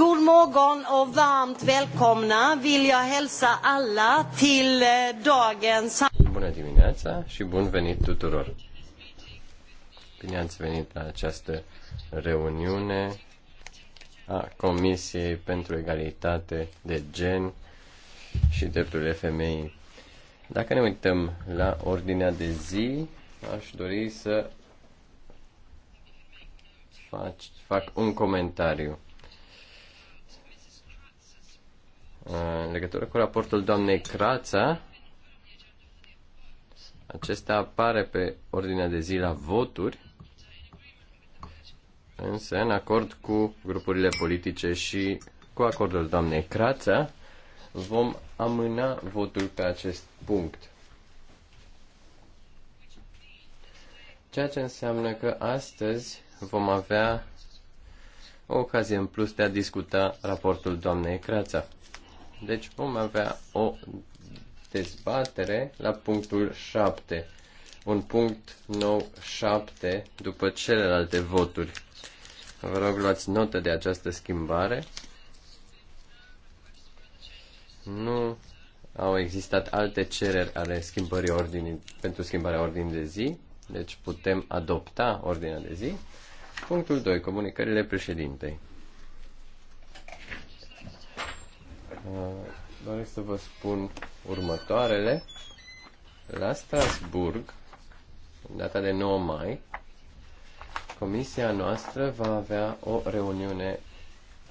God morgon och varmt välkomna vill jag hälsa alla till eh, dagens... Bună dimineața și bun venit tuturor! Bine ați venit la această reuniune a Comisiei pentru Egalitate de Gen și Drepturile Femeii. Dacă ne uităm la ordinea de zi, aș dori să fac, fac un comentariu. În legătură cu raportul doamnei Crața, acesta apare pe ordinea de zi la voturi, însă în acord cu grupurile politice și cu acordul doamnei Crața, vom amâna votul pe acest punct. Ceea ce înseamnă că astăzi vom avea o ocazie în plus de a discuta raportul doamnei Crața. Deci vom avea o dezbatere la punctul 7, un punct nou 7 după celelalte voturi. Vă rog, luați notă de această schimbare. Nu au existat alte cereri ale schimbării ordinii, pentru schimbarea ordinii de zi, deci putem adopta ordinea de zi. Punctul 2. Comunicările președintei. Uh, doresc să vă spun următoarele. La Strasburg, data de 9 mai, comisia noastră va avea o reuniune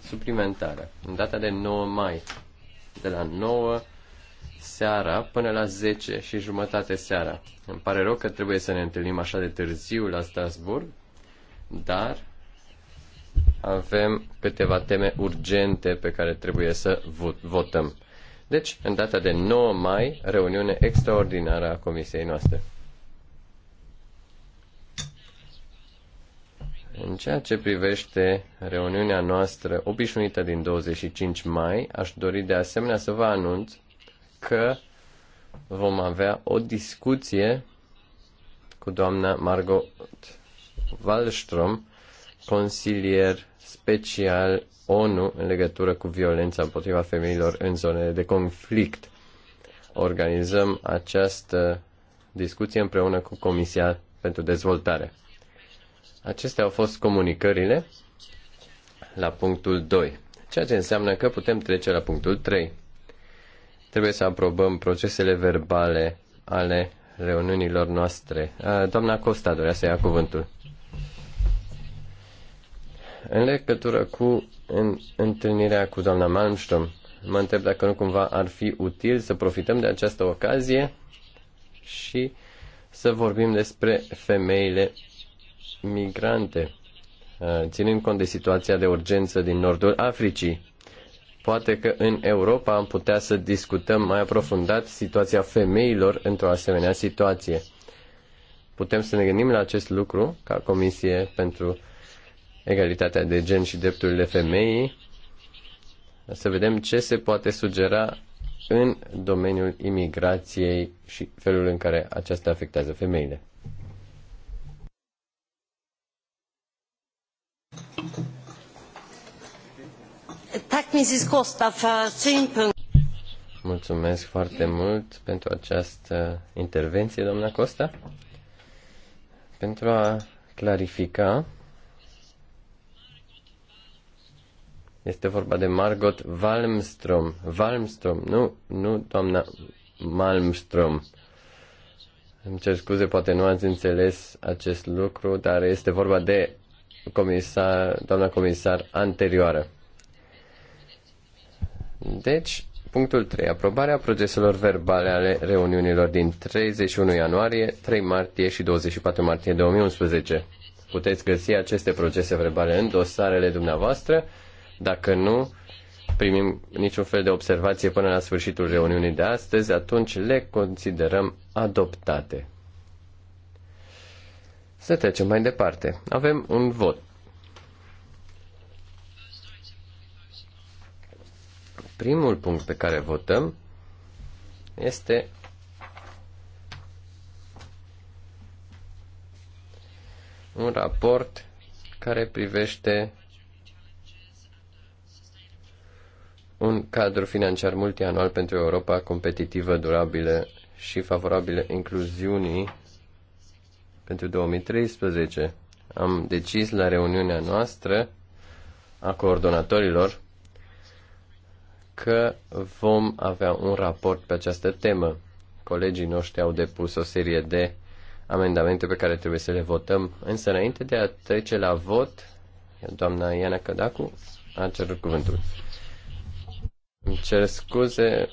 suplimentară. În data de 9 mai, de la 9 seara până la 10 și jumătate seara. Îmi pare rău că trebuie să ne întâlnim așa de târziu la Strasburg, dar avem câteva teme urgente pe care trebuie să votăm. Deci, în data de 9 mai, reuniune extraordinară a comisiei noastre. În ceea ce privește reuniunea noastră obișnuită din 25 mai, aș dori de asemenea să vă anunț că vom avea o discuție cu doamna Margot Wallström, consilier special ONU în legătură cu violența împotriva femeilor în zonele de conflict. Organizăm această discuție împreună cu Comisia pentru Dezvoltare. Acestea au fost comunicările la punctul 2, ceea ce înseamnă că putem trece la punctul 3. Trebuie să aprobăm procesele verbale ale reuniunilor noastre. Doamna Costa dorea să ia cuvântul. În legătură cu în, întâlnirea cu doamna Malmström, mă întreb dacă nu cumva ar fi util să profităm de această ocazie și să vorbim despre femeile migrante, uh, ținând cont de situația de urgență din nordul Africii. Poate că în Europa am putea să discutăm mai aprofundat situația femeilor într-o asemenea situație. Putem să ne gândim la acest lucru ca Comisie pentru egalitatea de gen și drepturile femeii, să vedem ce se poate sugera în domeniul imigrației și felul în care aceasta afectează femeile. Mulțumesc foarte mult pentru această intervenție, doamna Costa. Pentru a clarifica Este vorba de Margot Wallström. Wallström, nu, nu doamna Malmström. Îmi cer scuze, poate nu ați înțeles acest lucru, dar este vorba de comisar, doamna comisar anterioară. Deci, punctul 3. Aprobarea proceselor verbale ale reuniunilor din 31 ianuarie, 3 martie și 24 martie 2011. Puteți găsi aceste procese verbale în dosarele dumneavoastră. Dacă nu primim niciun fel de observație până la sfârșitul reuniunii de astăzi, atunci le considerăm adoptate. Să trecem mai departe. Avem un vot. Primul punct pe care votăm este un raport care privește un cadru financiar multianual pentru Europa competitivă, durabilă și favorabilă incluziunii pentru 2013. Am decis la reuniunea noastră a coordonatorilor că vom avea un raport pe această temă. Colegii noștri au depus o serie de amendamente pe care trebuie să le votăm, însă înainte de a trece la vot, doamna Iana Cădacu a cerut cuvântul. Îmi cer scuze,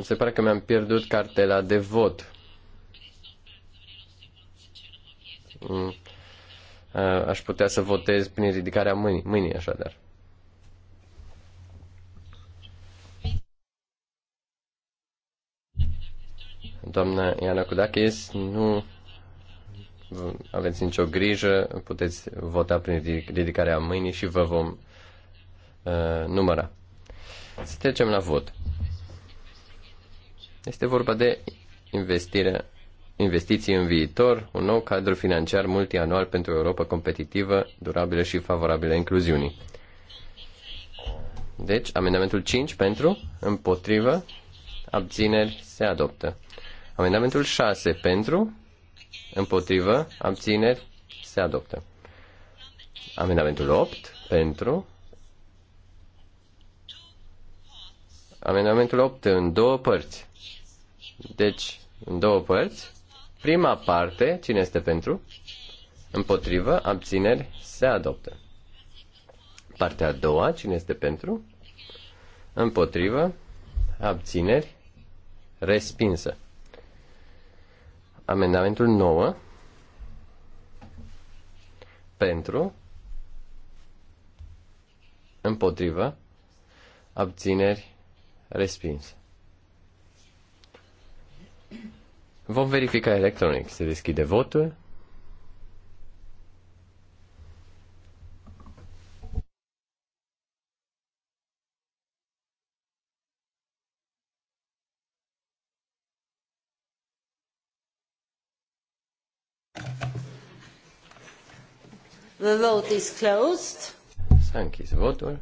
se pare că mi-am pierdut cartela de vot. Mm. Aș putea să votez prin ridicarea mâinii, mâinii așadar. Doamna Iana Kudakis, nu aveți nicio grijă, puteți vota prin ridicarea mâinii și vă vom uh, număra. Să trecem la vot. Este vorba de investire, investiții în viitor, un nou cadru financiar multianual pentru Europa competitivă, durabilă și favorabilă incluziunii. Deci, amendamentul 5 pentru, împotrivă, abțineri, se adoptă. Amendamentul 6 pentru, împotrivă, abțineri, se adoptă. Amendamentul 8 pentru, Amendamentul 8 în două părți. Deci, în două părți. Prima parte, cine este pentru? Împotrivă, abțineri, se adoptă. Partea a doua, cine este pentru? Împotrivă, abțineri, respinsă. Amendamentul 9, pentru, împotrivă, abțineri, Respins. Vom verifica electronic. Se deschide votul. The vote is closed. S-a închis votul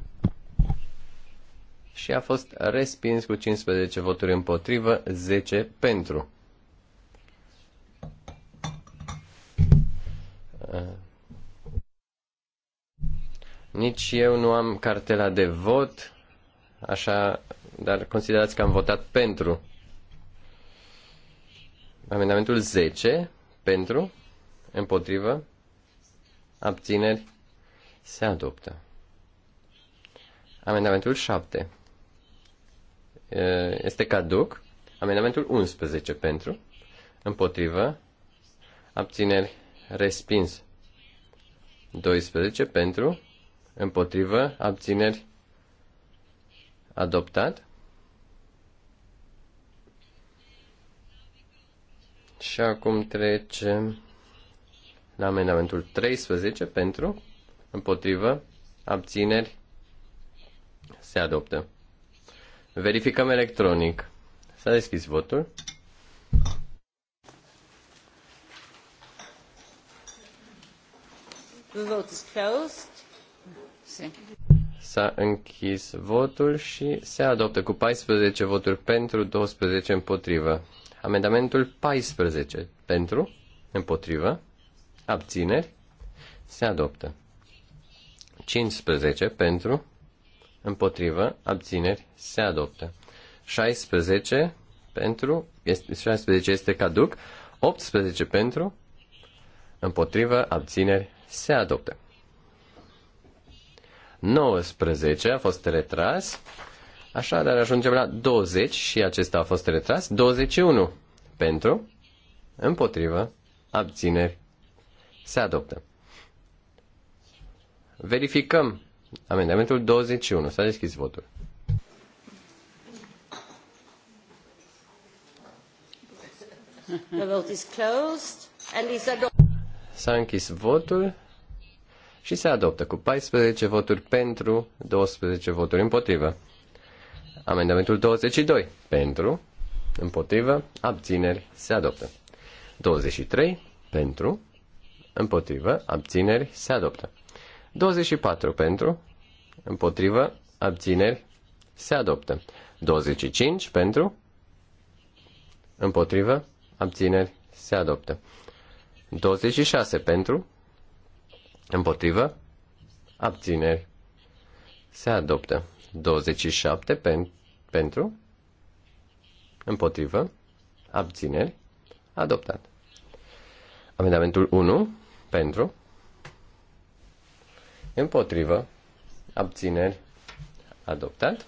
și a fost respins cu 15 voturi împotrivă, 10 pentru. Eh, nici eu nu am cartela de vot, așa, dar considerați că am votat pentru. Amendamentul 10, pentru, împotrivă, abțineri, se adoptă. Amendamentul 7. Eh, este caduc. Amendamentul 11 pentru, împotrivă, abțineri, respins. 12 pentru, împotrivă, abțineri, adoptat. Și acum trecem la amendamentul 13 pentru, împotrivă, abțineri, se adoptă. Verificăm electronic. S-a deschis votul. The vote is closed. S-a închis votul și se adoptă cu 14 voturi pentru, 12 împotrivă. Amendamentul 14 pentru, împotrivă, abțineri, se adoptă. 15 pentru, împotrivă, abțineri, se adoptă. 16 pentru, este, 16 este caduc, 18 pentru, împotrivă, abțineri, se adoptă. 19 a fost retras, așa, dar ajungem la 20 și acesta a fost retras, 21 pentru, împotrivă, abțineri, se adoptă. Verificăm Amendamentul 21. S-a deschis votul. The vote is closed and is adopted. S-a închis votul și se adoptă cu 14 voturi pentru, 12 voturi împotrivă. Amendamentul 22 pentru, împotrivă, abțineri, se adoptă. 23 pentru, împotrivă, abțineri, se adoptă. 24 pentru, împotrivă, abțineri, se adoptă. 25 pentru, împotrivă, abțineri, se adoptă. 26 pentru, împotrivă, abțineri, se adoptă. 27 pen, pentru, împotrivă, abțineri, adoptat. Amendamentul 1 pentru, Împotrivă. Abțineri. Adoptat.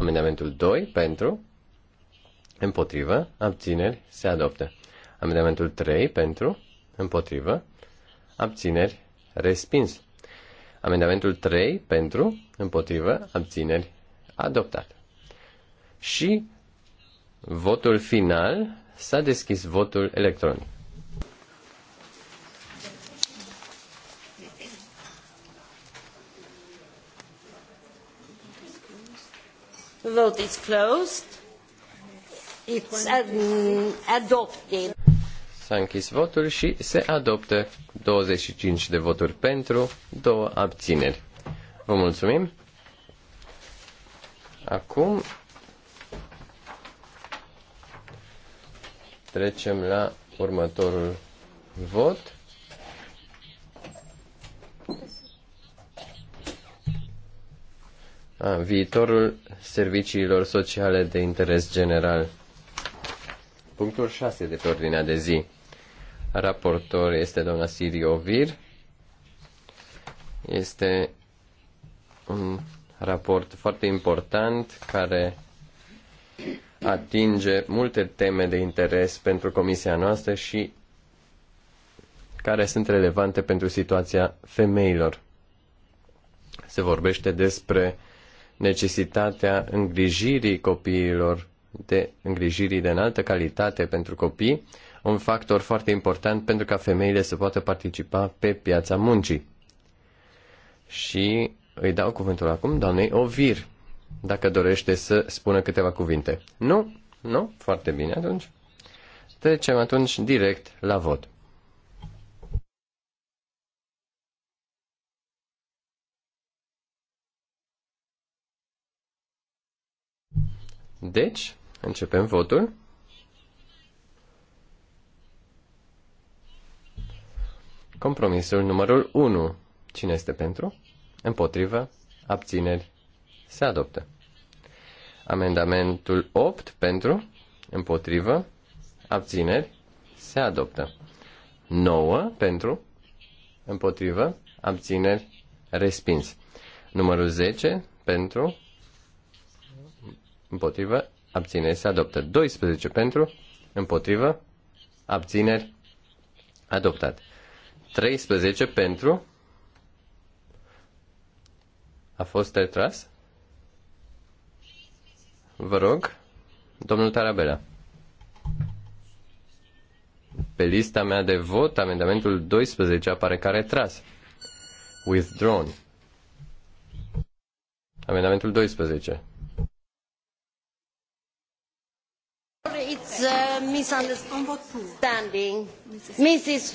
Amendamentul 2 pentru. Împotrivă. Abțineri. Se adoptă. Amendamentul 3 pentru. Împotrivă. Abțineri. Respins. Amendamentul 3 pentru. Împotrivă. Abțineri. Adoptat. Și votul final s-a deschis votul electronic. vote is closed. It's adopted. S-a închis votul și se adoptă 25 de voturi pentru, două abțineri. Vă mulțumim. Acum trecem la următorul vot. A, viitorul serviciilor sociale de interes general. Punctul 6 de pe ordinea de zi. Raportor este doamna Siri Vir. Este un raport foarte important care atinge multe teme de interes pentru comisia noastră și care sunt relevante pentru situația femeilor. Se vorbește despre necesitatea îngrijirii copiilor, de îngrijirii de înaltă calitate pentru copii, un factor foarte important pentru ca femeile să poată participa pe piața muncii. Și îi dau cuvântul acum doamnei Ovir, dacă dorește să spună câteva cuvinte. Nu? Nu? Foarte bine atunci. Trecem atunci direct la vot. Deci, începem votul. Compromisul numărul 1. Cine este pentru? Împotrivă? Abțineri? Se adoptă. Amendamentul 8 pentru? Împotrivă? Abțineri? Se adoptă. 9 pentru? Împotrivă? Abțineri? Respins. Numărul 10 pentru? împotrivă, abțineri se adoptă. 12 pentru, împotrivă, abțineri adoptat. 13 pentru, a fost retras. Vă rog, domnul Tarabela. Pe lista mea de vot, amendamentul 12 apare ca retras. Withdrawn. Amendamentul 12. misunderstanding. Mrs.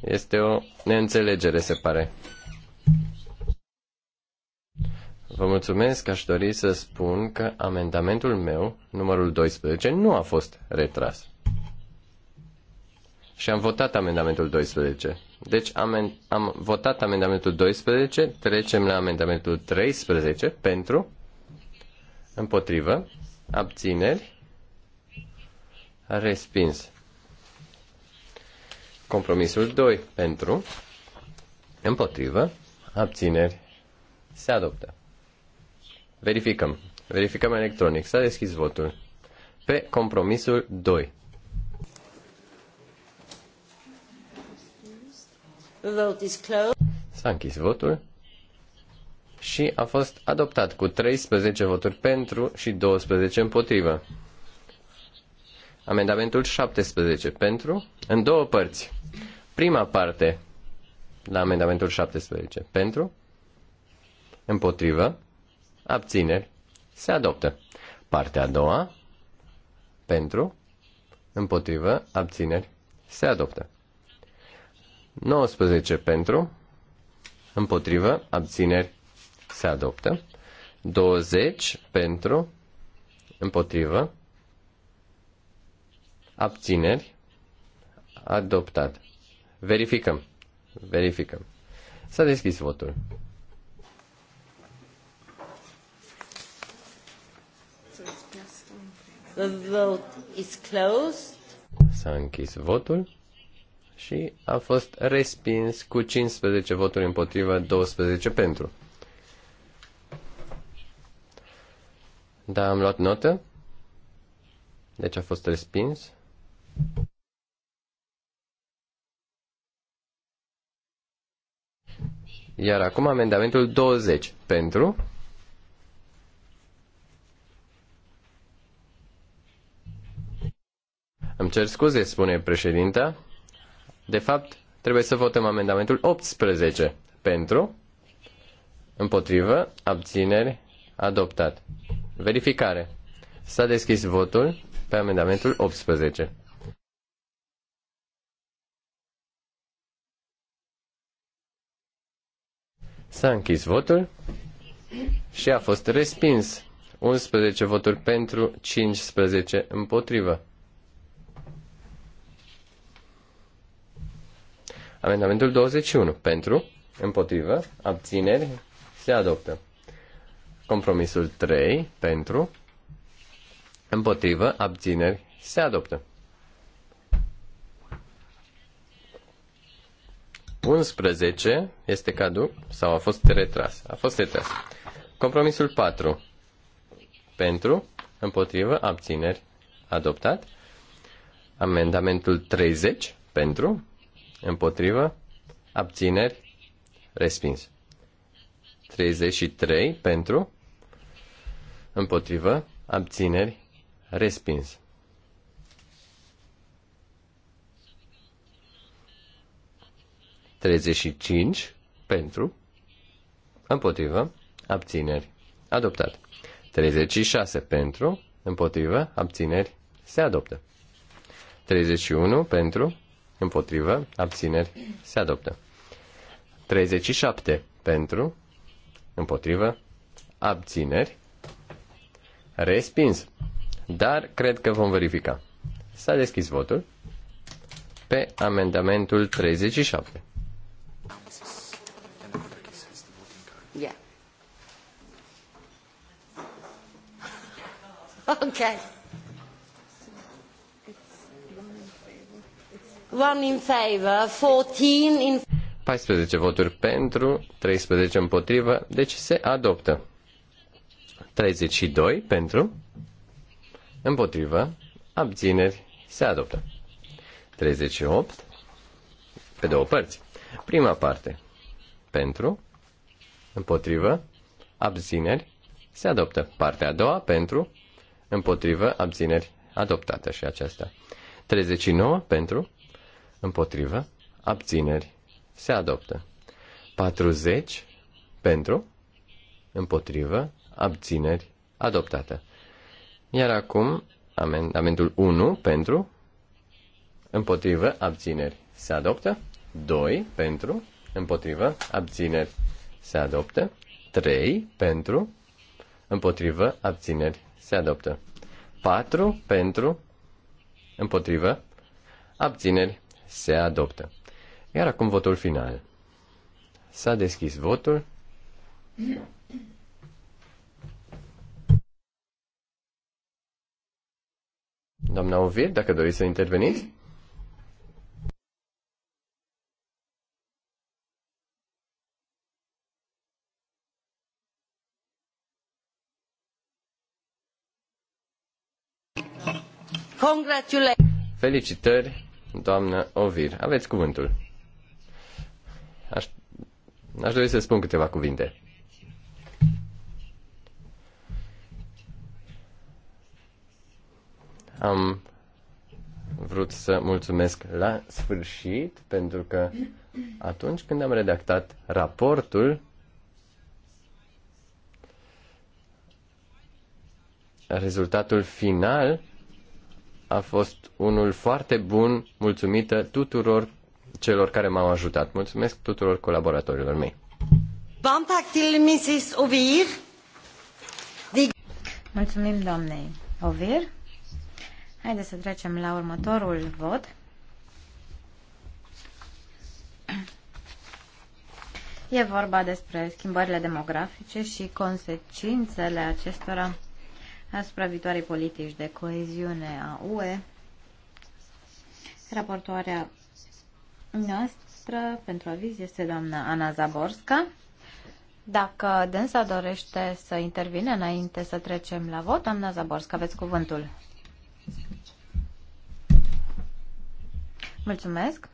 Este o neînțelegere, se pare. Vă mulțumesc, aș dori să spun că amendamentul meu, numărul 12, nu a fost retras. Și am votat amendamentul 12. Deci amen, am votat amendamentul 12, trecem la amendamentul 13 pentru, împotrivă, abțineri, Respins. Compromisul 2. Pentru. Împotrivă. Abțineri. Se adoptă. Verificăm. Verificăm electronic. S-a deschis votul. Pe compromisul 2. Vote is closed. S-a închis votul și a fost adoptat cu 13 voturi pentru și 12 împotrivă. Amendamentul 17 pentru, în două părți. Prima parte la amendamentul 17 pentru, împotrivă, abțineri, se adoptă. Partea a doua pentru, împotrivă, abțineri, se adoptă. 19 pentru, împotrivă, abțineri, se adoptă. 20 pentru, împotrivă, Abțineri. Adoptat. Verificăm. Verificăm. S-a deschis votul. The vote is closed. S-a închis votul și a fost respins cu 15 voturi împotriva, 12 pentru. Da, am luat notă. Deci a fost respins. Iar acum amendamentul 20 pentru Îmi cer scuze, spune președinta. De fapt, trebuie să votăm amendamentul 18 pentru împotrivă, abțineri, adoptat. Verificare. S-a deschis votul pe amendamentul 18. S-a închis votul și a fost respins. 11 voturi pentru, 15 împotrivă. Amendamentul 21. Pentru, împotrivă, abțineri, se adoptă. Compromisul 3. Pentru, împotrivă, abțineri, se adoptă. 11 este caduc sau a fost retras? A fost retras. Compromisul 4. Pentru, împotrivă, abțineri, adoptat. Amendamentul 30. Pentru, împotrivă, abțineri, respins. 33. Pentru, împotrivă, abțineri, respins. 35 pentru, împotrivă, abțineri, adoptat. 36 pentru, împotrivă, abțineri, se adoptă. 31 pentru, împotrivă, abțineri, se adoptă. 37 pentru, împotrivă, abțineri, respins. Dar cred că vom verifica. S-a deschis votul pe amendamentul 37. Yeah. Okay. One in favor, 14 in 14 voturi pentru, 13 împotrivă, deci se adoptă. 32 pentru, împotrivă, abțineri, se adoptă. 38 pe două părți. Prima parte pentru, împotrivă, abțineri, se adoptă. Partea a doua, pentru, împotrivă, abțineri, adoptată și aceasta. 39 pentru, împotrivă, abțineri, se adoptă. 40 pentru, împotrivă, abțineri, adoptată. Iar acum, amendamentul 1 pentru, împotrivă, abțineri, se adoptă. 2 pentru, împotrivă, abțineri, se adoptă. 3 pentru, împotrivă, abțineri, se adoptă. 4 pentru, împotrivă, abțineri, se adoptă. Iar acum votul final. S-a deschis votul. Doamna Ovir, dacă doriți să interveniți? Congratulations! Felicitări, doamnă Ovir. Aveți cuvântul. Aș, aș dori să spun câteva cuvinte. Am vrut să mulțumesc la sfârșit pentru că atunci când am redactat raportul, rezultatul final a fost unul foarte bun, mulțumită tuturor celor care m-au ajutat. Mulțumesc tuturor colaboratorilor mei. Mulțumim doamnei Ovir. Haideți să trecem la următorul vot. E vorba despre schimbările demografice și consecințele acestora asupra viitoarei politici de coeziune a UE. Raportoarea noastră pentru aviz este doamna Ana Zaborska. Dacă dânsa dorește să intervine înainte să trecem la vot, doamna Zaborska, aveți cuvântul. Mulțumesc.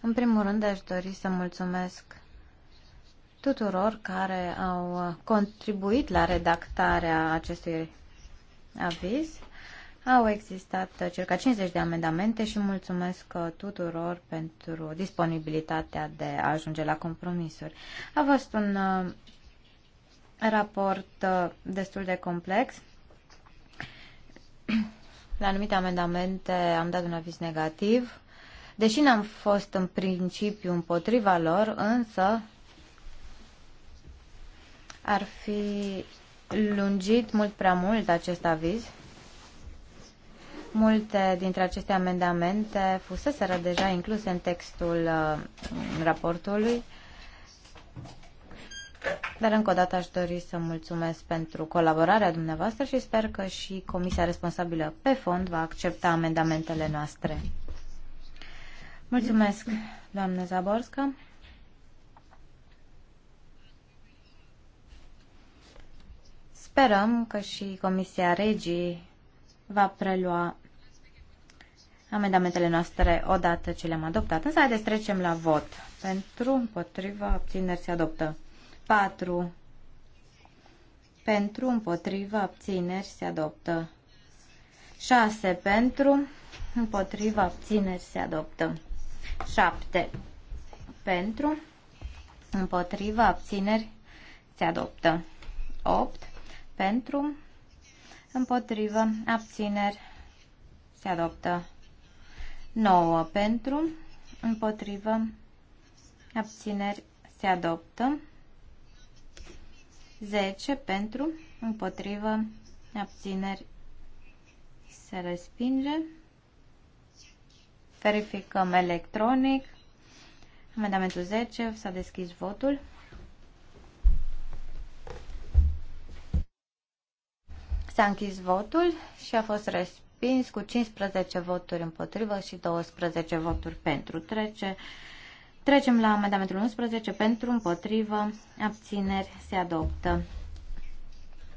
În primul rând aș dori să mulțumesc tuturor care au contribuit la redactarea acestui aviz. Au existat circa 50 de amendamente și mulțumesc tuturor pentru disponibilitatea de a ajunge la compromisuri. A fost un uh, raport uh, destul de complex. La anumite amendamente am dat un aviz negativ. Deși n-am fost în principiu împotriva lor, însă ar fi lungit mult prea mult acest aviz. Multe dintre aceste amendamente fuseseră deja incluse în textul uh, raportului, dar încă o dată aș dori să mulțumesc pentru colaborarea dumneavoastră și sper că și Comisia responsabilă pe fond va accepta amendamentele noastre. Mulțumesc, doamnă Zaborska. Sperăm că și Comisia Regii va prelua amendamentele noastre odată ce le-am adoptat. Însă haideți trecem la vot. Pentru, împotriva, abțineri se adoptă. 4. Pentru, împotriva, abțineri se adoptă. 6. Pentru, împotriva, abțineri se adoptă. 7. Pentru, împotriva, abțineri se adoptă. 8 pentru, împotrivă, abțineri, se adoptă. 9 pentru, împotrivă, abțineri, se adoptă. 10 pentru, împotrivă, abțineri, se respinge. Verificăm electronic. Amendamentul 10, s-a deschis votul. S-a închis votul și a fost respins cu 15 voturi împotrivă și 12 voturi pentru. Trece. Trecem la amendamentul 11. Pentru, împotrivă, abțineri, se adoptă.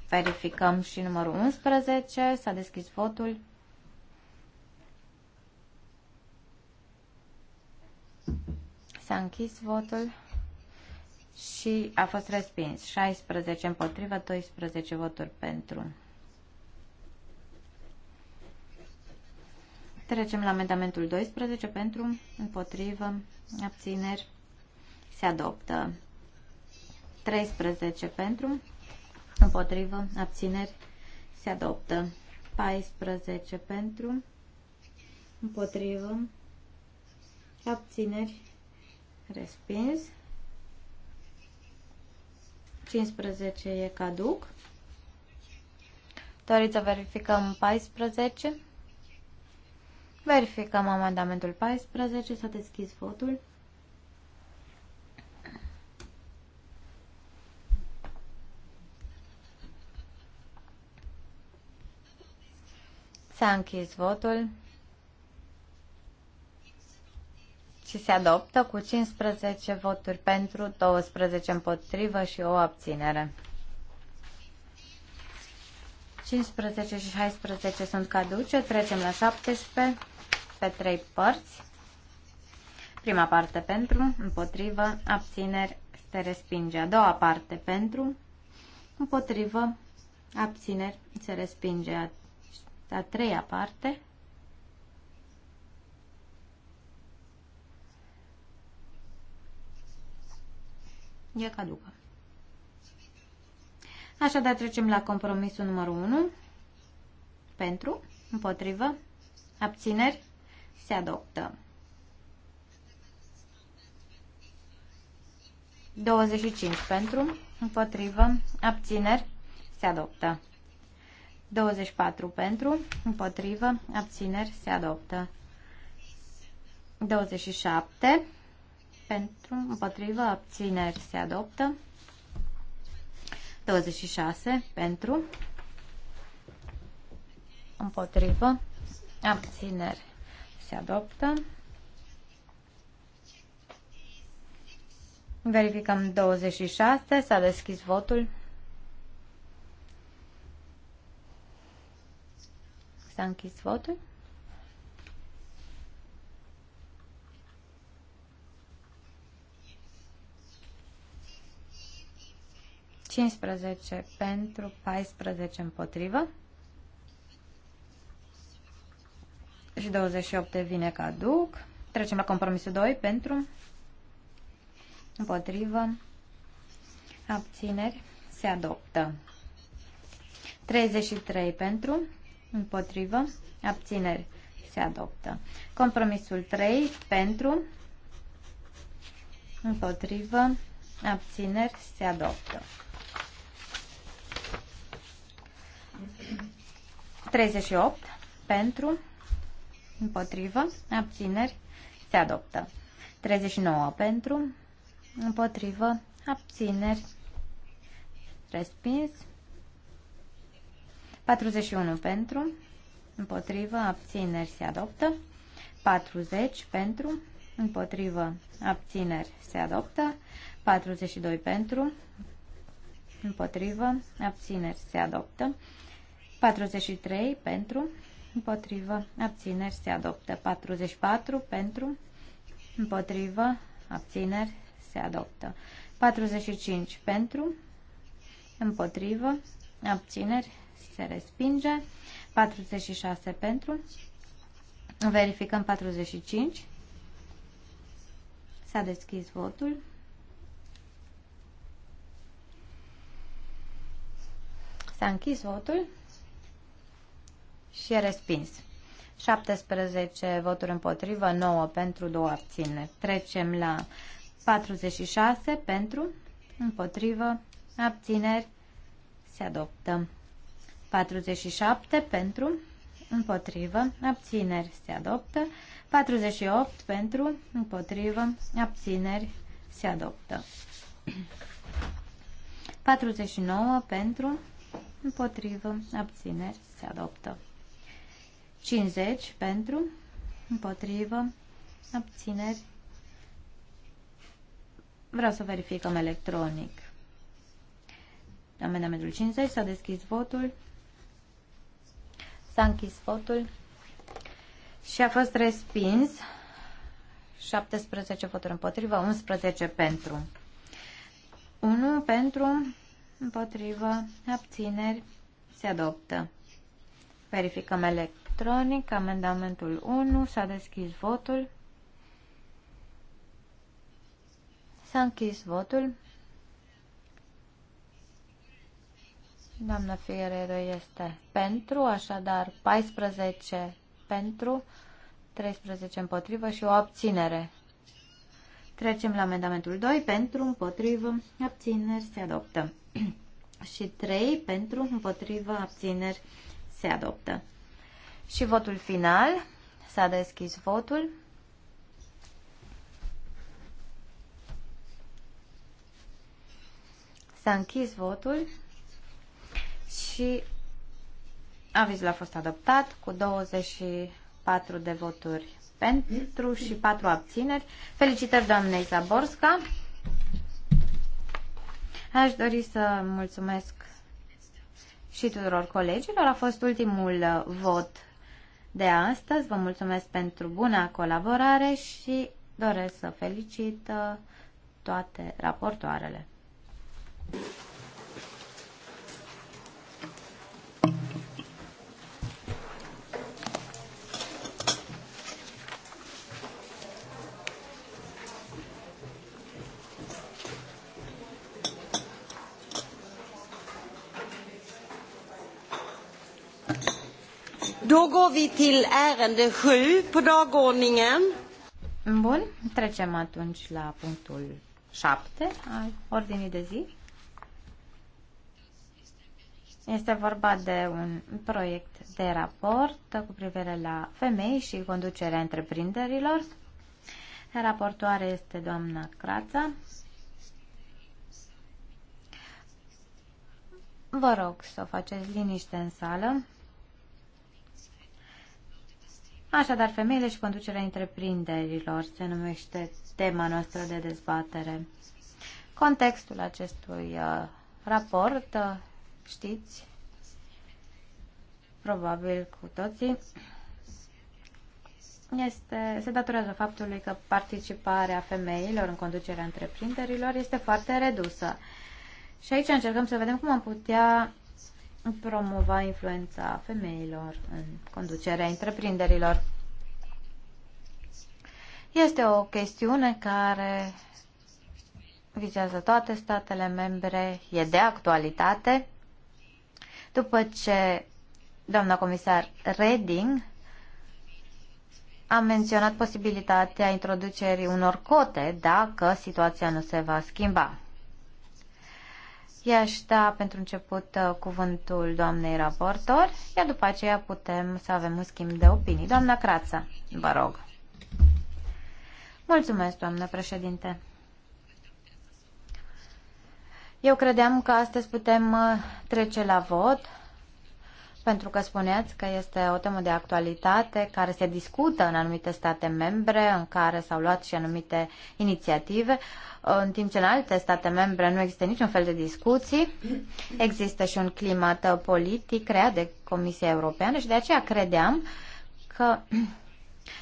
Verificăm și numărul 11. S-a deschis votul. S-a închis votul și a fost respins. 16 împotrivă, 12 voturi pentru. Trecem la amendamentul 12 pentru, împotrivă, abțineri, se adoptă. 13 pentru, împotrivă, abțineri, se adoptă. 14 pentru, împotrivă, abțineri, respins. 15 e caduc. Doriți să verificăm 14? Verificăm amendamentul 14. S-a deschis votul. S-a închis votul și se adoptă cu 15 voturi pentru, 12 împotrivă și o abținere. 15 și 16 sunt caduce. Trecem la 17 pe trei părți. Prima parte pentru, împotrivă, abțineri, se respinge. A doua parte pentru, împotrivă, abțineri, se respinge. A, a treia parte e caducă. Așadar trecem la compromisul numărul 1. Pentru, împotrivă, abțineri, se adoptă. 25 pentru, împotrivă, abțineri, se adoptă. 24 pentru, împotrivă, abțineri, se adoptă. 27 pentru, împotrivă, abțineri, se adoptă. 26 pentru, împotrivă, abțineri se adoptă. Verificăm 26, s-a deschis votul. S-a închis votul. 15 pentru, 14 împotrivă. Și 28 devine caduc. Trecem la compromisul 2 pentru, împotrivă, abțineri, se adoptă. 33 pentru, împotrivă, abțineri, se adoptă. Compromisul 3 pentru, împotrivă, abțineri, se adoptă. 38 pentru, împotrivă, abțineri, se adoptă. 39 pentru, împotrivă, abțineri, respins. 41 pentru, împotrivă, abțineri, se adoptă. 40 pentru, împotrivă, abțineri, se adoptă. 42 pentru, împotrivă, abțineri, se adoptă. 43 pentru, împotrivă, abțineri se adoptă. 44 pentru, împotrivă, abțineri se adoptă. 45 pentru, împotrivă, abțineri se respinge. 46 pentru, verificăm 45. S-a deschis votul. S-a închis votul și e respins. 17 voturi împotrivă, 9 pentru, 2 abține. Trecem la 46 pentru, împotrivă, abțineri, se adoptă. 47 pentru, împotrivă, abțineri, se adoptă. 48 pentru, împotrivă, abțineri, se adoptă. 49 pentru, împotrivă, abțineri, se adoptă. 50 pentru, împotrivă, abțineri. Vreau să verificăm electronic. Amendamentul 50 s-a deschis votul. S-a închis votul și a fost respins 17 voturi împotrivă, 11 pentru. 1 pentru, împotrivă, abțineri, se adoptă. Verificăm electronic electronic, amendamentul 1, s-a deschis votul. S-a închis votul. Doamna Fierero este pentru, așadar 14 pentru, 13 împotrivă și o abținere. Trecem la amendamentul 2, pentru, împotrivă, abțineri, se adoptă. și 3, pentru, împotrivă, abțineri, se adoptă. Și votul final. S-a deschis votul. S-a închis votul și avizul a fost adoptat cu 24 de voturi pentru și 4 abțineri. Felicitări doamnei Zaborska. Aș dori să mulțumesc și tuturor colegilor. A fost ultimul uh, vot de astăzi. Vă mulțumesc pentru buna colaborare și doresc să felicit uh, toate raportoarele. Då går vi till ärende 7 på dagordningen. Bun, trecem atunci la punctul 7 al ordinii de zi. Este vorba de un proiect de raport cu privire la femei și conducerea întreprinderilor. Raportoare este doamna Crața. Vă rog să o faceți liniște în sală. Așadar, femeile și conducerea întreprinderilor se numește tema noastră de dezbatere. Contextul acestui uh, raport, uh, știți, probabil cu toții, este, se datorează faptului că participarea femeilor în conducerea întreprinderilor este foarte redusă. Și aici încercăm să vedem cum am putea promova influența femeilor în conducerea întreprinderilor. Este o chestiune care vizează toate statele membre, e de actualitate. După ce doamna comisar Reding a menționat posibilitatea introducerii unor cote dacă situația nu se va schimba. I-aș da pentru început uh, cuvântul doamnei raportor, iar după aceea putem să avem un schimb de opinii. Doamna Crață, vă rog. Mulțumesc, doamnă președinte. Eu credeam că astăzi putem uh, trece la vot, pentru că spuneați că este o temă de actualitate care se discută în anumite state membre, în care s-au luat și anumite inițiative, în timp ce în alte state membre nu există niciun fel de discuții. Există și un climat politic creat de Comisia Europeană și de aceea credeam că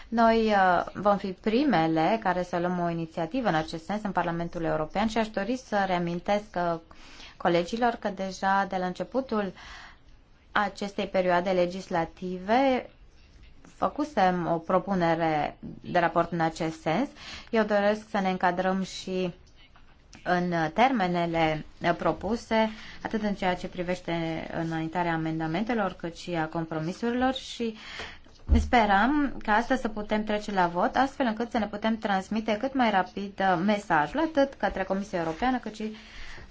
noi uh, vom fi primele care să luăm o inițiativă în acest sens în Parlamentul European și aș dori să reamintesc uh, colegilor că deja de la începutul uh, acestei perioade legislative făcusem o propunere de raport în acest sens. Eu doresc să ne încadrăm și în termenele propuse, atât în ceea ce privește înaintarea amendamentelor, cât și a compromisurilor și sperăm ca astăzi să putem trece la vot, astfel încât să ne putem transmite cât mai rapid mesajul, atât către Comisia Europeană, cât și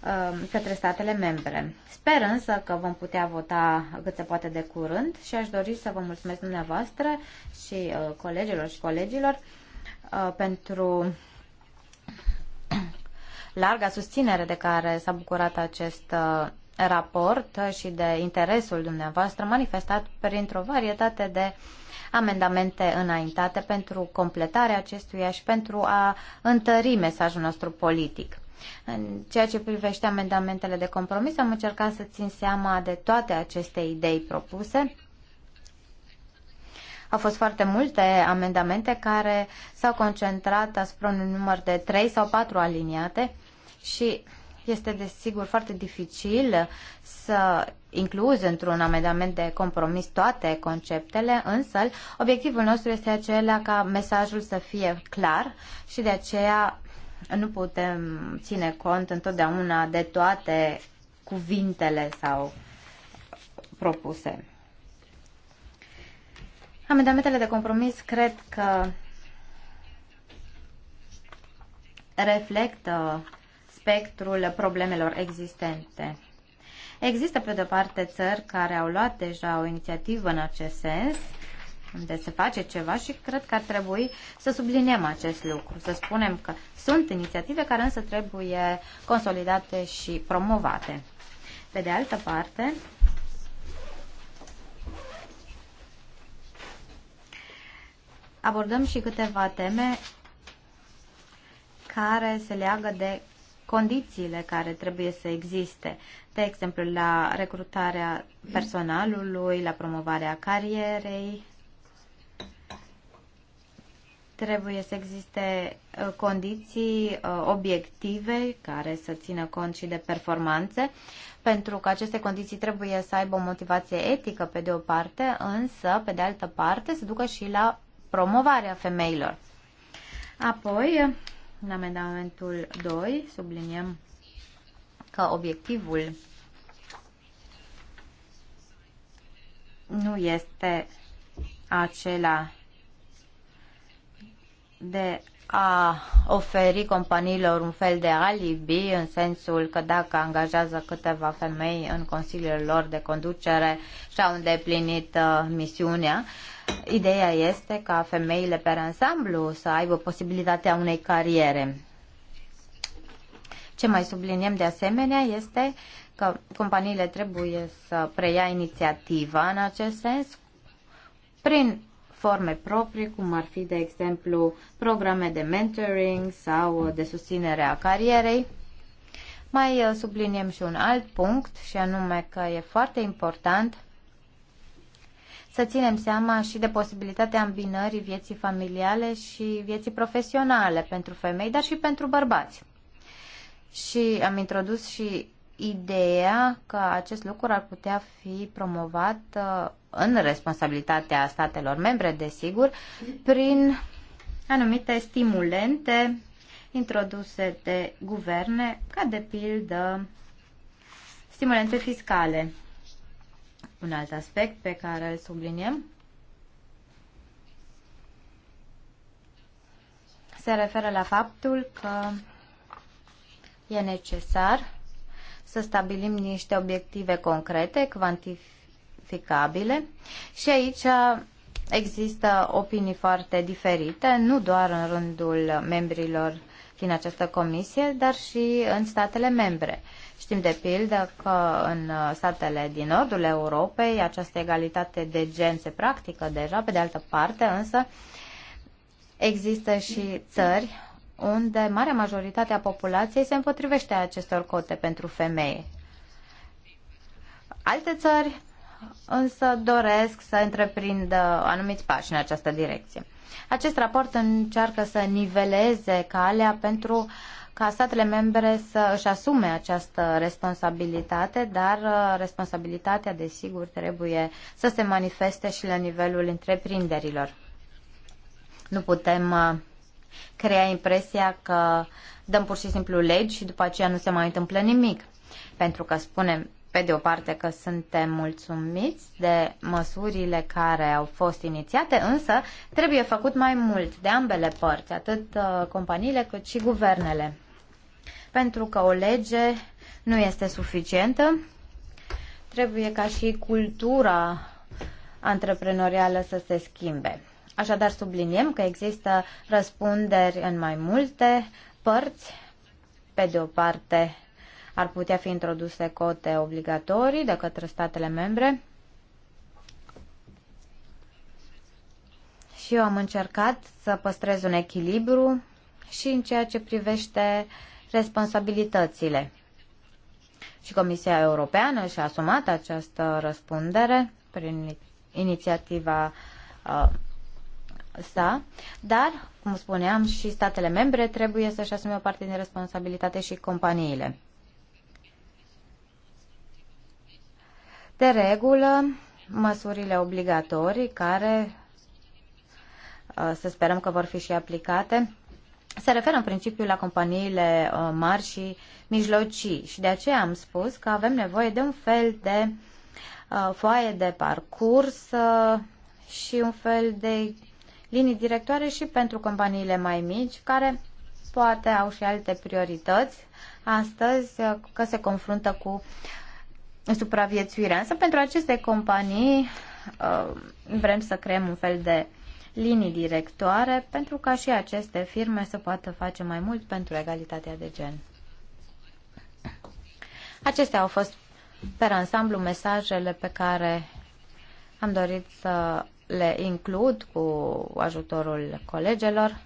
Um, către statele membre. Sper însă că vom putea vota cât se poate de curând și aș dori să vă mulțumesc dumneavoastră și uh, colegilor și colegilor uh, pentru larga susținere de care s-a bucurat acest uh, raport și de interesul dumneavoastră manifestat printr-o varietate de amendamente înaintate pentru completarea acestuia și pentru a întări mesajul nostru politic. În ceea ce privește amendamentele de compromis, am încercat să țin seama de toate aceste idei propuse. Au fost foarte multe amendamente care s-au concentrat asupra unui număr de 3 sau 4 aliniate și este desigur foarte dificil să incluzi într-un amendament de compromis toate conceptele, însă obiectivul nostru este acela ca mesajul să fie clar și de aceea nu putem ține cont întotdeauna de toate cuvintele sau propuse. Amendamentele de compromis cred că reflectă spectrul problemelor existente. Există, pe de-o parte, țări care au luat deja o inițiativă în acest sens, unde se face ceva și cred că ar trebui să subliniem acest lucru, să spunem că sunt inițiative care însă trebuie consolidate și promovate. Pe de altă parte, abordăm și câteva teme care se leagă de condițiile care trebuie să existe, de exemplu la recrutarea personalului, la promovarea carierei, Trebuie să existe ă, condiții ă, obiective care să țină cont și de performanțe, pentru că aceste condiții trebuie să aibă o motivație etică pe de o parte, însă pe de altă parte să ducă și la promovarea femeilor. Apoi, în amendamentul 2, subliniem că obiectivul nu este acela de a oferi companiilor un fel de alibi în sensul că dacă angajează câteva femei în consiliile lor de conducere și-au îndeplinit uh, misiunea. Ideea este ca femeile pe ansamblu să aibă posibilitatea unei cariere. Ce mai subliniem de asemenea este că companiile trebuie să preia inițiativa în acest sens prin forme proprii, cum ar fi, de exemplu, programe de mentoring sau de susținere a carierei. Mai uh, subliniem și un alt punct, și anume că e foarte important să ținem seama și de posibilitatea îmbinării vieții familiale și vieții profesionale pentru femei, dar și pentru bărbați. Și am introdus și ideea că acest lucru ar putea fi promovat uh, în responsabilitatea statelor membre, desigur, prin anumite stimulente introduse de guverne, ca de pildă stimulente fiscale. Un alt aspect pe care îl subliniem se referă la faptul că e necesar să stabilim niște obiective concrete, cuantificate verificabile și aici există opinii foarte diferite, nu doar în rândul membrilor din această comisie, dar și în statele membre. Știm de pildă că în statele din nordul Europei această egalitate de gen se practică deja, pe de altă parte însă există și țări unde marea majoritate a populației se împotrivește acestor cote pentru femei. Alte țări însă doresc să întreprindă anumiți pași în această direcție. Acest raport încearcă să niveleze calea pentru ca statele membre să își asume această responsabilitate, dar uh, responsabilitatea, desigur, trebuie să se manifeste și la nivelul întreprinderilor. Nu putem uh, crea impresia că dăm pur și simplu legi și după aceea nu se mai întâmplă nimic. Pentru că spunem, pe de o parte că suntem mulțumiți de măsurile care au fost inițiate, însă trebuie făcut mai mult de ambele părți, atât uh, companiile cât și guvernele. Pentru că o lege nu este suficientă, trebuie ca și cultura antreprenorială să se schimbe. Așadar, subliniem că există răspunderi în mai multe părți, pe de o parte ar putea fi introduse cote obligatorii de către statele membre. Și eu am încercat să păstrez un echilibru și în ceea ce privește responsabilitățile. Și Comisia Europeană și-a asumat această răspundere prin inițiativa uh, sa, dar, cum spuneam, și statele membre trebuie să-și asume o parte din responsabilitate și companiile. De regulă, măsurile obligatorii care uh, să sperăm că vor fi și aplicate, se referă în principiu la companiile uh, mari și mijlocii și de aceea am spus că avem nevoie de un fel de uh, foaie de parcurs și un fel de linii directoare și pentru companiile mai mici care poate au și alte priorități astăzi că se confruntă cu supraviețuirea. Însă pentru aceste companii uh, vrem să creăm un fel de linii directoare pentru ca și aceste firme să poată face mai mult pentru egalitatea de gen. Acestea au fost, pe ansamblu, mesajele pe care am dorit să le includ cu ajutorul colegelor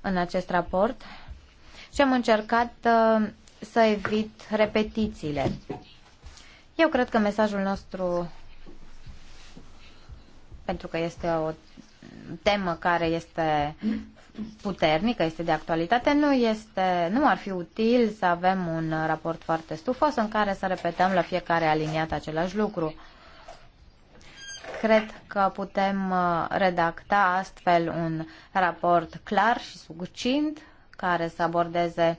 în acest raport și am încercat uh, să evit repetițiile. Eu cred că mesajul nostru, pentru că este o temă care este puternică, este de actualitate, nu, este, nu ar fi util să avem un raport foarte stufos în care să repetăm la fiecare aliniat același lucru. Cred că putem uh, redacta astfel un raport clar și sugucind, care să abordeze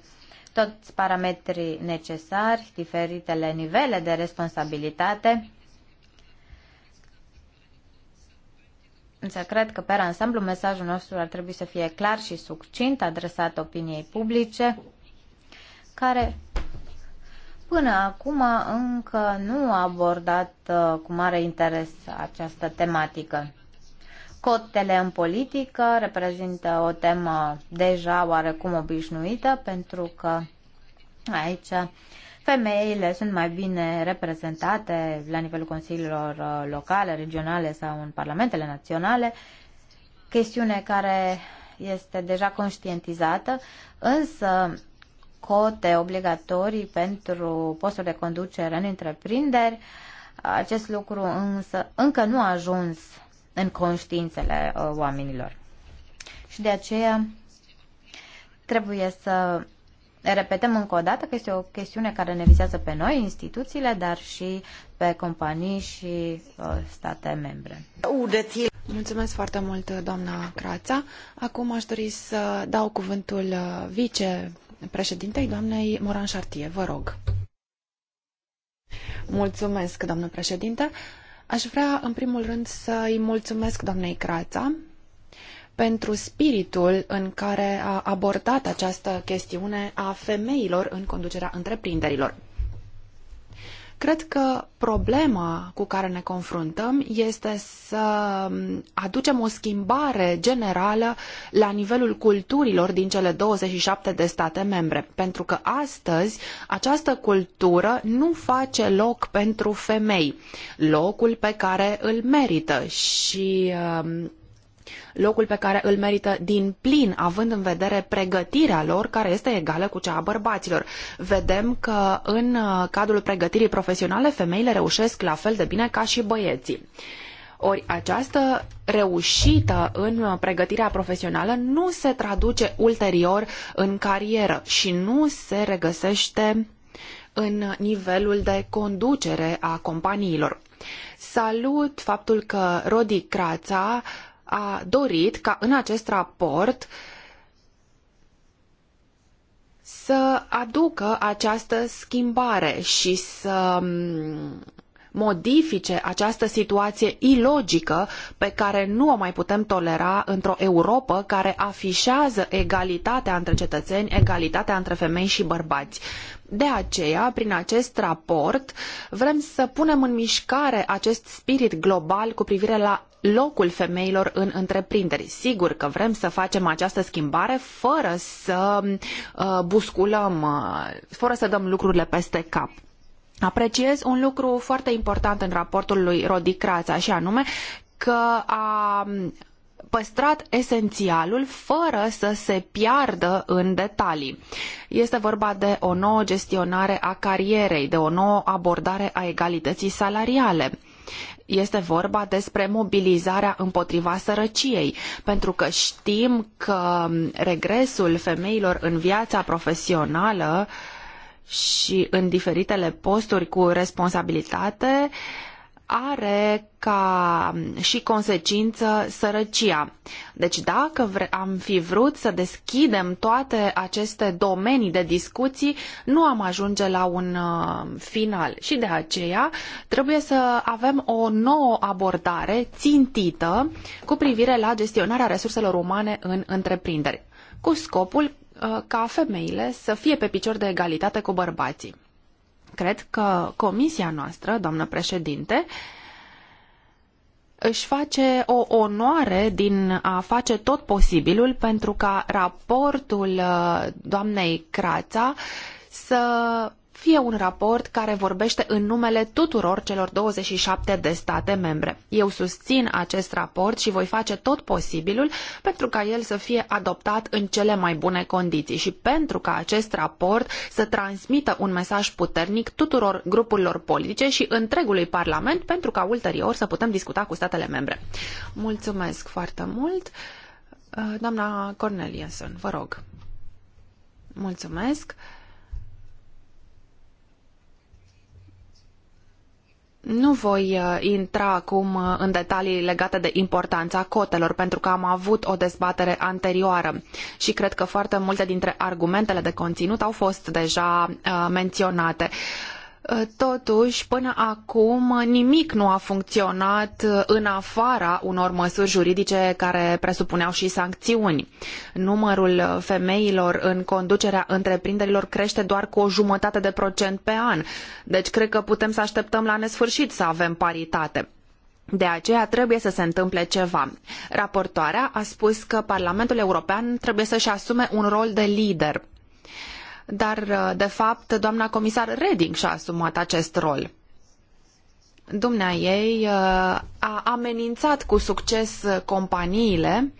toți parametrii necesari, diferitele nivele de responsabilitate. Însă cred că, pe ansamblu, mesajul nostru ar trebui să fie clar și succint, adresat opiniei publice, care până acum încă nu a abordat uh, cu mare interes această tematică. Cotele în politică reprezintă o temă deja oarecum obișnuită, pentru că aici femeile sunt mai bine reprezentate la nivelul consiliilor uh, locale, regionale sau în parlamentele naționale, chestiune care este deja conștientizată, însă cote obligatorii pentru postul de conducere în întreprinderi, acest lucru însă încă nu a ajuns în conștiințele uh, oamenilor. Și de aceea trebuie să repetăm încă o dată că este o chestiune care ne vizează pe noi, instituțiile, dar și pe companii și uh, state membre. Mulțumesc foarte mult, doamna Crața. Acum aș dori să dau cuvântul uh, vicepreședintei, doamnei Moran Șartie. Vă rog. Mulțumesc, doamnă președinte. Aș vrea, în primul rând, să-i mulțumesc doamnei Crața pentru spiritul în care a abordat această chestiune a femeilor în conducerea întreprinderilor. Cred că problema cu care ne confruntăm este să aducem o schimbare generală la nivelul culturilor din cele 27 de state membre, pentru că astăzi această cultură nu face loc pentru femei, locul pe care îl merită și um, locul pe care îl merită din plin, având în vedere pregătirea lor care este egală cu cea a bărbaților. Vedem că în uh, cadrul pregătirii profesionale femeile reușesc la fel de bine ca și băieții. Ori această reușită în uh, pregătirea profesională nu se traduce ulterior în carieră și nu se regăsește în nivelul de conducere a companiilor. Salut faptul că Rodi Crața a dorit ca în acest raport să aducă această schimbare și să mm, modifice această situație ilogică pe care nu o mai putem tolera într-o Europă care afișează egalitatea între cetățeni, egalitatea între femei și bărbați. De aceea, prin acest raport, vrem să punem în mișcare acest spirit global cu privire la locul femeilor în întreprinderi. Sigur că vrem să facem această schimbare fără să uh, busculăm, uh, fără să dăm lucrurile peste cap. Apreciez un lucru foarte important în raportul lui Rodi Crața și anume că a um, păstrat esențialul fără să se piardă în detalii. Este vorba de o nouă gestionare a carierei, de o nouă abordare a egalității salariale este vorba despre mobilizarea împotriva sărăciei, pentru că știm că regresul femeilor în viața profesională și în diferitele posturi cu responsabilitate uh, are ca mm, și consecință sărăcia. Deci dacă am fi vrut să deschidem toate aceste domenii de discuții, nu am ajunge la un mm, final și de aceea trebuie să avem o nouă abordare țintită cu privire la gestionarea resurselor umane în întreprinderi, cu scopul uh, ca femeile să fie pe picior de egalitate cu bărbații. Cred că comisia noastră, doamnă președinte, își face o onoare din a face tot posibilul pentru ca raportul uh, doamnei Crața să fie un raport care vorbește în numele tuturor celor 27 de state membre. Eu susțin acest raport și voi face tot posibilul pentru ca el să fie adoptat în cele mai bune condiții și pentru ca acest raport să transmită un mesaj puternic tuturor grupurilor politice și întregului Parlament pentru ca ulterior să putem discuta cu statele membre. Mulțumesc foarte mult. Doamna Cornelienson, vă rog. Mulțumesc. Nu voi uh, intra acum uh, în detalii legate de importanța cotelor, pentru că am avut o dezbatere anterioară și cred că foarte multe dintre argumentele de conținut au fost deja uh, menționate. Uh, totuși, până acum nimic nu a funcționat uh, în afara unor măsuri juridice care presupuneau și sancțiuni. Numărul uh, femeilor în conducerea întreprinderilor crește doar cu o jumătate de procent pe an. Deci cred că putem să așteptăm la nesfârșit să avem paritate. De aceea trebuie să se întâmple ceva. Raportoarea a spus că Parlamentul European trebuie să-și asume un rol de lider dar uh, de fapt doamna comisar Reding și-a asumat acest rol. Dumnea ei uh, a amenințat cu succes companiile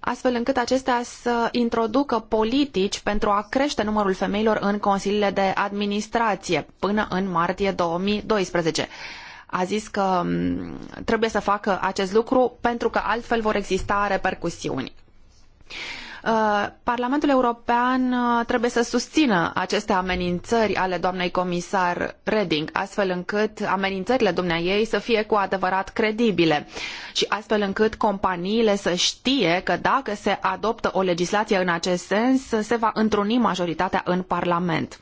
astfel încât acestea să introducă politici pentru a crește numărul femeilor în consiliile de administrație până în martie 2012. A zis că mm, trebuie să facă acest lucru pentru că altfel vor exista repercusiuni. Uh, Parlamentul European uh, trebuie să susțină aceste amenințări ale doamnei comisar Reding, astfel încât amenințările ei să fie cu adevărat credibile și astfel încât companiile să știe că dacă se adoptă o legislație în acest sens, se va întruni majoritatea în Parlament.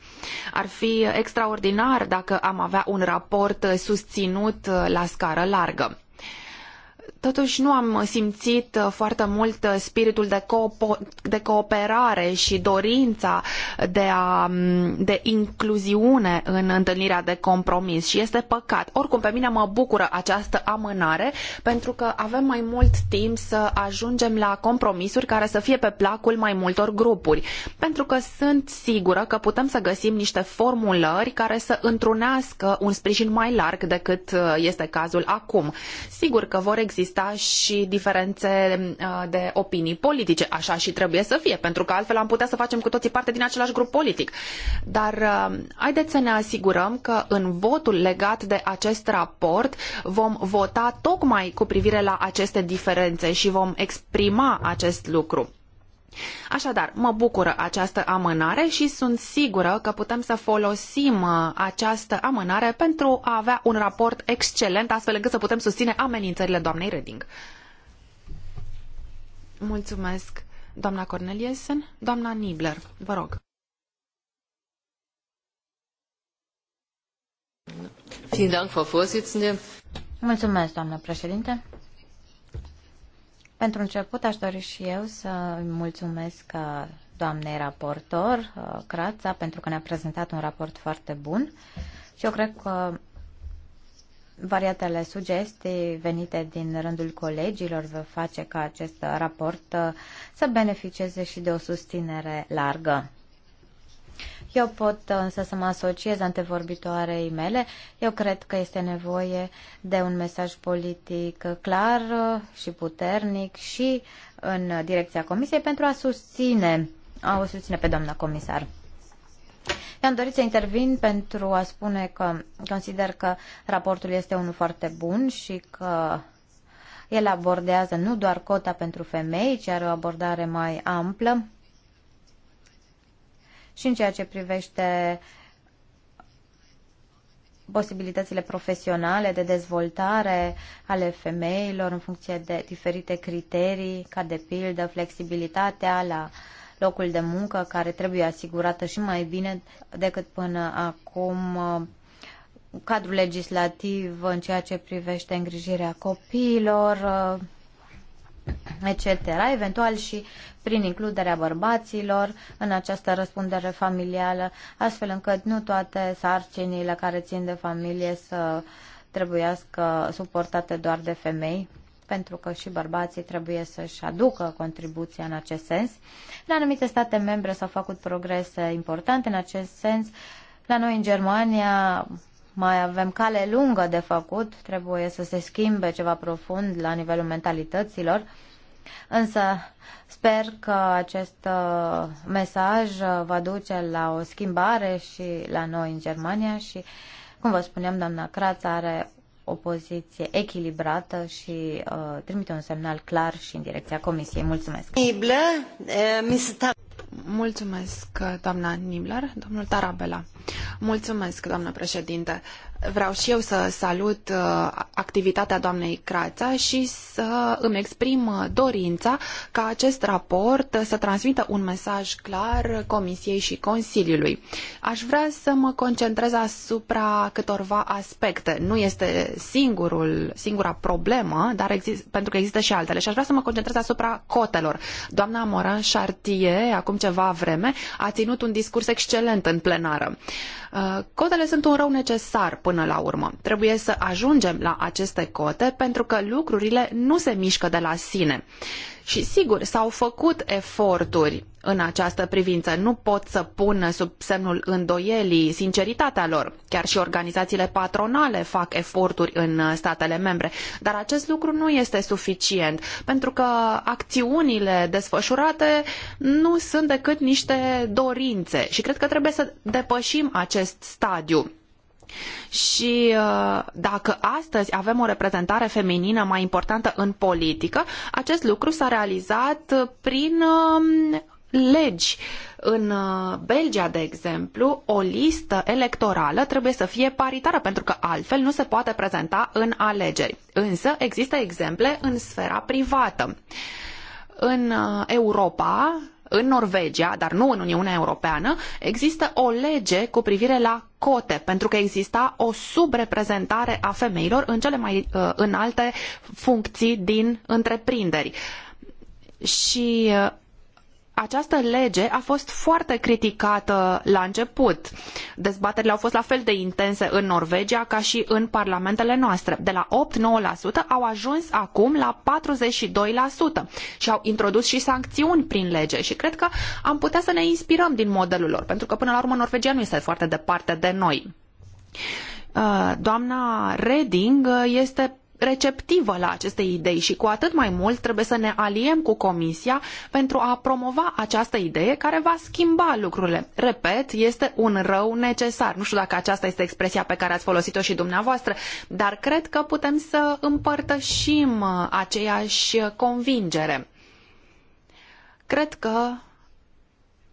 Ar fi extraordinar dacă am avea un raport susținut uh, la scară largă. Totuși nu am simțit uh, foarte mult uh, spiritul de, de cooperare și dorința de, a, de incluziune în întâlnirea de compromis și este păcat. Oricum, pe mine mă bucură această amânare pentru că avem mai mult timp să ajungem la compromisuri care să fie pe placul mai multor grupuri. Pentru că sunt sigură că putem să găsim niște formulări care să întrunească un sprijin mai larg decât uh, este cazul acum. Sigur că vor exista exista și diferențe uh, de opinii politice. Așa și trebuie să fie, pentru că altfel am putea să facem cu toții parte din același grup politic. Dar uh, haideți să ne asigurăm că în votul legat de acest raport vom vota tocmai cu privire la aceste diferențe și vom exprima acest lucru. Așadar, mă bucură această amânare și sunt sigură că putem să folosim uh, această amânare pentru a avea un raport excelent, astfel încât să putem susține amenințările doamnei Reding. Mulțumesc, doamna Corneliesen. Doamna Nibler, vă rog. Mulțumesc, doamnă președinte. Pentru început aș dori și eu să mulțumesc uh, doamnei raportor uh, Crața pentru că ne-a prezentat un raport foarte bun și eu cred că variatele sugestii venite din rândul colegilor vă face ca acest raport uh, să beneficieze și de o susținere largă. Eu pot însă să mă asociez antevorbitoarei mele. Eu cred că este nevoie de un mesaj politic clar uh, și puternic și în direcția Comisiei pentru a susține, a o susține pe doamna comisar. Eu am dorit să intervin pentru a spune că consider că raportul este unul foarte bun și că el abordează nu doar cota pentru femei, ci are o abordare mai amplă și în ceea ce privește posibilitățile profesionale de dezvoltare ale femeilor în funcție de diferite criterii, ca de pildă flexibilitatea la locul de muncă care trebuie asigurată și mai bine decât până acum cadrul legislativ în ceea ce privește îngrijirea copiilor, etc., eventual și prin includerea bărbaților în această răspundere familială, astfel încât nu toate sarcinile care țin de familie să trebuiască suportate doar de femei, pentru că și bărbații trebuie să-și aducă contribuția în acest sens. La anumite state membre s-au făcut progrese importante în acest sens. La noi, în Germania, mai avem cale lungă de făcut, trebuie să se schimbe ceva profund la nivelul mentalităților. Însă sper că acest uh, mesaj uh, va duce la o schimbare și la noi în Germania și, cum vă spuneam, doamna Craț are o poziție echilibrată și uh, trimite un semnal clar și în direcția Comisiei. Mulțumesc! Eh, Mulțumesc, doamna Nibler. Domnul Tarabela. Mulțumesc, doamnă președinte. Vreau și eu să salut uh, activitatea doamnei Crața și să îmi exprim uh, dorința ca acest raport uh, să transmită un mesaj clar Comisiei și Consiliului. Aș vrea să mă concentrez asupra câtorva aspecte. Nu este singurul, singura problemă, dar exist, pentru că există și altele. Și aș vrea să mă concentrez asupra cotelor. Doamna Moran Chartier, acum ceva vreme, a ținut un discurs excelent în plenară. Uh, cotele sunt un rău necesar până la urmă. Trebuie să ajungem la aceste cote pentru că lucrurile nu se mișcă de la sine. Și sigur, s-au făcut eforturi în această privință. Nu pot să pun sub semnul îndoielii sinceritatea lor. Chiar și organizațiile patronale fac eforturi în statele membre. Dar acest lucru nu este suficient, pentru că acțiunile desfășurate nu sunt decât niște dorințe și cred că trebuie să depășim acest stadiu și uh, dacă astăzi avem o reprezentare feminină mai importantă în politică, acest lucru s-a realizat prin um, legi. În uh, Belgia, de exemplu, o listă electorală trebuie să fie paritară, pentru că altfel nu se poate prezenta în alegeri. Însă există exemple în sfera privată. În uh, Europa, în Norvegia, dar nu în Uniunea Europeană, există o lege cu privire la cote, pentru că exista o subreprezentare a femeilor în cele mai uh, înalte funcții din întreprinderi. Și uh, această lege a fost foarte criticată la început. Dezbaterile au fost la fel de intense în Norvegia ca și în parlamentele noastre. De la 8-9% au ajuns acum la 42% și au introdus și sancțiuni prin lege și cred că am putea să ne inspirăm din modelul lor, pentru că până la urmă Norvegia nu este foarte departe de noi. Uh, doamna Reding uh, este receptivă la aceste idei și cu atât mai mult trebuie să ne aliem cu Comisia pentru a promova această idee care va schimba lucrurile. Repet, este un rău necesar. Nu știu dacă aceasta este expresia pe care ați folosit-o și dumneavoastră, dar cred că putem să împărtășim uh, aceeași convingere. Cred că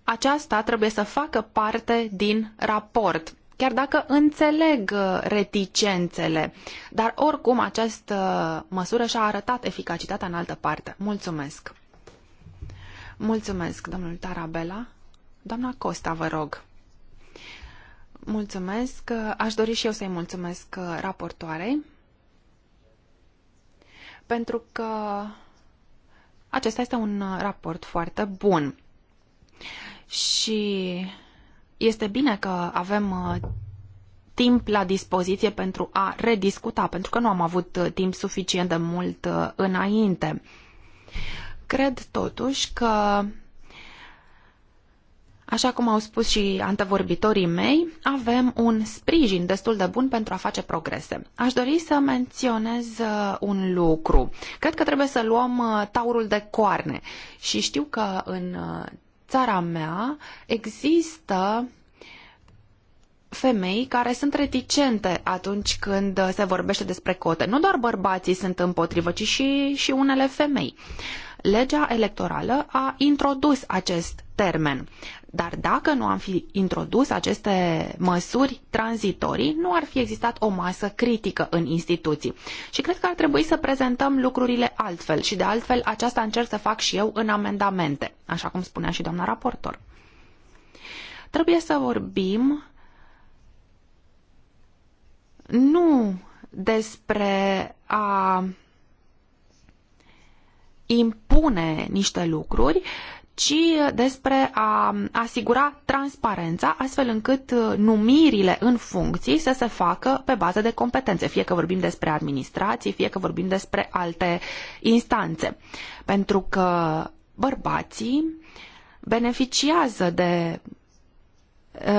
aceasta trebuie să facă parte din raport chiar dacă înțeleg uh, reticențele. Dar oricum această măsură și-a arătat eficacitatea în altă parte. Mulțumesc! Mulțumesc, domnul Tarabela. Doamna Costa, vă rog. Mulțumesc. Aș dori și eu să-i mulțumesc uh, raportoarei pentru că acesta este un uh, raport foarte bun. Și este bine că avem uh, timp la dispoziție pentru a rediscuta, pentru că nu am avut uh, timp suficient de mult uh, înainte. Cred totuși că, așa cum au spus și antevorbitorii mei, avem un sprijin destul de bun pentru a face progrese. Aș dori să menționez un lucru. Cred că trebuie să luăm taurul de coarne și știu că în țara mea există femei care sunt reticente atunci când se vorbește despre cote. Nu doar bărbații sunt împotrivă, ci și, și unele femei. Uh, Legea electorală a introdus acest termen. Dar dacă nu am fi introdus aceste măsuri tranzitorii, nu ar fi existat o masă critică în instituții. Și cred că ar trebui să prezentăm lucrurile altfel și de altfel aceasta încerc să fac și eu în amendamente, așa cum spunea și doamna raportor. Trebuie să vorbim nu despre a impune niște lucruri, ci despre a asigura transparența, astfel încât uh, numirile în funcții să se facă pe bază de competențe, fie că vorbim despre administrații, fie că vorbim despre alte instanțe. Pentru că bărbații beneficiază de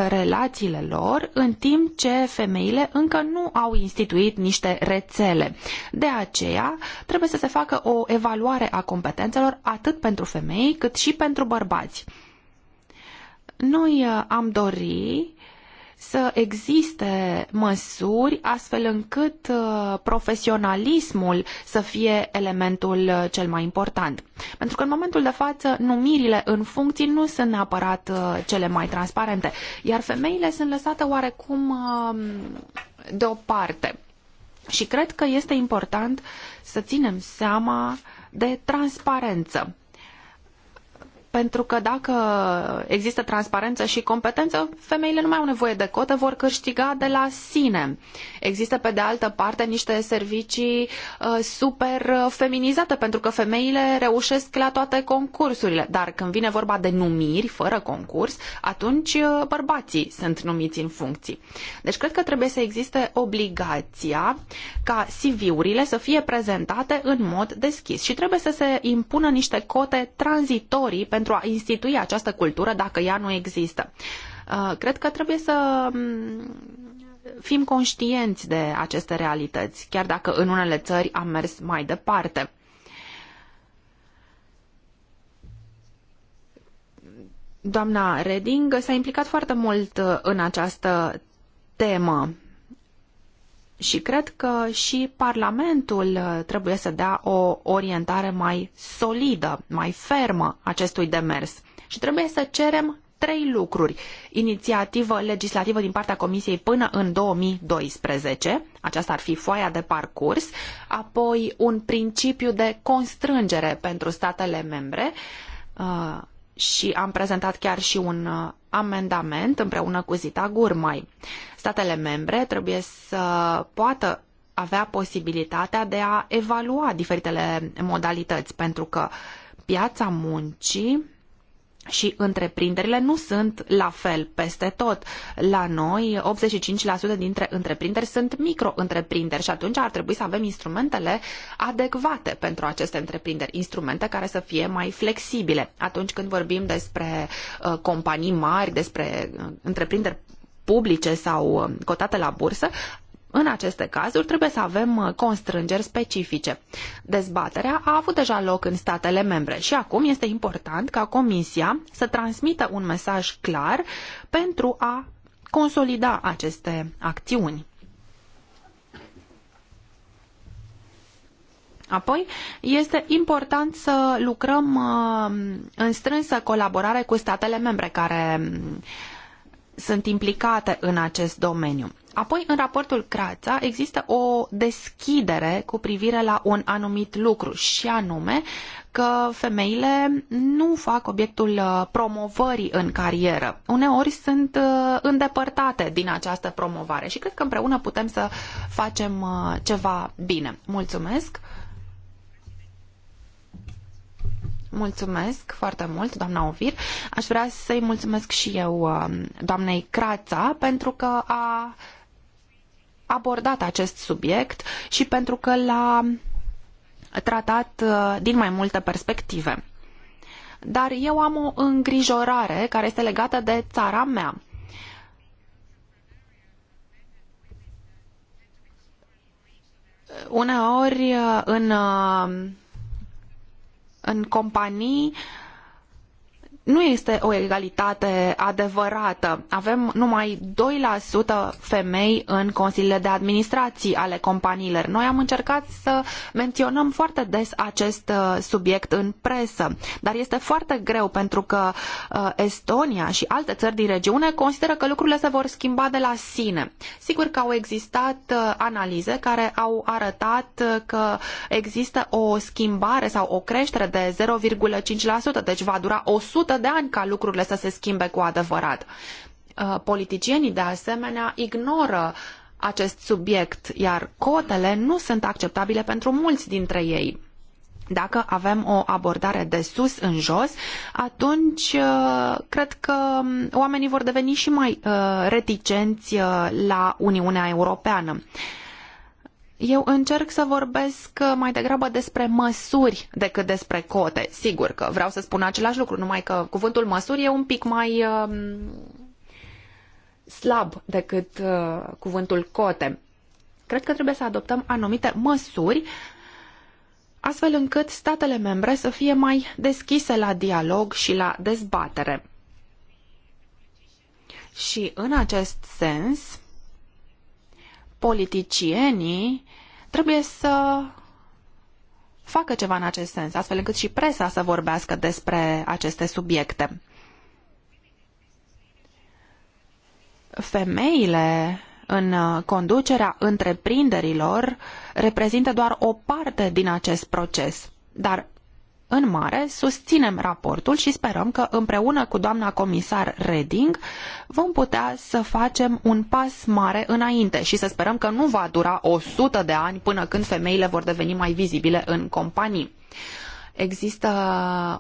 relațiile lor, în timp ce femeile încă nu au instituit niște rețele. De aceea, trebuie să se facă o evaluare a competențelor atât pentru femei cât și pentru bărbați. Noi uh, am dori să existe măsuri astfel încât uh, profesionalismul să fie elementul uh, cel mai important. Pentru că în momentul de față numirile în funcții nu sunt neapărat uh, cele mai transparente, iar femeile sunt lăsate oarecum um, deoparte. Și cred că este important să ținem seama de transparență pentru că dacă există transparență și competență, femeile nu mai au nevoie de cote, vor câștiga de la sine. Există, pe de altă parte, niște servicii uh, super uh, feminizate, pentru că femeile reușesc la toate concursurile. Dar când vine vorba de numiri fără concurs, atunci uh, bărbații sunt numiți în funcții. Deci cred că trebuie să existe obligația ca CV-urile să fie prezentate în mod deschis și trebuie să se impună niște cote tranzitorii pentru pentru a institui această cultură dacă ea nu există. Uh, cred că trebuie să mm, fim conștienți de aceste realități, chiar dacă în unele țări am mers mai departe. Doamna Reding s-a implicat foarte mult uh, în această temă și cred că și Parlamentul uh, trebuie să dea o orientare mai solidă, mai fermă acestui demers. Și trebuie să cerem trei lucruri. Inițiativă legislativă din partea Comisiei până în 2012, aceasta ar fi foaia de parcurs, apoi un principiu de constrângere pentru statele membre, uh, și am prezentat chiar și un uh, amendament împreună cu Zita Gurmai. Statele membre trebuie să poată avea posibilitatea de a evalua diferitele modalități, pentru că piața muncii și întreprinderile nu sunt la fel peste tot. La noi, 85% dintre întreprinderi sunt micro-întreprinderi și atunci ar trebui să avem instrumentele adecvate pentru aceste întreprinderi, instrumente care să fie mai flexibile. Atunci când vorbim despre uh, companii mari, despre uh, întreprinderi publice sau uh, cotate la bursă, în aceste cazuri trebuie să avem uh, constrângeri specifice. Dezbaterea a avut deja loc în statele membre și acum este important ca Comisia să transmită un mesaj clar pentru a consolida aceste acțiuni. Apoi, este important să lucrăm uh, în strânsă colaborare cu statele membre care mm, sunt implicate în acest domeniu. Apoi, în raportul Crața există o deschidere cu privire la un anumit lucru și anume că femeile nu fac obiectul uh, promovării în carieră. Uneori sunt uh, îndepărtate din această promovare și cred că împreună putem să facem uh, ceva bine. Mulțumesc! Mulțumesc foarte mult, doamna Ovir. Aș vrea să-i mulțumesc și eu uh, doamnei Crața pentru că a abordat acest subiect și pentru că l-a tratat uh, din mai multe perspective. Dar eu am o îngrijorare care este legată de țara mea. Uneori uh, în în companii nu este o egalitate adevărată. Avem numai 2% femei în consiliile de administrații ale companiilor. Noi am încercat să menționăm foarte des acest uh, subiect în presă, dar este foarte greu pentru că uh, Estonia și alte țări din regiune consideră că lucrurile se vor schimba de la sine. Sigur că au existat uh, analize care au arătat că există o schimbare sau o creștere de 0,5%, deci va dura 100 sută de ani ca lucrurile să se schimbe cu adevărat. Uh, politicienii, de asemenea, ignoră acest subiect, iar cotele nu sunt acceptabile pentru mulți dintre ei. Dacă avem o abordare de sus în jos, atunci uh, cred că um, oamenii vor deveni și mai uh, reticenți la Uniunea Europeană. Eu încerc să vorbesc uh, mai degrabă despre măsuri decât despre cote. Sigur că vreau să spun același lucru, numai că cuvântul măsuri e un pic mai um, slab decât uh, cuvântul cote. Cred că trebuie să adoptăm anumite măsuri astfel încât statele membre să fie mai deschise la dialog și la dezbatere. Și în acest sens, politicienii trebuie să facă ceva în acest sens, astfel încât și presa să vorbească despre aceste subiecte. Femeile în conducerea întreprinderilor reprezintă doar o parte din acest proces, dar în mare, susținem raportul și sperăm că împreună cu doamna comisar Reding vom putea să facem un pas mare înainte și să sperăm că nu va dura 100 de ani până când femeile vor deveni mai vizibile în companii. Există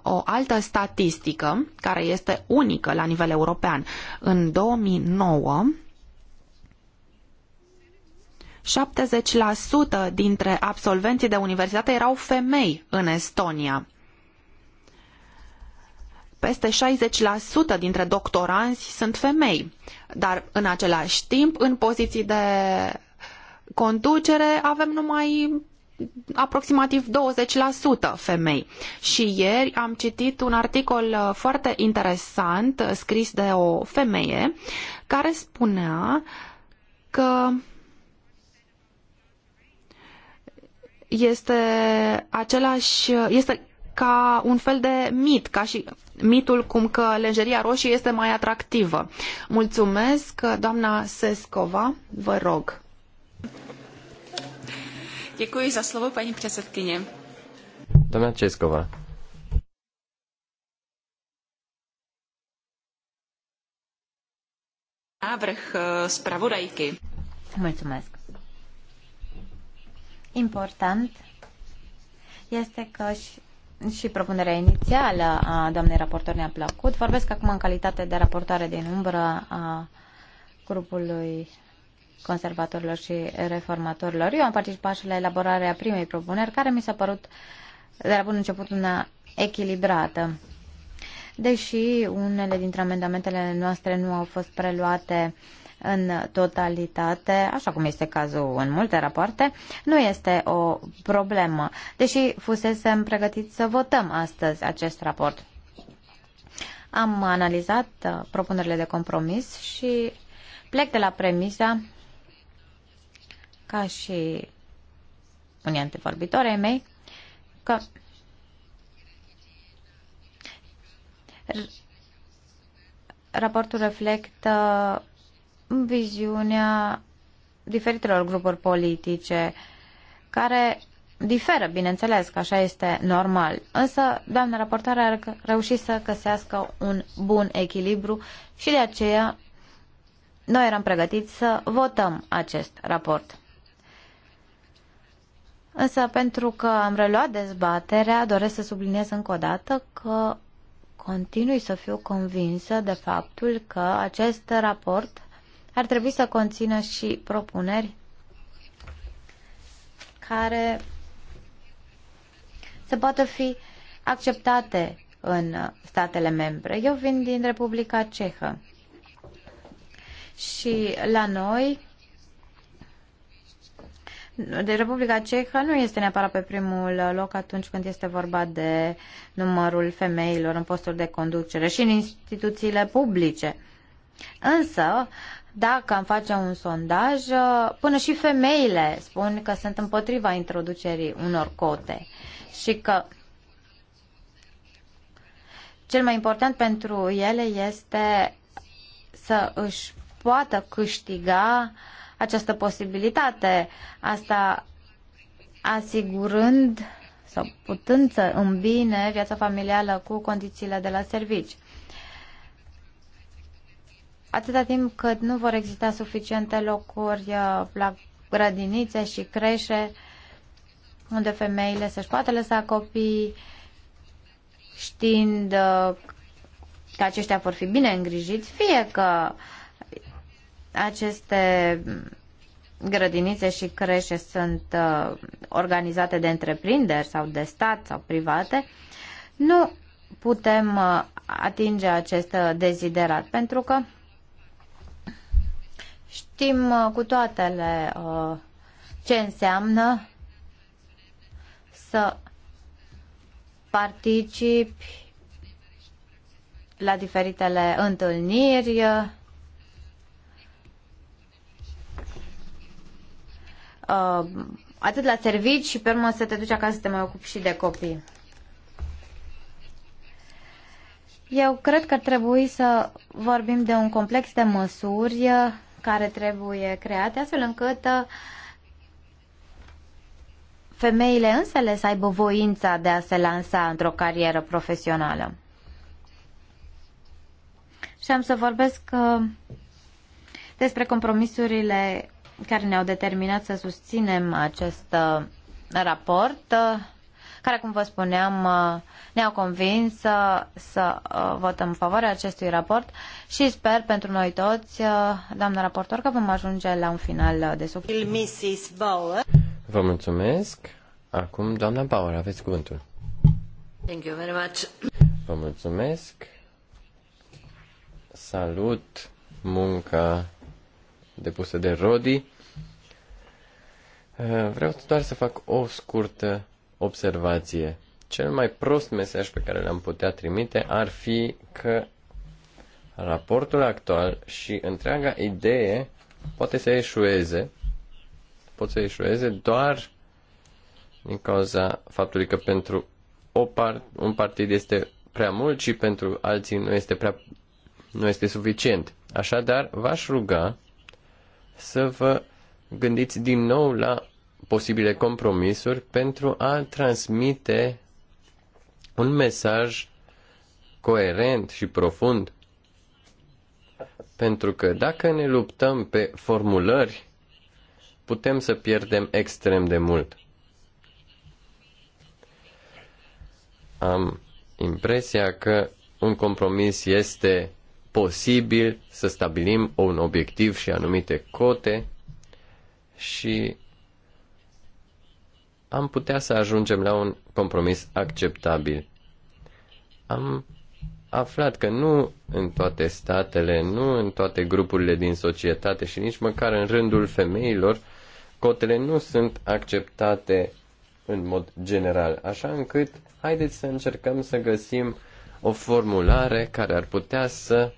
o altă statistică care este unică la nivel european. În 2009, 70% dintre absolvenții de universitate erau femei în Estonia peste 60% dintre doctoranzi sunt femei, dar în același timp, în poziții de conducere, avem numai aproximativ 20% femei. Și ieri am citit un articol uh, foarte interesant uh, scris de o femeie care spunea că este același, uh, este ca un fel de mit, ca și mitul cum că lenjeria roșie este mai atractivă. Mulțumesc, doamna Sescova, vă rog. Děkuji za slovo, paní předsedkyně. Doamna Cescova. Návrh eh, zpravodajky. Mulțumesc. Important este că și și propunerea inițială a doamnei raportor ne-a plăcut. Vorbesc acum în calitate de raportoare din umbră a grupului conservatorilor și reformatorilor. Eu am participat și la elaborarea primei propuneri, care mi s-a părut de la bun început una echilibrată. Deși unele dintre amendamentele noastre nu au fost preluate uh, în totalitate, așa cum este cazul în multe rapoarte, nu este o problemă, deși fusesem pregătit să votăm astăzi acest raport. Am analizat uh, propunerile de compromis și plec de la premisa ca și unii antevorbitorii mei, că raportul reflectă viziunea diferitelor grupuri politice, care diferă, bineînțeles, că așa este normal. Însă, doamna raportare a reușit să găsească un bun echilibru și de aceea noi eram pregătiți să votăm acest raport. Însă, pentru că am reluat dezbaterea, doresc să subliniez încă o dată că continui să fiu convinsă de faptul că acest raport ar trebui să conțină și propuneri care să poată fi acceptate în statele membre. Eu vin din Republica Cehă și la noi de Republica Cehă nu este neapărat pe primul loc atunci când este vorba de numărul femeilor în posturi de conducere și în instituțiile publice. Însă, dacă am face un sondaj, până și femeile spun că sunt împotriva introducerii unor cote și că cel mai important pentru ele este să își poată câștiga această posibilitate, asta asigurând sau putând să îmbine viața familială cu condițiile de la servici atâta timp cât nu vor exista suficiente locuri uh, la grădinițe și creșe unde femeile să-și poată lăsa copii știind uh, că aceștia vor fi bine îngrijiți, fie că aceste grădinițe și creșe sunt uh, organizate de întreprinderi sau de stat sau private, nu putem uh, atinge acest deziderat, pentru că Știm uh, cu toatele uh, ce înseamnă să participi la diferitele întâlniri, uh, atât la servici și pe urmă să te duci acasă să te mai ocupi și de copii. Eu cred că ar trebui să vorbim de un complex de măsuri care trebuie create, astfel încât uh, femeile însele să aibă voința de a se lansa într-o carieră profesională. Și am să vorbesc uh, despre compromisurile care ne-au determinat să susținem acest uh, raport care, cum vă spuneam, uh, ne-au convins să, să uh, votăm în favoarea acestui raport și sper pentru noi toți, uh, doamnă raportor, că vom ajunge la un final de succes. Vă mulțumesc. Acum, doamna Bauer, aveți cuvântul. Thank you very much. Vă mulțumesc. Salut munca depusă de Rodi. Vreau doar să fac o scurtă observație. Cel mai prost mesaj pe care l-am putea trimite ar fi că raportul actual și întreaga idee poate să eșueze, pot să eșueze doar din cauza faptului că pentru o part, un partid este prea mult și pentru alții nu este, prea, nu este suficient. Așadar, v-aș ruga să vă gândiți din nou la posibile compromisuri pentru a transmite un mesaj coerent și profund. Pentru că dacă ne luptăm pe formulări, putem să pierdem extrem de mult. Am impresia că un compromis este posibil să stabilim un obiectiv și anumite cote și am putea să ajungem la un compromis acceptabil. Am aflat că nu în toate statele, nu în toate grupurile din societate și nici măcar în rândul femeilor, cotele nu sunt acceptate în mod general, așa încât haideți să încercăm să găsim o formulare care ar putea să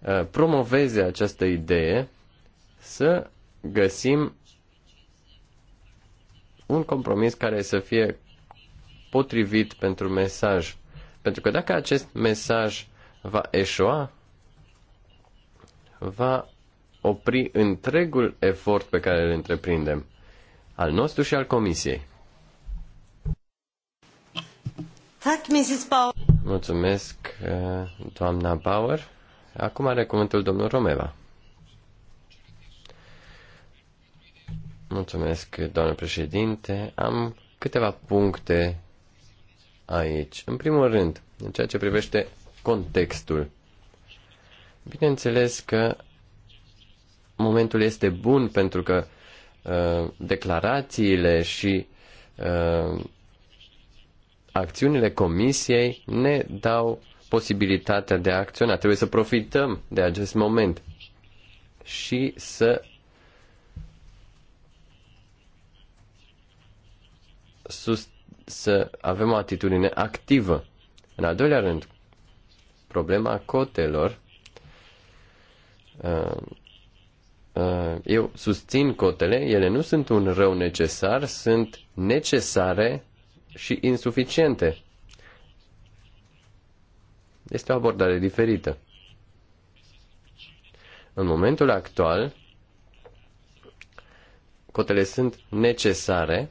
uh, promoveze această idee, să găsim un compromis care să fie potrivit pentru mesaj. Pentru că dacă acest mesaj va eșua, va opri întregul efort pe care îl întreprindem, al nostru și al Comisiei. Mulțumesc, eh, doamna Bauer. Acum are cuvântul domnul Romeva. Mulțumesc, doamnă președinte. Am câteva puncte aici. În primul rând, în ceea ce privește contextul. Bineînțeles că momentul este bun pentru că uh, declarațiile și uh, acțiunile comisiei ne dau posibilitatea de a acționa. Trebuie să profităm de acest moment și să sus, să avem o atitudine activă. În al doilea rând, problema cotelor. Uh, uh, eu susțin cotele, ele nu sunt un rău necesar, sunt necesare și insuficiente. Este o abordare diferită. În momentul actual, cotele sunt necesare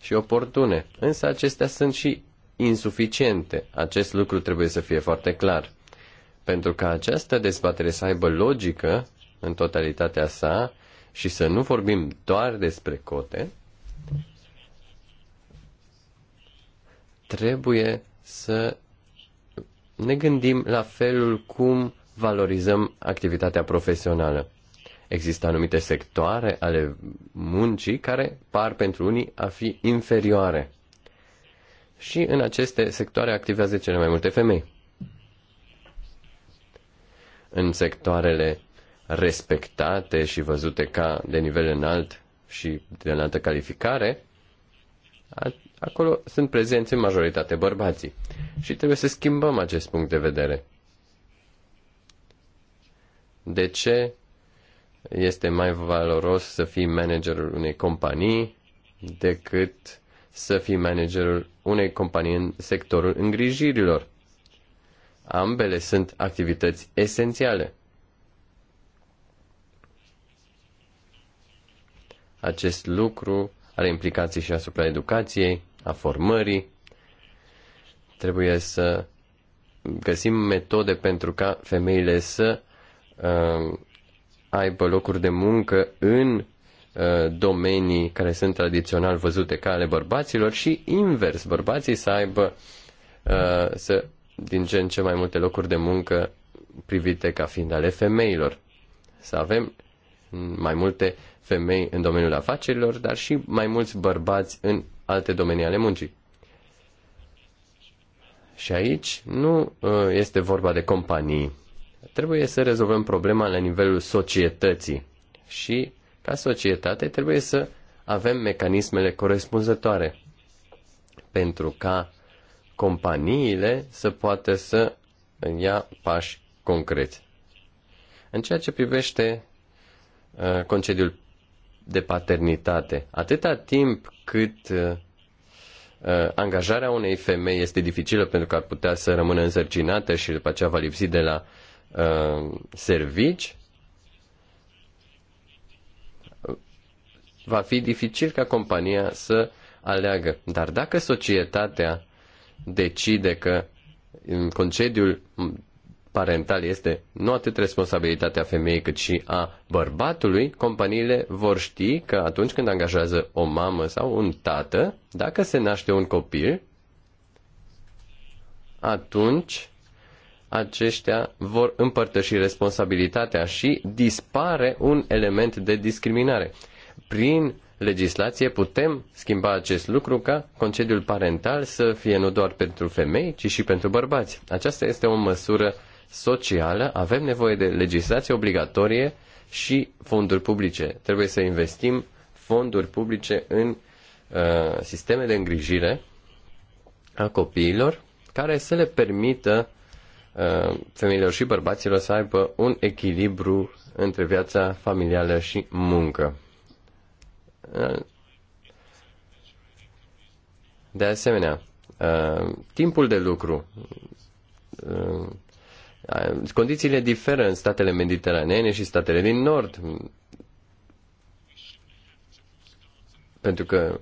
și oportune, însă acestea sunt și insuficiente. Acest lucru trebuie să fie foarte clar. Pentru ca această dezbatere să aibă logică în totalitatea sa și să nu vorbim doar despre cote, trebuie să ne gândim la felul cum valorizăm activitatea profesională. Există anumite sectoare ale muncii care par pentru unii a fi inferioare. Și în aceste sectoare activează cele mai multe femei. În sectoarele respectate și văzute ca de nivel înalt și de înaltă calificare, acolo sunt prezenți în majoritate bărbații. Și trebuie să schimbăm acest punct de vedere. De ce este mai valoros să fii managerul unei companii decât să fii managerul unei companii în sectorul îngrijirilor. Ambele sunt activități esențiale. Acest lucru are implicații și asupra educației, a formării. Trebuie să găsim metode pentru ca femeile să uh, aibă locuri de muncă în uh, domenii care sunt tradițional văzute ca ale bărbaților și invers, bărbații să aibă uh, să, din ce în ce mai multe locuri de muncă privite ca fiind ale femeilor. Să avem mai multe femei în domeniul afacerilor, dar și mai mulți bărbați în alte domenii ale muncii. Și aici nu uh, este vorba de companii. Trebuie să rezolvăm problema la nivelul societății și, ca societate, trebuie să avem mecanismele corespunzătoare pentru ca companiile să poată să ia pași concreți. În ceea ce privește uh, concediul de paternitate, atâta timp cât uh, uh angajarea unei femei este dificilă pentru că ar putea să rămână însărcinată și după aceea va lipsi de la Uh, servici, va fi dificil ca compania să aleagă. Dar dacă societatea decide că concediul parental este nu atât responsabilitatea femeii cât și a bărbatului, companiile vor ști că atunci când angajează o mamă sau un tată, dacă se naște un copil, atunci aceștia vor împărtăși responsabilitatea și dispare un element de discriminare. Prin legislație putem schimba acest lucru ca concediul parental să fie nu doar pentru femei, ci și pentru bărbați. Aceasta este o măsură socială, avem nevoie de legislație obligatorie și fonduri publice. Trebuie să investim fonduri publice în uh, sisteme de îngrijire a copiilor care să le permită Uh, femeilor și bărbaților să aibă un echilibru între viața familială și muncă. Uh, de asemenea, uh, timpul de lucru. Condițiile diferă în statele mediteraneene și statele din nord. Pentru că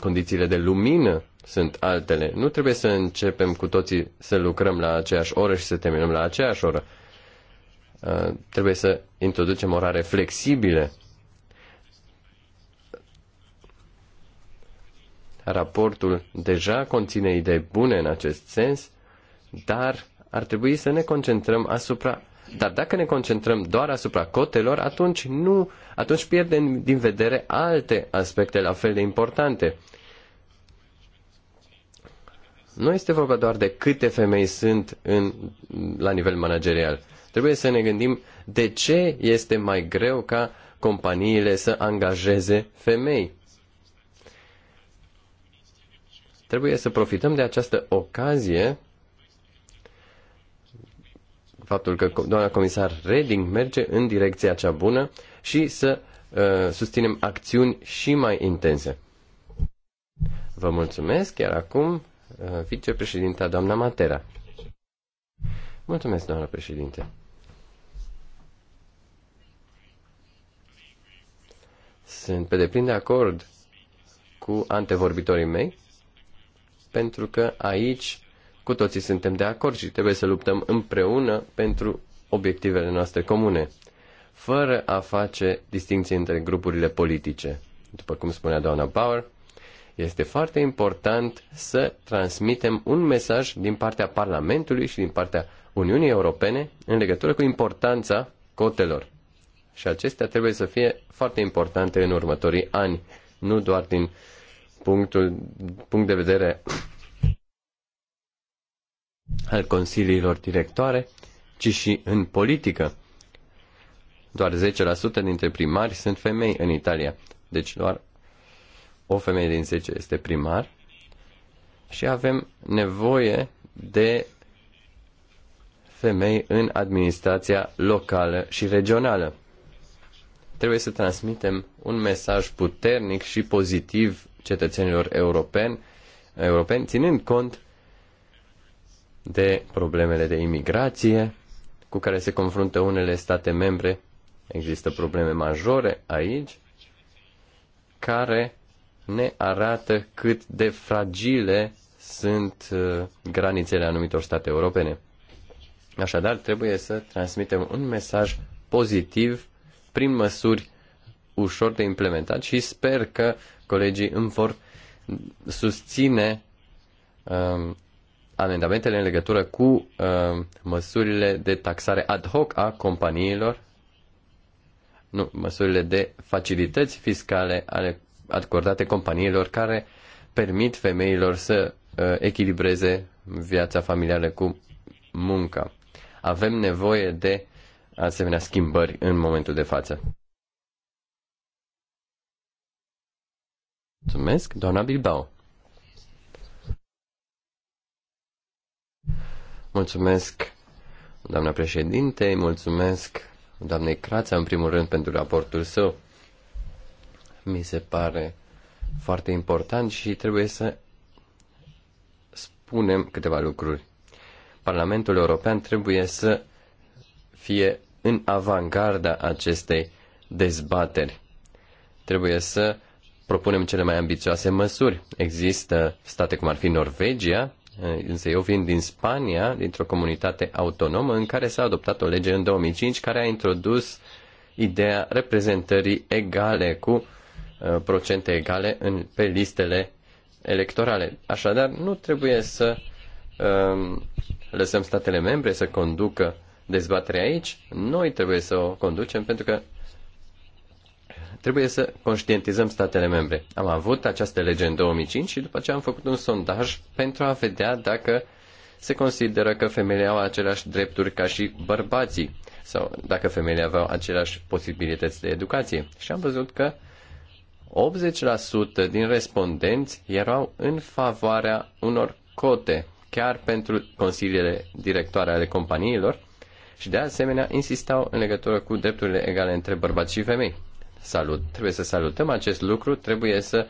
condițiile de lumină sunt altele. Nu trebuie să începem cu toții să lucrăm la aceeași oră și să terminăm la aceeași oră. Uh, trebuie să introducem orare flexibile. Raportul deja conține idei bune în acest sens, dar ar trebui să ne concentrăm asupra dar dacă ne concentrăm doar asupra cotelor, atunci nu, atunci pierdem din vedere alte aspecte la fel de importante. Nu este vorba doar de câte femei sunt în, la nivel managerial. Trebuie să ne gândim de ce este mai greu ca companiile să angajeze femei. Trebuie să profităm de această ocazie faptul că doamna comisar Reding merge în direcția cea bună și să uh, susținem acțiuni și mai intense. Vă mulțumesc, iar acum Uh, vicepreședinta doamna Matera. Mulțumesc, doamna președinte. Sunt pe deplin de acord cu antevorbitorii mei, pentru că aici cu toții suntem de acord și trebuie să luptăm împreună pentru obiectivele noastre comune, fără a face distinție între grupurile politice. După cum spunea doamna Bauer, este foarte important să transmitem un mesaj din partea Parlamentului și din partea Uniunii Europene în legătură cu importanța cotelor. Și acestea trebuie să fie foarte importante în următorii ani, nu doar din punctul, punct de vedere al consiliilor directoare, ci și în politică. Doar 10% dintre primari sunt femei în Italia, deci doar o femeie din 10 este primar și avem nevoie de femei în administrația locală și regională. Trebuie să transmitem un mesaj puternic și pozitiv cetățenilor europeni, europeni ținând cont de problemele de imigrație cu care se confruntă unele state membre. Există probleme majore aici care ne arată cât de fragile sunt uh, granițele anumitor state europene. Așadar, trebuie să transmitem un mesaj pozitiv prin măsuri ușor de implementat și sper că colegii îmi vor susține um, amendamentele în legătură cu um, măsurile de taxare ad hoc a companiilor, nu, măsurile de facilități fiscale ale acordate companiilor care permit femeilor să uh, echilibreze viața familială cu munca. Avem nevoie de asemenea schimbări în momentul de față. Mulțumesc, doamna Bilbao. Mulțumesc, doamna președinte, mulțumesc doamnei Crața, în primul rând, pentru raportul său mi se pare foarte important și trebuie să spunem câteva lucruri. Parlamentul European trebuie să fie în avangarda acestei dezbateri. Trebuie să propunem cele mai ambițioase măsuri. Există state cum ar fi Norvegia, eh, însă eu vin din Spania, dintr-o comunitate autonomă în care s-a adoptat o lege în 2005 care a introdus ideea reprezentării egale cu Uh, procente egale în, pe listele electorale. Așadar, nu trebuie să um, lăsăm statele membre să conducă dezbaterea aici. Noi trebuie să o conducem pentru că trebuie să conștientizăm statele membre. Am avut această lege în 2005 și după ce am făcut un sondaj pentru a vedea dacă se consideră că femeile au aceleași drepturi ca și bărbații sau dacă femeile aveau aceleași posibilități de educație. Și am văzut că 80% din respondenți erau în favoarea unor cote, chiar pentru consiliile directoare ale companiilor, și de asemenea insistau în legătură cu drepturile egale între bărbați și femei. Salut! Trebuie să salutăm acest lucru, trebuie să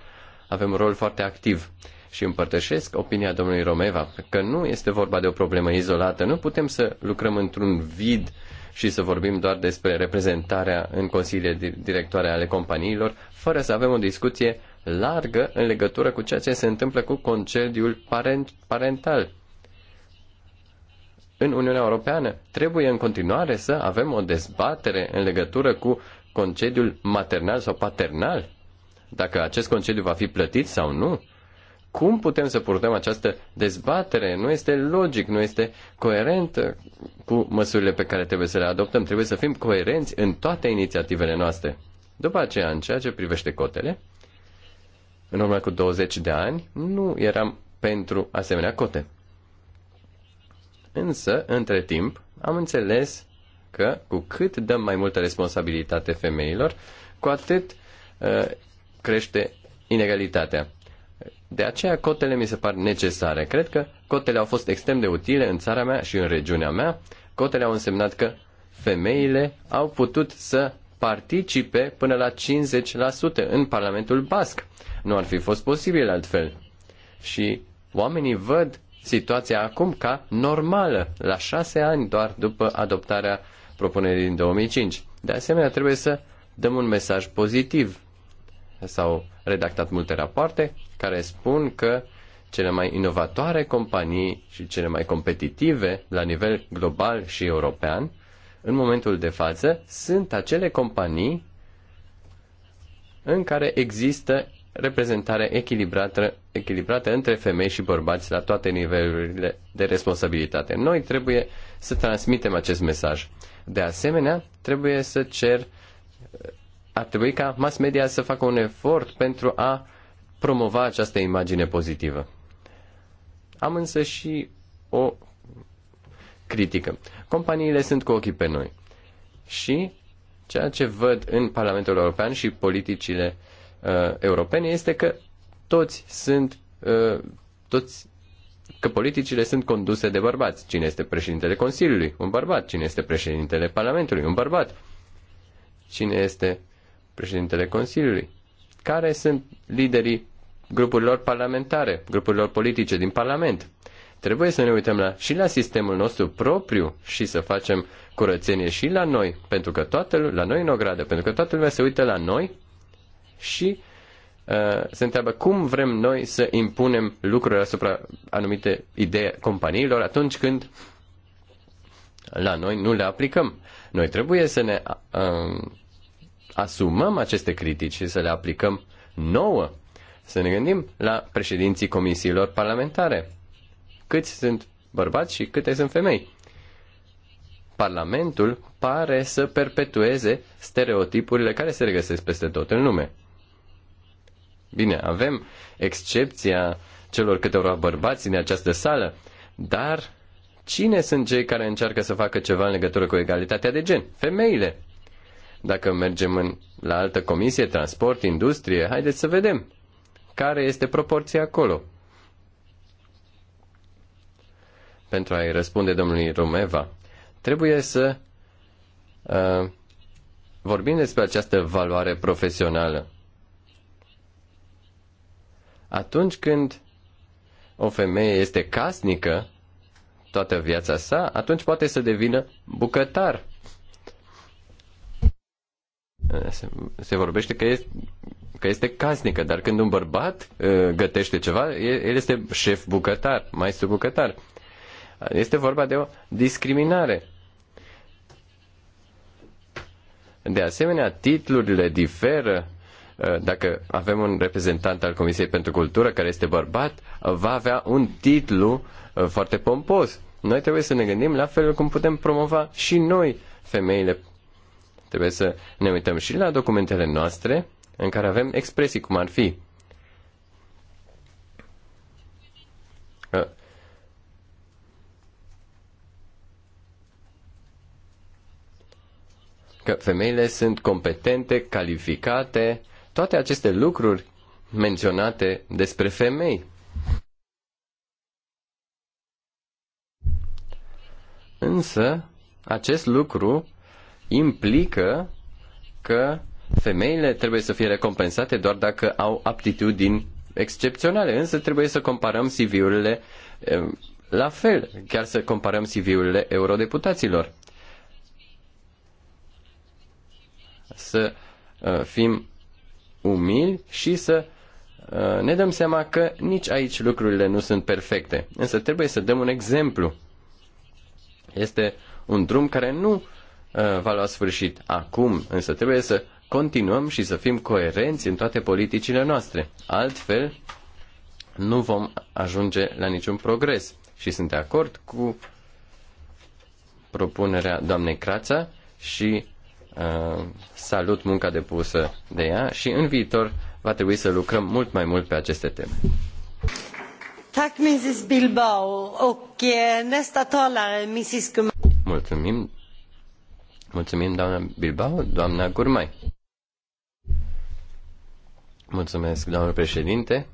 avem un rol foarte activ. Și împărtășesc opinia domnului Romeva că nu este vorba de o problemă izolată, nu putem să lucrăm într-un vid și să vorbim doar despre reprezentarea în consiliile directoare ale companiilor, fără să avem o discuție largă în legătură cu ceea ce se întâmplă cu concediul parent, parental. În Uniunea Europeană trebuie în continuare să avem o dezbatere în legătură cu concediul maternal sau paternal, dacă acest concediu va fi plătit sau nu, cum putem să purtăm această dezbatere? Nu este logic, nu este coerent cu măsurile pe care trebuie să le adoptăm. Trebuie să fim coerenți în toate inițiativele noastre. După aceea, în ceea ce privește cotele, în urmă cu 20 de ani, nu eram pentru asemenea cote. Însă, între timp, am înțeles că cu cât dăm mai multă responsabilitate femeilor, cu atât uh, crește inegalitatea. De aceea cotele mi se par necesare. Cred că cotele au fost extrem de utile în țara mea și în regiunea mea. Cotele au însemnat că femeile au putut să participe până la 50% în Parlamentul Basc. Nu ar fi fost posibil altfel. Și oamenii văd situația acum ca normală, la șase ani doar după adoptarea propunerii din 2005. De asemenea, trebuie să dăm un mesaj pozitiv. S-au redactat multe rapoarte care spun că cele mai inovatoare companii și cele mai competitive la nivel global și european, în momentul de față, sunt acele companii în care există reprezentare echilibrată, echilibrată între femei și bărbați la toate nivelurile de responsabilitate. Noi trebuie să transmitem acest mesaj. De asemenea, trebuie să cer, ar trebui ca mass media să facă un efort pentru a promova această imagine pozitivă. Am însă și o critică. Companiile sunt cu ochii pe noi. Și ceea ce văd în Parlamentul European și politicile uh, europene este că toți sunt uh, toți că politicile sunt conduse de bărbați. Cine este președintele Consiliului? Un bărbat. Cine este președintele Parlamentului? Un bărbat. Cine este președintele Consiliului? Care sunt liderii grupurilor parlamentare, grupurilor politice din Parlament. Trebuie să ne uităm la, și la sistemul nostru propriu și să facem curățenie și la noi, pentru că toată, la noi în ogradă, pentru că toată lumea se uită la noi și uh, se întreabă cum vrem noi să impunem lucruri asupra anumite idei companiilor atunci când la noi nu le aplicăm. Noi trebuie să ne uh, asumăm aceste critici și să le aplicăm nouă să ne gândim la președinții comisiilor parlamentare. Câți sunt bărbați și câte sunt femei? Parlamentul pare să perpetueze stereotipurile care se regăsesc peste tot în lume. Bine, avem excepția celor câteva bărbați din această sală, dar cine sunt cei care încearcă să facă ceva în legătură cu egalitatea de gen? Femeile. Dacă mergem în, la altă comisie, transport, industrie, haideți să vedem care este proporția acolo? Pentru a-i răspunde domnului Romeva, trebuie să uh, vorbim despre această valoare profesională. Atunci când o femeie este casnică toată viața sa, atunci poate să devină bucătar. Se, se vorbește că este, că este casnică, dar când un bărbat uh, gătește ceva, el este șef bucătar, maestru bucătar. Este vorba de o discriminare. De asemenea, titlurile diferă. Uh, dacă avem un reprezentant al Comisiei pentru Cultură care este bărbat, va avea un titlu uh, foarte pompos. Noi trebuie să ne gândim la felul cum putem promova și noi femeile. Trebuie să ne uităm și la documentele noastre în care avem expresii cum ar fi ă, că femeile sunt competente, calificate, toate aceste lucruri menționate despre femei. Însă, acest lucru implică că Femeile trebuie să fie recompensate doar dacă au aptitudini excepționale, însă trebuie să comparăm CV-urile eh, la fel, chiar să comparăm CV-urile eurodeputaților. Să eh, fim umili și să eh, ne dăm seama că nici aici lucrurile nu sunt perfecte. Însă trebuie să dăm un exemplu. Este un drum care nu va lua sfârșit acum, însă trebuie să continuăm și să fim coerenți în toate politicile noastre. Altfel, nu vom ajunge la niciun progres. Și sunt de acord cu propunerea doamnei Crața și uh, salut munca depusă de ea și în viitor va trebui să lucrăm mult mai mult pe aceste teme. Tack Mrs Bilbao och eh, nästa talare Mrs Mulțumim. Mulțumim doamna Bilbao, doamna Gurmai. Mulțumesc, doamnă președinte.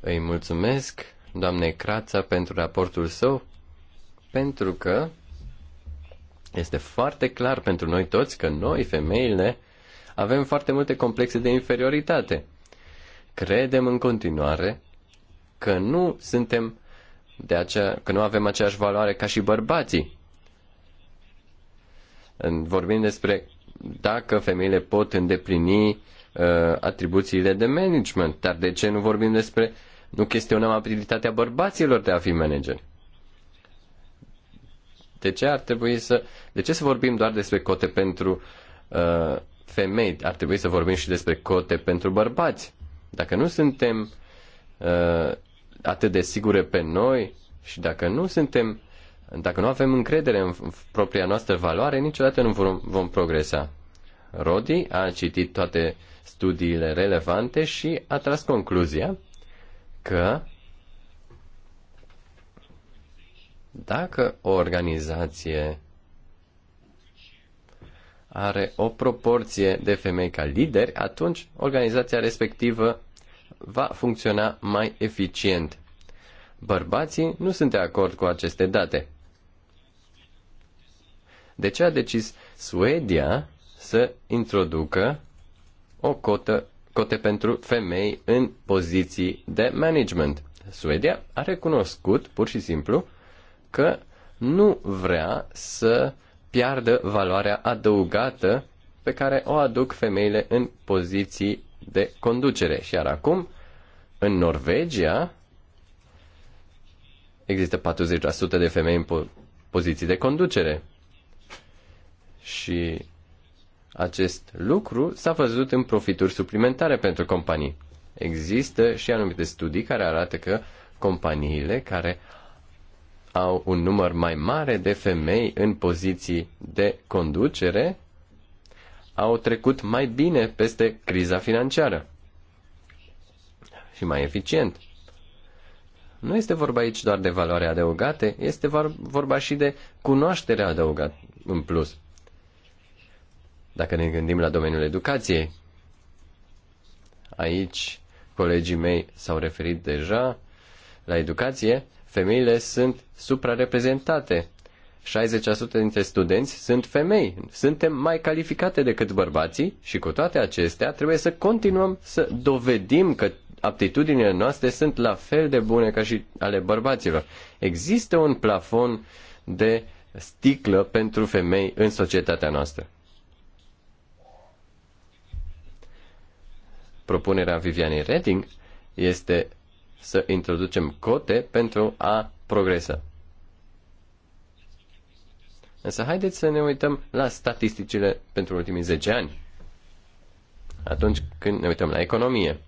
Îi mulțumesc, doamne Crața, pentru raportul său, pentru că este foarte clar pentru noi toți că noi, femeile, avem foarte multe complexe de inferioritate. Credem în continuare că nu suntem de acea, că nu avem aceeași valoare ca și bărbații. Vorbim despre dacă femeile pot îndeplini uh, atribuțiile de management. Dar de ce nu vorbim despre, nu chestionăm abilitatea bărbaților de a fi manageri? De ce ar trebui să, de ce să vorbim doar despre cote pentru uh, femei? Ar trebui să vorbim și despre cote pentru bărbați. Dacă nu suntem uh, atât de sigure pe noi și dacă nu suntem dacă nu avem încredere în propria noastră valoare, niciodată nu vom, vom progresa. Rodi a citit toate studiile relevante și a tras concluzia că dacă o organizație are o proporție de femei ca lideri, atunci organizația respectivă va funcționa mai eficient. Bărbații nu sunt de acord cu aceste date. De ce a decis Suedia să introducă o cotă, cote pentru femei în poziții de management? Suedia a recunoscut pur și simplu că nu vrea să piardă valoarea adăugată pe care o aduc femeile în poziții de conducere. Și iar acum, în Norvegia, există 40% de femei în po- poziții de conducere. Și acest lucru s-a văzut în profituri suplimentare pentru companii. Există și anumite studii care arată că companiile care au un număr mai mare de femei în poziții de conducere au trecut mai bine peste criza financiară și mai eficient. Nu este vorba aici doar de valoare adăugate, este vorba și de cunoaștere adăugată în plus. Dacă ne gândim la domeniul educației, aici colegii mei s-au referit deja la educație, femeile sunt suprareprezentate. 60% dintre studenți sunt femei. Suntem mai calificate decât bărbații și cu toate acestea trebuie să continuăm să dovedim că aptitudinile noastre sunt la fel de bune ca și ale bărbaților. Există un plafon de sticlă pentru femei în societatea noastră. Propunerea Vivianei Redding este să introducem cote pentru a progresa. Însă haideți să ne uităm la statisticile pentru ultimii 10 ani. Atunci când ne uităm la economie,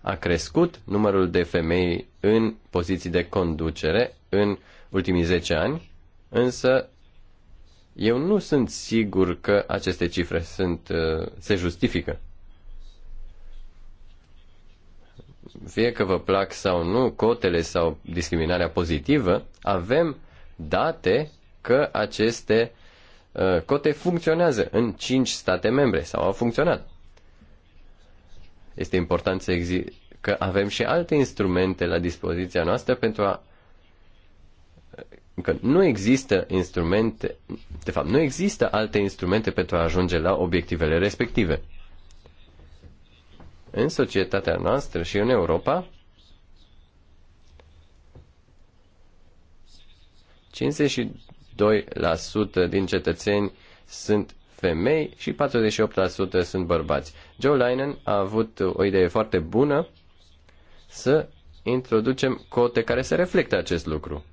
a crescut numărul de femei în poziții de conducere în ultimii 10 ani, însă eu nu sunt sigur că aceste cifre sunt, uh, se justifică. fie că vă plac sau nu cotele sau discriminarea pozitivă, avem date că aceste uh, cote funcționează în 5 state membre sau au funcționat. Este important să exi- că avem și alte instrumente la dispoziția noastră pentru a că nu există instrumente, de fapt, nu există alte instrumente pentru a ajunge la obiectivele respective în societatea noastră și în Europa, 52% din cetățeni sunt femei și 48% sunt bărbați. Joe Linen a avut o idee foarte bună să introducem cote care să reflecte acest lucru.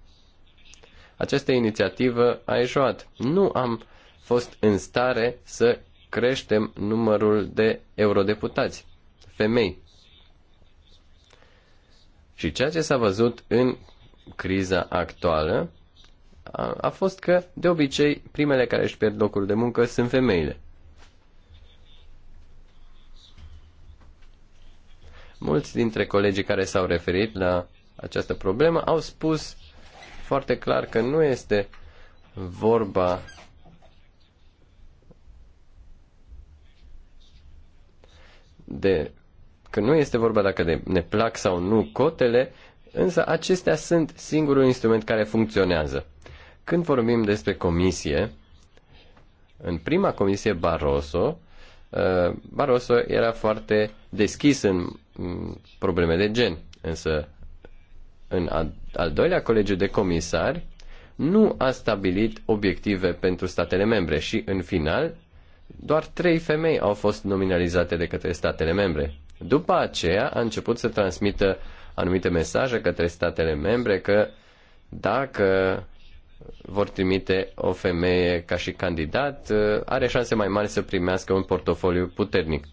Această inițiativă a eșuat. Nu am fost în stare să creștem numărul de eurodeputați femei. Și ceea ce s-a văzut în criza actuală a, a fost că, de obicei, primele care își pierd locul de muncă sunt femeile. Mulți dintre colegii care s-au referit la această problemă au spus foarte clar că nu este vorba de că nu este vorba dacă ne plac sau nu cotele, însă acestea sunt singurul instrument care funcționează. Când vorbim despre comisie, în prima comisie Barroso, uh, Barroso era foarte deschis în probleme de gen, însă în al doilea colegiu de comisari nu a stabilit obiective pentru statele membre și, în final, doar trei femei au fost nominalizate de către statele membre. După aceea a început să transmită anumite mesaje către statele membre că dacă vor trimite o femeie ca și candidat, are șanse mai mari să primească un portofoliu puternic.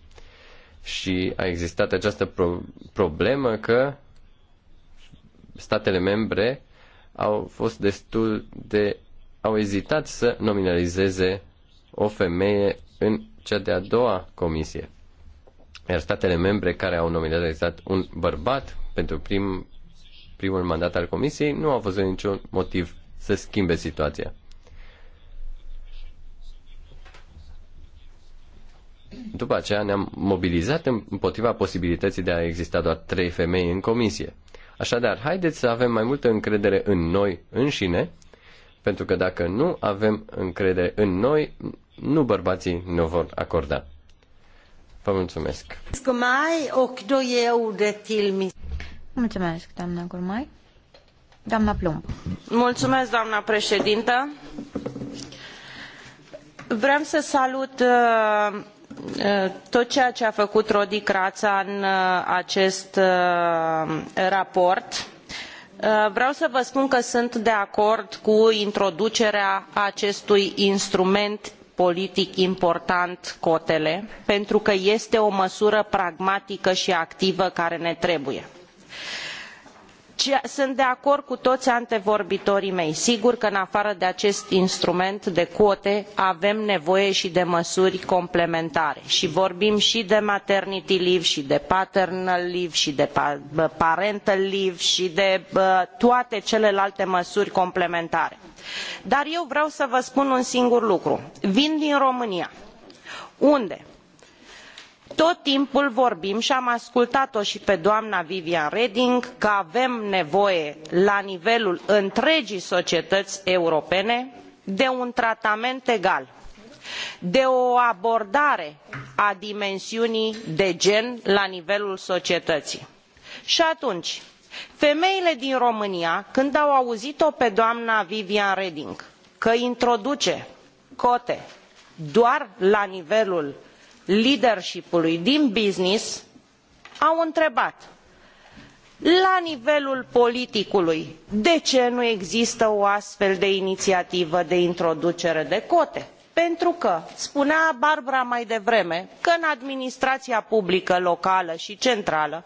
Și a existat această pro- problemă că statele membre au fost destul de au ezitat să nominalizeze o femeie în cea de-a doua comisie. Iar statele membre care au nominalizat exact un bărbat pentru prim, primul mandat al Comisiei nu au văzut niciun motiv să schimbe situația. După aceea ne-am mobilizat împotriva posibilității de a exista doar trei femei în comisie. Așadar, haideți să avem mai multă încredere în noi înșine, pentru că dacă nu avem încredere în noi, nu bărbații ne vor acorda. Vă mulțumesc. Mulțumesc, doamna Gurmai. Doamna Plumb. Mulțumesc, doamna președintă. Vreau să salut uh, uh tot ceea ce a făcut Rodi Crața în uh, acest uh, raport. Vreau să vă spun că sunt de acord cu introducerea acestui instrument politic important cotele pentru că este o măsură pragmatică i activă care ne trebuie sunt de acord cu toi antevorbitorii mei sigur că în afară de acest instrument de cote avem nevoie i de măsuri complementare i vorbim i de maternity leave i de paternal leave i de parental leave i de toate celelalte măsuri complementare dar eu vreau să vă spun un singur lucru vin din românia unde tot timpul vorbim i am ascultat o i pe doamna viviane reding că avem nevoie la nivelul întregii societăi europene de un tratament egal de o abordare a dimensiunii de gen la nivelul societăii i atunci femeile din românia când au auzit o pe doamna viviane reding că introduce cote doar la nivelul leadership ului din business au întrebat la nivelul politicului de ce nu există o astfel de iniiativă de introducere de cote? pentru că spunea barbara mai devreme că în administraia publică locală i centrală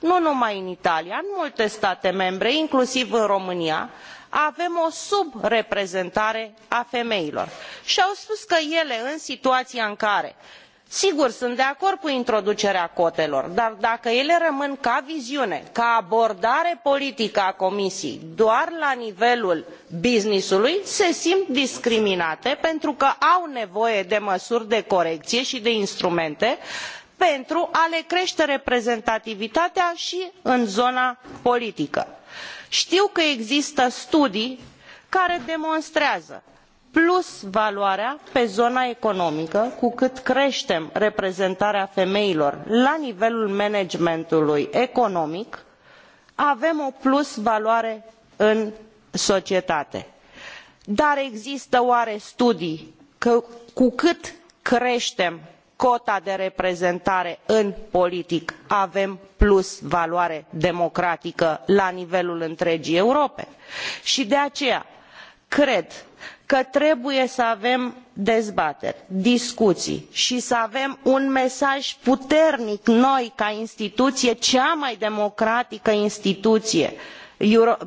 nu numai în italia în multe state membre inclusiv în românia avem o subreprezentare a femeilor i au spus că ele în situaia în care sigur sunt de acord cu introducerea cotelor dar dacă ele rămân ca viziune ca abordare politică a comisiei doar la nivelul business-ului, se simt discriminate pentru că au nevoie de măsuri de corecie i de instrumente pentru a le crete reprezentativitatea i în zona politică. tiu că există studii care demonstrează plus valoarea pe zona economică cu cât cretem reprezentarea femeilor la nivelul managementului economic avem o plusvaloare în societate. dar există oare studii că cu cât cretem cota de reprezentare în politic avem plusvaloare democratică la nivelul întregii europe? i de aceea cred că că trebuie să avem dezbateri discuii i să avem un mesaj puternic noi ca instituie cea mai democratică instituie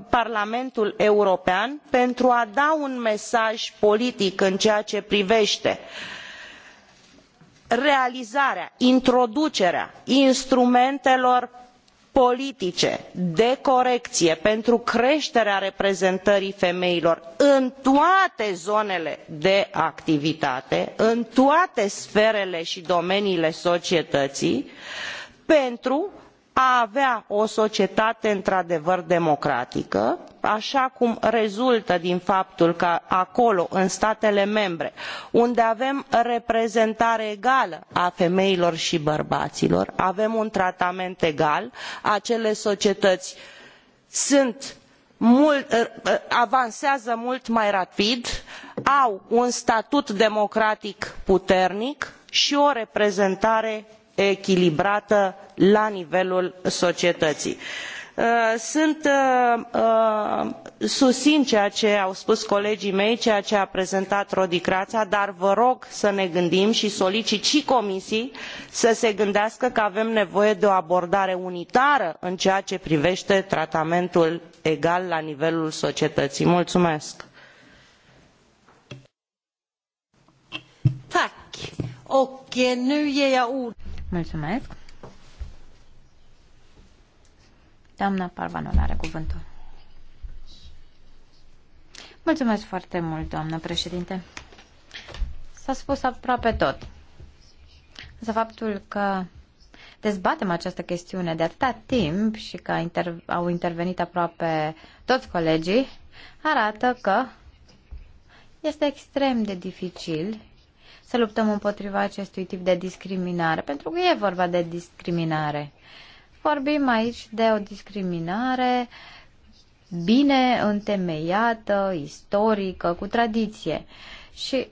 parlamentul european pentru a da un mesaj politic în ceea ce privete realizarea introducerea instrumentelor politice de corecie pentru creterea reprezentării femeilor în toate zonele de activitate în toate sferele i domeniile societăii pentru a avea o societate într adevăr democratică aa cum rezultă din faptul că acolo în statele membre unde avem reprezentare egală a femeilor i bărbailor avem un tratament egal acele societăi ă, ă, avansează mult mai rapid au un statut democratic puternic i o reprezentare echilibrată la nivelul societății. Uh, sunt, uh, uh, susin ceea ce au spus colegii mei ceea ce a prezentat rodi kratsa dar vă rog să ne gândim i solicit i comisiei să se gândească că avem nevoie de o abordare unitară în ceea ce privete tratamentul egal la nivelul societăii. mulumesc. nu ord. Mulțumesc. Doamna Parvanul are cuvântul. Mulțumesc foarte mult, doamnă președinte. S-a spus aproape tot. Însă faptul că dezbatem această chestiune de atâta timp și că inter- au intervenit aproape toți colegii, arată că este extrem de dificil să luptăm împotriva acestui tip de discriminare, pentru că e vorba de discriminare. Vorbim aici de o discriminare bine întemeiată, istorică, cu tradiție. Și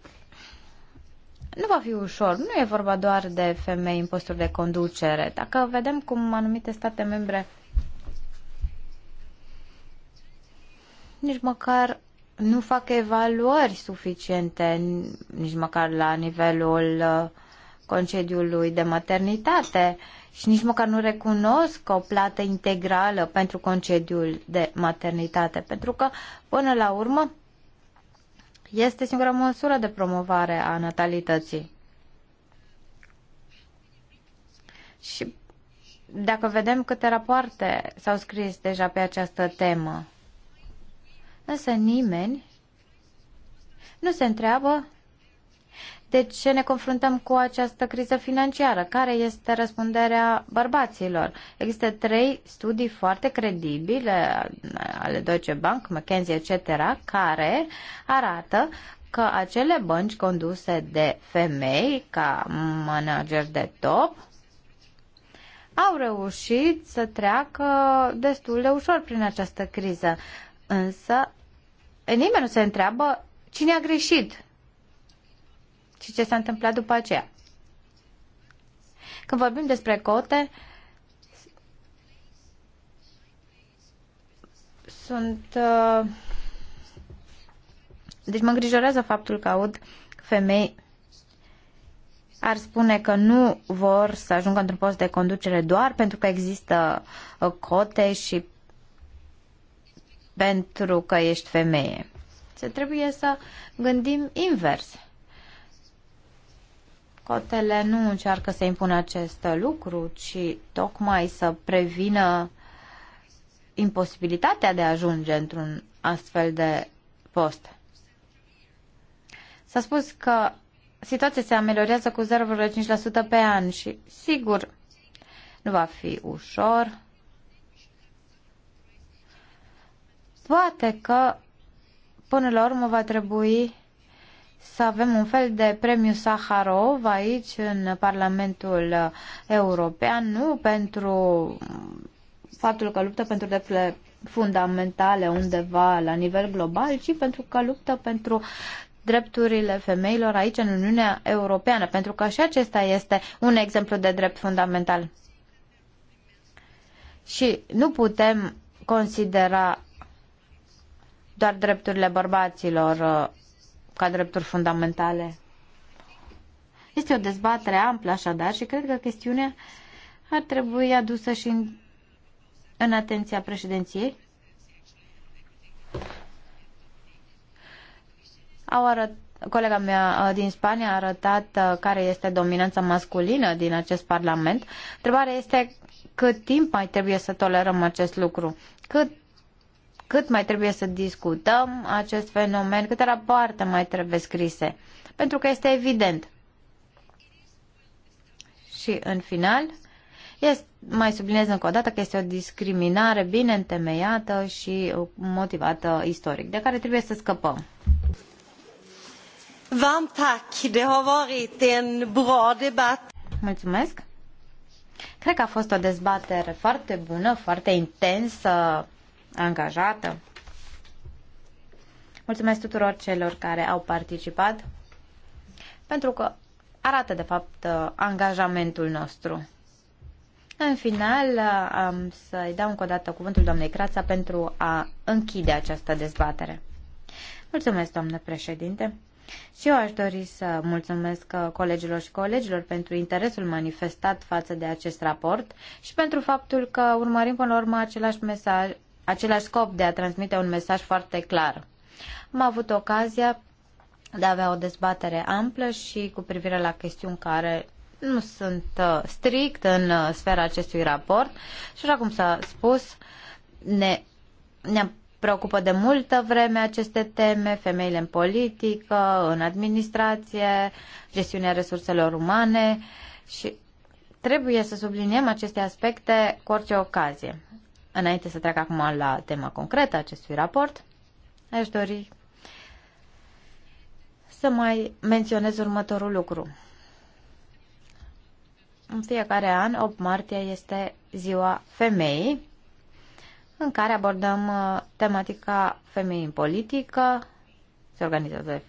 nu va fi ușor. Nu e vorba doar de femei în posturi de conducere. Dacă vedem cum anumite state membre nici măcar nu fac evaluări suficiente, nici măcar la nivelul uh, concediului de maternitate și nici măcar nu recunosc o plată integrală pentru concediul de maternitate, pentru că, până la urmă, este singura măsură de promovare a natalității. Și dacă vedem câte rapoarte s-au scris deja pe această temă, Însă nimeni nu se întreabă de ce ne confruntăm cu această criză financiară? Care este răspunderea bărbaților? Există trei studii foarte credibile ale Deutsche Bank, McKenzie, etc., care arată că acele bănci conduse de femei ca manager de top au reușit să treacă destul de ușor prin această criză. Însă nimeni nu se întreabă cine a greșit și ce s-a întâmplat după aceea. Când vorbim despre cote, sunt. Uh, deci mă îngrijorează faptul că aud femei ar spune că nu vor să ajungă într-un post de conducere doar pentru că există uh, cote și pentru că ești femeie. Se trebuie să gândim invers. Cotele nu încearcă să impună acest lucru, ci tocmai să prevină imposibilitatea de a ajunge într-un astfel de post. S-a spus că situația se ameliorează cu 0,5% pe an și, sigur, nu va fi ușor, Poate că până la urmă va trebui să avem un fel de premiu Saharov aici în Parlamentul European, nu pentru faptul că luptă pentru drepturile fundamentale undeva la nivel global, ci pentru că luptă pentru drepturile femeilor aici în Uniunea Europeană, pentru că și acesta este un exemplu de drept fundamental. Și nu putem considera doar drepturile bărbaților uh, ca drepturi fundamentale. Este o dezbatere amplă așadar și cred că chestiunea ar trebui adusă și în, în atenția președinției. Au arăt, colega mea uh, din Spania a arătat uh, care este dominanța masculină din acest parlament. Întrebarea este cât timp mai trebuie să tolerăm acest lucru? Cât cât mai trebuie să discutăm acest fenomen, câte rapoarte mai trebuie scrise, pentru că este evident. Și în final, este, mai subliniez încă o dată că este o discriminare bine întemeiată și motivată istoric, de care trebuie să scăpăm. Mulțumesc! Cred că a fost o dezbatere foarte bună, foarte intensă, angajată. Mulțumesc tuturor celor care au participat, pentru că arată, de fapt, angajamentul nostru. În final, am să-i dau încă o dată cuvântul doamnei Crața pentru a închide această dezbatere. Mulțumesc, doamnă președinte. Și eu aș dori să mulțumesc colegilor și colegilor pentru interesul manifestat față de acest raport și pentru faptul că urmărim până la urmă același mesaj, același scop de a transmite un mesaj foarte clar. Am avut ocazia de a avea o dezbatere amplă și cu privire la chestiuni care nu sunt uh, strict în uh, sfera acestui raport și așa cum s-a spus, ne, ne preocupă de multă vreme aceste teme, femeile în politică, în administrație, gestiunea resurselor umane și trebuie să subliniem aceste aspecte cu orice ocazie. Înainte să trec acum la tema concretă a acestui raport, aș dori să mai menționez următorul lucru. În fiecare an, 8 martie este ziua femeii, în care abordăm uh, tematica femeii în politică, se organizează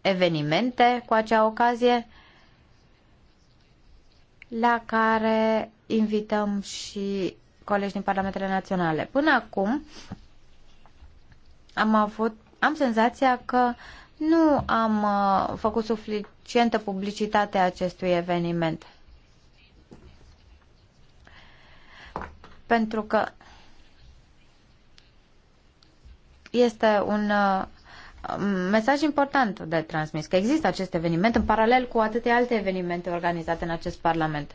evenimente cu acea ocazie, la care invităm și colegi din Parlamentele Naționale. Până acum am avut, am senzația că nu am uh, făcut suficientă publicitate acestui eveniment. Pentru că este un uh, mesaj important de transmis, că există acest eveniment în paralel cu atâtea alte evenimente organizate în acest Parlament.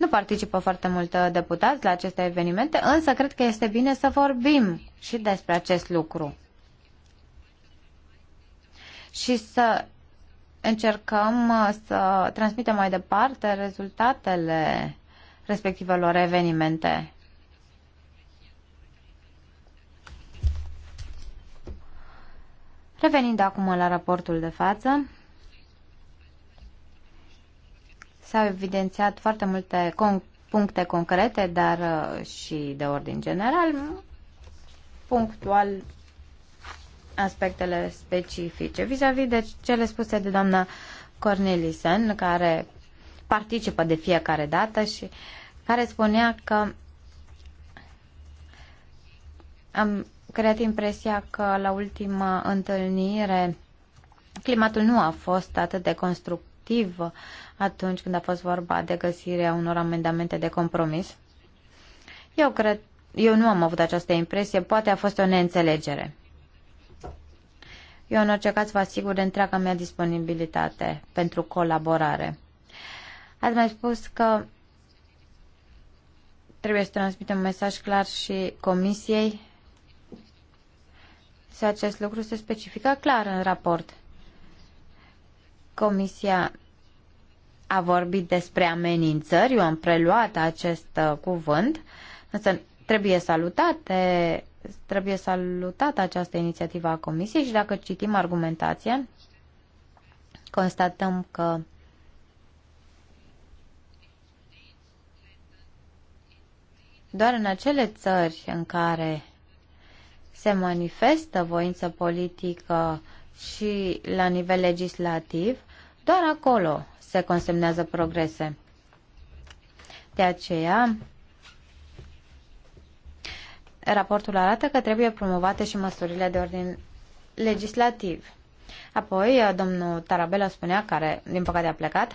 Nu participă foarte mult deputați la aceste evenimente, însă cred că este bine să vorbim și despre acest lucru. Și să încercăm uh, să transmitem mai departe rezultatele respectivelor evenimente. Revenind acum la raportul de față, S-au evidențiat foarte multe con- puncte concrete, dar uh, și de ordin general, punctual aspectele specifice. Vis-a-vis -vis de cele spuse de doamna Cornelisen, care participă de fiecare dată și care spunea că am creat impresia că la ultima întâlnire climatul nu a fost atât de constructiv activ atunci când a fost vorba de găsirea unor amendamente de compromis. Eu cred, eu nu am avut această impresie, poate a fost o neînțelegere. Eu, în orice caz, vă asigur de întreaga mea disponibilitate pentru colaborare. Ați mai spus că trebuie să transmitem un mesaj clar și Comisiei Să acest lucru se specifică clar în raport. Comisia a vorbit despre amenințări, eu am preluat acest uh, cuvânt, însă trebuie salutate, trebuie salutată această inițiativă a Comisiei și dacă citim argumentația, constatăm că doar în acele țări în care se manifestă voință politică și la nivel legislativ, doar acolo se consemnează progrese. De aceea, raportul arată că trebuie promovate și măsurile de ordin legislativ. Apoi, domnul Tarabella spunea, care din păcate a plecat,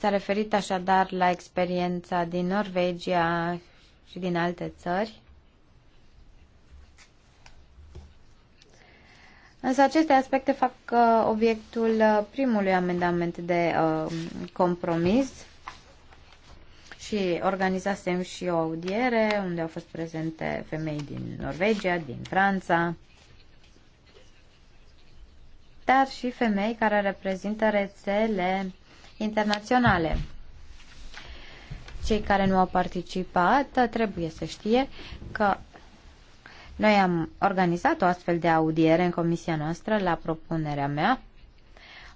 S-a referit așadar la experiența din Norvegia și din alte țări. Însă aceste aspecte fac uh, obiectul uh, primului amendament de uh, compromis și organizasem și o audiere unde au fost prezente femei din Norvegia, din Franța, dar și femei care reprezintă rețele internaționale. Cei care nu au participat trebuie să știe că noi am organizat o astfel de audiere în comisia noastră la propunerea mea,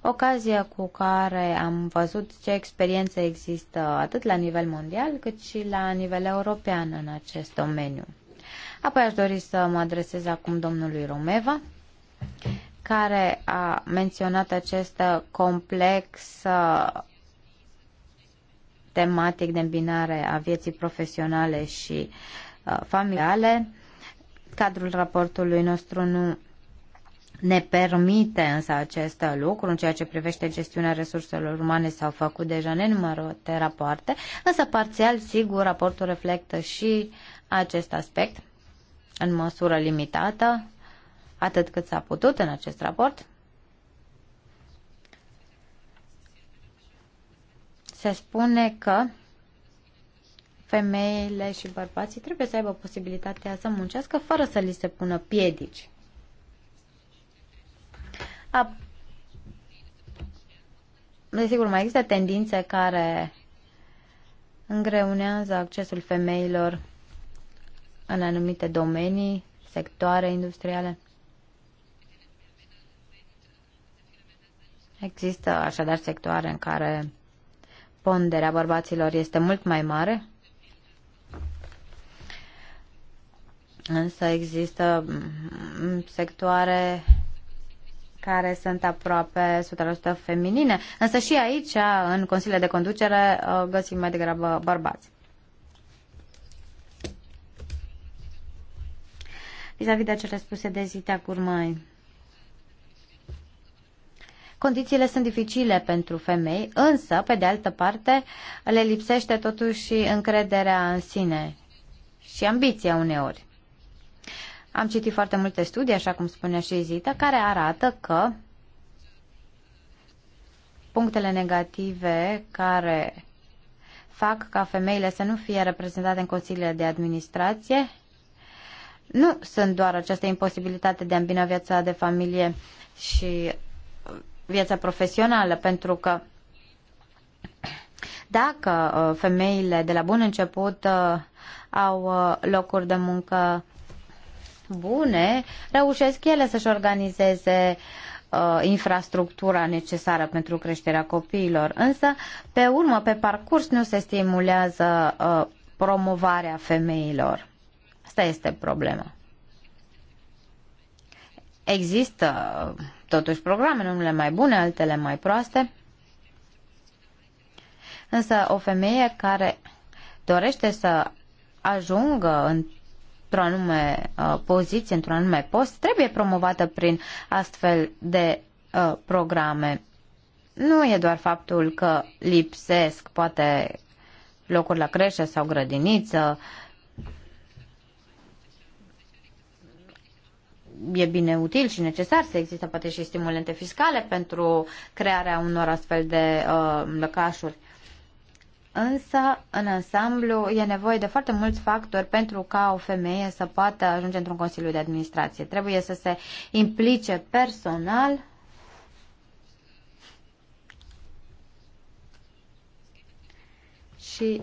ocazia cu care am văzut ce experiențe există atât la nivel mondial cât și la nivel european în acest domeniu. Apoi aș dori să mă adresez acum domnului Romeva, care a menționat acest complex uh, tematic de îmbinare a vieții profesionale și uh, familiale Cadrul raportului nostru nu ne permite însă acest lucru în ceea ce privește gestiunea resurselor umane s-au făcut deja nenumărate rapoarte, însă parțial, sigur, raportul reflectă și acest aspect în măsură limitată, atât cât s-a putut în acest raport. Se spune că femeile și bărbații trebuie să aibă posibilitatea să muncească fără să li se pună piedici. A... Desigur, mai există tendințe care îngreunează accesul femeilor în anumite domenii, sectoare industriale. Există așadar sectoare în care ponderea bărbaților este mult mai mare Însă există mm, sectoare care sunt aproape 100% feminine. Însă și aici, în consiliile de conducere, uh, găsim mai degrabă bărbați. Vis-a-vis de cele spuse de Zita Curmai. Condițiile sunt dificile pentru femei, însă, pe de altă parte, le lipsește totuși încrederea în sine și ambiția uneori. Am citit foarte multe studii, așa cum spunea și Zita, care arată că punctele negative care fac ca femeile să nu fie reprezentate în consiliile de administrație nu sunt doar această imposibilitate de a îmbina viața de familie și viața profesională, pentru că dacă uh, femeile de la bun început uh, au uh, locuri de muncă bune, reușesc ele să-și organizeze uh, infrastructura necesară pentru creșterea copiilor. Însă, pe urmă, pe parcurs, nu se stimulează uh, promovarea femeilor. Asta este problema. Există uh, totuși programe, unele mai bune, altele mai proaste. Însă o femeie care dorește să ajungă în într-o anume uh, poziție, într-un anume post, trebuie promovată prin astfel de uh, programe. Nu e doar faptul că lipsesc poate locuri la creșă sau grădiniță. E bine util și necesar să există poate și stimulente fiscale pentru crearea unor astfel de uh, lăcașuri. Însă, în ansamblu, e nevoie de foarte mulți factori pentru ca o femeie să poată ajunge într-un Consiliu de Administrație. Trebuie să se implice personal și,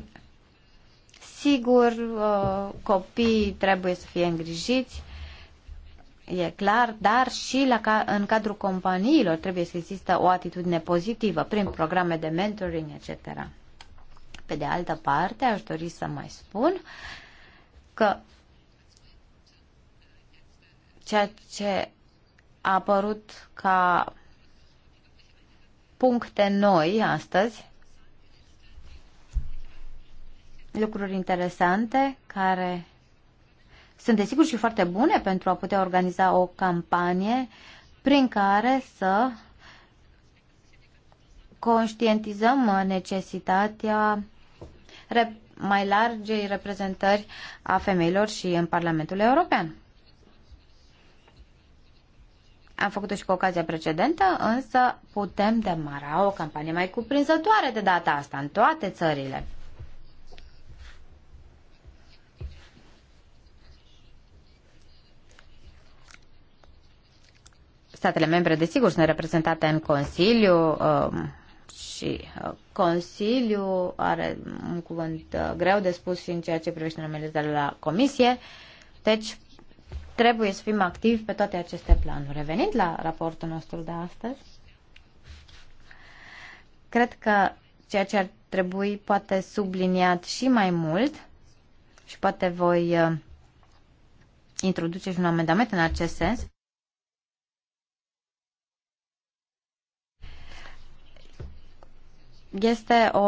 sigur, uh, copiii trebuie să fie îngrijiți, e clar, dar și la ca, în cadrul companiilor trebuie să există o atitudine pozitivă prin programe de mentoring, etc. Pe de altă parte, aș dori să mai spun că ceea ce a apărut ca puncte noi astăzi, lucruri interesante care sunt desigur și foarte bune pentru a putea organiza o campanie prin care să conștientizăm necesitatea mai largei reprezentări a femeilor și în Parlamentul European. Am făcut-o și cu ocazia precedentă, însă putem demara o campanie mai cuprinzătoare de data asta în toate țările. Statele membre, desigur, sunt reprezentate în Consiliu, um, și uh, Consiliu are un cuvânt uh, greu de spus și în ceea ce privește numele la Comisie. Deci, trebuie să fim activi pe toate aceste planuri. Revenind la raportul nostru de astăzi, cred că ceea ce ar trebui poate subliniat și mai mult și poate voi uh, introduce și un amendament în acest sens, este o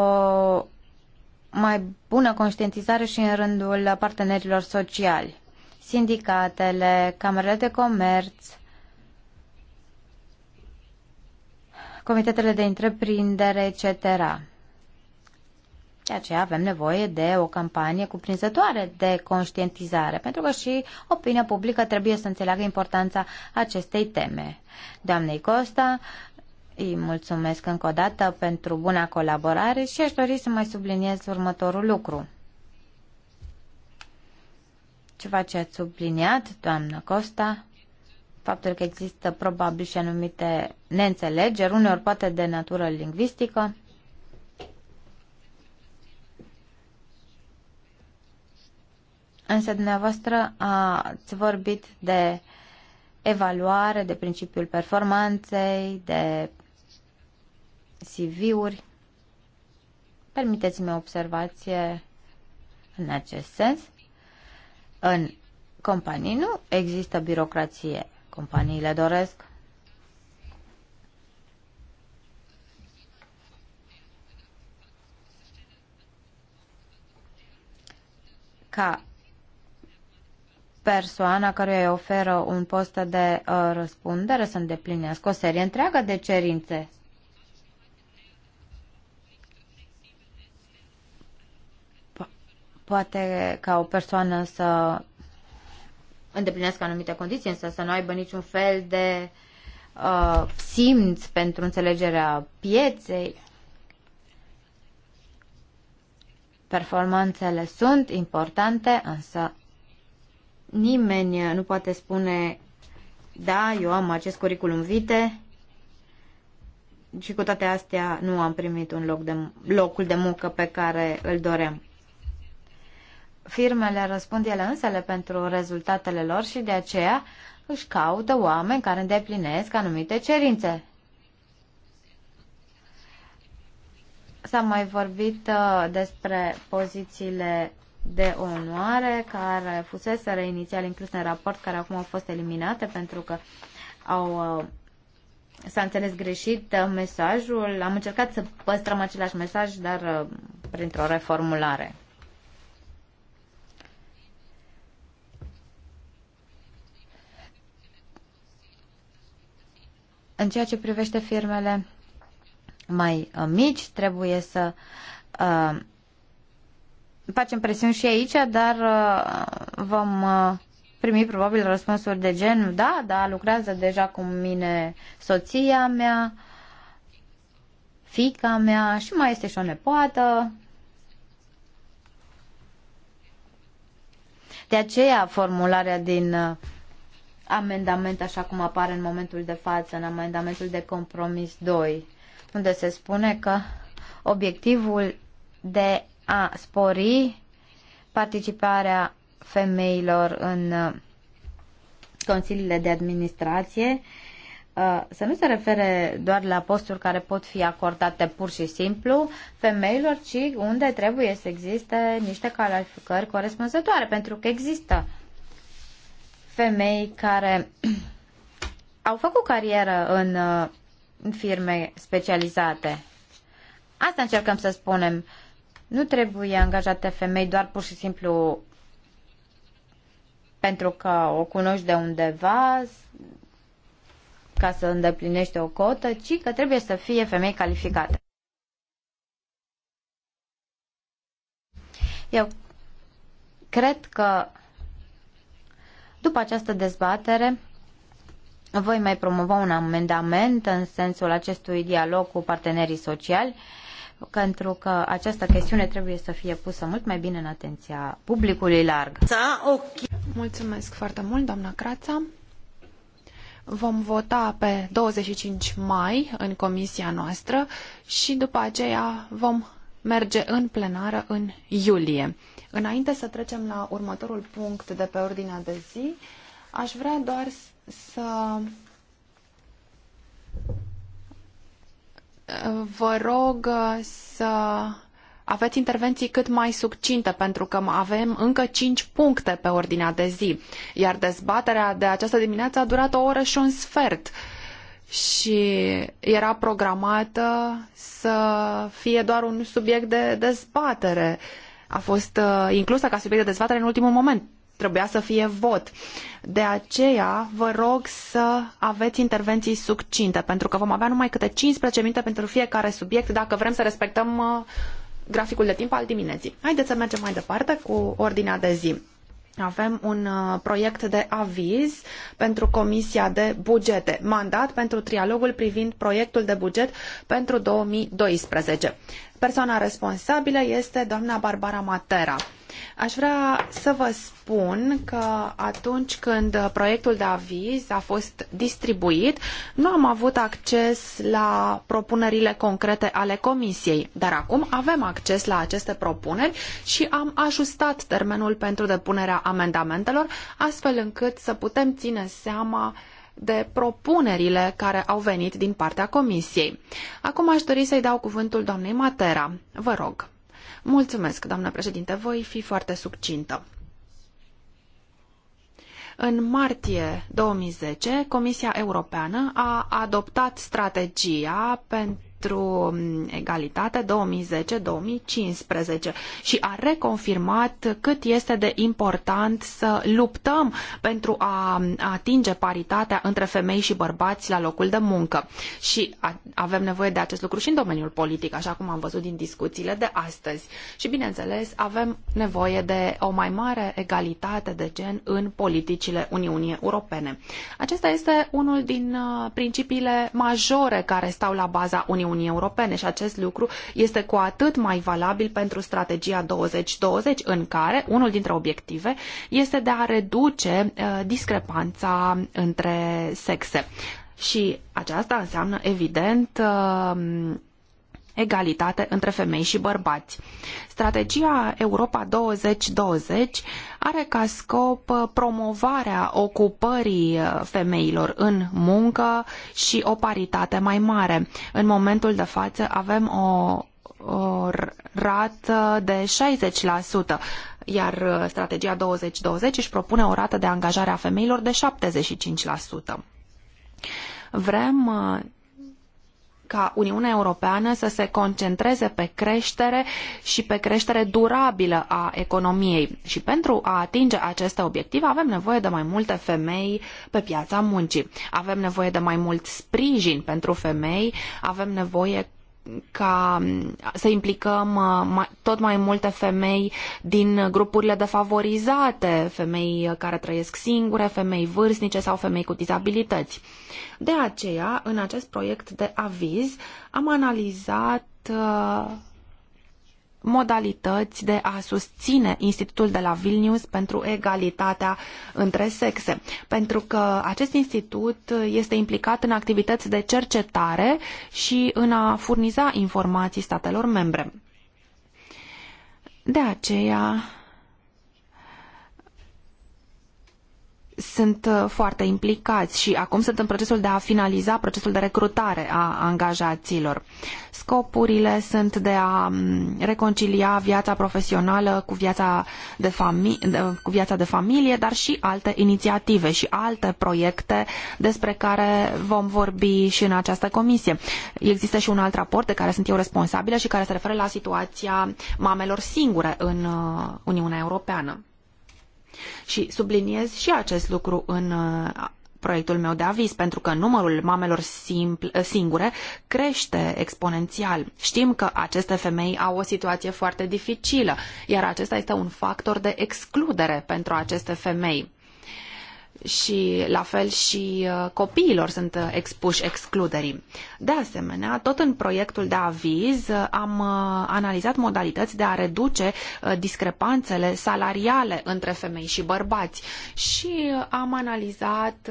mai bună conștientizare și în rândul partenerilor sociali, sindicatele, camerele de comerț, comitetele de întreprindere, etc. De aceea avem nevoie de o campanie cuprinzătoare de conștientizare, pentru că și opinia publică trebuie să înțeleagă importanța acestei teme. Doamnei Costa, îi mulțumesc încă o dată pentru buna colaborare și aș dori să mai subliniez următorul lucru. Ceva ce ați subliniat, doamnă Costa, faptul că există probabil și anumite neînțelegeri, uneori poate de natură lingvistică. Însă dumneavoastră ați vorbit de evaluare, de principiul performanței, de CV-uri. Permiteți-mi o observație în acest sens. În companii nu există birocrație. Companiile doresc ca persoana care îi oferă un post de uh, răspundere să îndeplinească o serie întreagă de cerințe poate ca o persoană să îndeplinească anumite condiții, însă să nu aibă niciun fel de uh, simț pentru înțelegerea pieței. Performanțele sunt importante, însă nimeni nu poate spune da, eu am acest curriculum vite, și cu toate astea nu am primit un loc de, locul de muncă pe care îl doream firmele răspund ele însele pentru rezultatele lor și de aceea își caută oameni care îndeplinesc anumite cerințe. S-a mai vorbit uh, despre pozițiile de onoare care fusese inițial incluse în raport, care acum au fost eliminate pentru că au uh, s-a înțeles greșit uh, mesajul. Am încercat să păstrăm același mesaj, dar printr-o reformulare. În ceea ce privește firmele mai uh, mici, trebuie să uh, facem presiuni și aici, dar uh, vom uh, primi probabil răspunsuri de gen, da, da, lucrează deja cu mine soția mea, fica mea și mai este și o nepoată. De aceea formularea din uh, amendament așa cum apare în momentul de față, în amendamentul de compromis 2, unde se spune că obiectivul de a spori participarea femeilor în uh, consiliile de administrație uh, să nu se refere doar la posturi care pot fi acordate pur și simplu femeilor, ci unde trebuie să existe niște calificări corespunzătoare, pentru că există femei care au făcut carieră în, uh, în firme specializate. Asta încercăm să spunem. Nu trebuie angajate femei doar pur și simplu pentru că o cunoști de undeva ca să îndeplinești o cotă, ci că trebuie să fie femei calificate. Eu cred că după această dezbatere, voi mai promova un amendament în sensul acestui dialog cu partenerii sociali, pentru că această chestiune trebuie să fie pusă mult mai bine în atenția publicului larg. Mulțumesc foarte mult, doamna Crața. Vom vota pe 25 mai în comisia noastră și după aceea vom merge în plenară în iulie. Înainte să trecem la următorul punct de pe ordinea de zi, aș vrea doar să vă rog să aveți intervenții cât mai succinte, pentru că avem încă cinci puncte pe ordinea de zi, iar dezbaterea de această dimineață a durat o oră și un sfert și era programată să fie doar un subiect de dezbatere a fost uh, inclusă ca subiect de dezbatere în ultimul moment. Trebuia să fie vot. De aceea vă rog să aveți intervenții succinte, pentru că vom avea numai câte 15 minute pentru fiecare subiect dacă vrem să respectăm uh, graficul de timp al dimineții. Haideți să mergem mai departe cu ordinea de zi avem un uh, proiect de aviz pentru Comisia de Bugete, mandat pentru trialogul privind proiectul de buget pentru 2012. Persoana responsabilă este doamna Barbara Matera. Aș vrea să vă spun că atunci când proiectul de aviz a fost distribuit, nu am avut acces la propunerile concrete ale comisiei, dar acum avem acces la aceste propuneri și am ajustat termenul pentru depunerea amendamentelor, astfel încât să putem ține seama de propunerile care au venit din partea comisiei. Acum aș dori să-i dau cuvântul doamnei Matera. Vă rog. Mulțumesc, doamnă președinte, voi fi foarte succintă. În martie 2010, Comisia Europeană a adoptat strategia pentru pentru um, egalitate 2010-2015 și a reconfirmat cât este de important să luptăm pentru a um, atinge paritatea între femei și bărbați la locul de muncă. Și avem nevoie de acest lucru și în domeniul politic, așa cum am văzut din discuțiile de astăzi. Și bineînțeles, avem nevoie de o mai mare egalitate de gen în politicile Uniunii Europene. Acesta este unul din uh, principiile majore care stau la baza Uniunii Uniunii Europene și acest lucru este cu atât mai valabil pentru strategia 2020 în care unul dintre obiective este de a reduce uh, discrepanța între sexe. Și aceasta înseamnă, evident, uh, egalitate între femei și bărbați. Strategia Europa 2020 are ca scop uh, promovarea ocupării uh, femeilor în muncă și o paritate mai mare. În momentul de față avem o, o rată de 60%, iar uh, strategia 2020 își propune o rată de angajare a femeilor de 75%. Vrem ca Uniunea Europeană să se concentreze pe creștere și pe creștere durabilă a economiei. Și pentru a atinge aceste obiective avem nevoie de mai multe femei pe piața muncii. Avem nevoie de mai mult sprijin pentru femei, avem nevoie ca să implicăm uh, tot mai multe femei din grupurile defavorizate, femei uh, care trăiesc singure, femei vârstnice sau femei cu dizabilități. De aceea, în acest proiect de aviz, am analizat uh, modalități de a susține Institutul de la Vilnius pentru egalitatea între sexe, pentru că acest institut este implicat în activități de cercetare și în a furniza informații statelor membre. De aceea, sunt uh, foarte implicați și acum sunt în procesul de a finaliza procesul de recrutare a angajaților. Scopurile sunt de a mm, reconcilia viața profesională cu viața de, familie, cu viața de familie, dar și alte inițiative și alte proiecte despre care vom vorbi și în această comisie. Există și un alt raport de care sunt eu responsabilă și care se referă la situația mamelor singure în uh, Uniunea Europeană. Și subliniez și acest lucru în uh, proiectul meu de aviz, pentru că numărul mamelor simpl, uh, singure crește exponențial. Știm că aceste femei au o situație foarte dificilă, iar acesta este un factor de excludere pentru aceste femei și la fel și uh, copiilor sunt uh, expuși excluderii. De asemenea, tot în proiectul de aviz uh, am analizat modalități de a reduce discrepanțele salariale între femei și bărbați și am analizat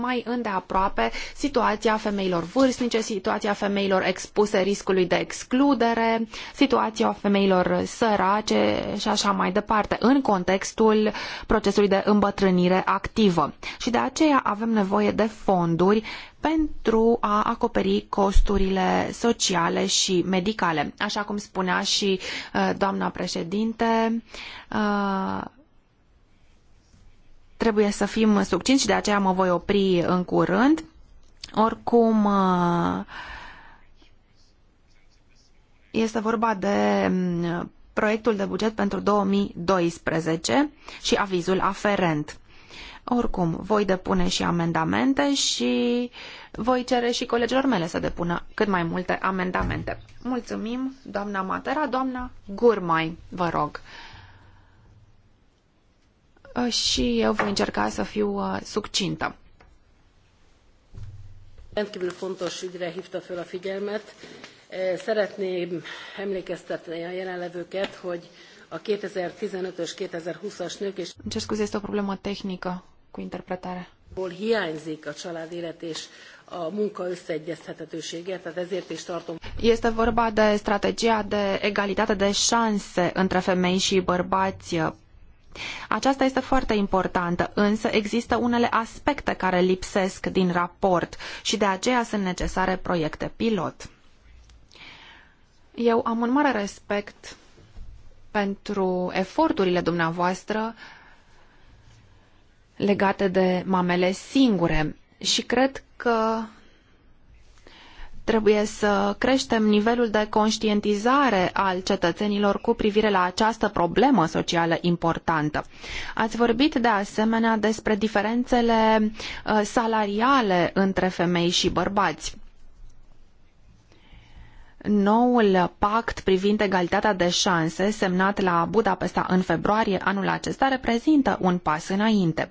mai îndeaproape situația femeilor vârstnice, situația femeilor expuse riscului de excludere, situația femeilor sărace și așa mai departe, în contextul procesului de îmbătrânire activă și de aceea avem nevoie de fonduri pentru a acoperi costurile sociale și medicale. Așa cum spunea și uh, doamna președinte, uh, trebuie să fim succinți și de aceea mă voi opri în curând. Oricum, uh, este vorba de um, proiectul de buget pentru 2012 și avizul aferent. Oricum, voi depune și amendamente și voi cere și colegilor mele să depună cât mai multe amendamente. Mulțumim, doamna Matera, doamna Gurmai, vă rog. Uh, și eu voi încerca să fiu uh, succintă. Rendkívül fontos ügyre hívta föl a figyelmet. Eh, szeretném emlékeztetni a jelenlevőket, hogy a 2015 2020 Îmi cer scuze, este o problemă tehnică cu interpretarea. ...hiányzik a család és a munka összeegyeztethetősége, tehát ezért is tartom... Este vorba de strategia de egalitate de șanse între femei și bărbați aceasta este foarte importantă, însă există unele aspecte care lipsesc din raport și de aceea sunt necesare proiecte pilot. Eu am un mare respect pentru eforturile dumneavoastră legate de mamele singure și cred că trebuie să creștem nivelul de conștientizare al cetățenilor cu privire la această problemă socială importantă. Ați vorbit de asemenea despre diferențele uh, salariale între femei și bărbați noul pact privind egalitatea de șanse semnat la Budapesta în februarie anul acesta reprezintă un pas înainte.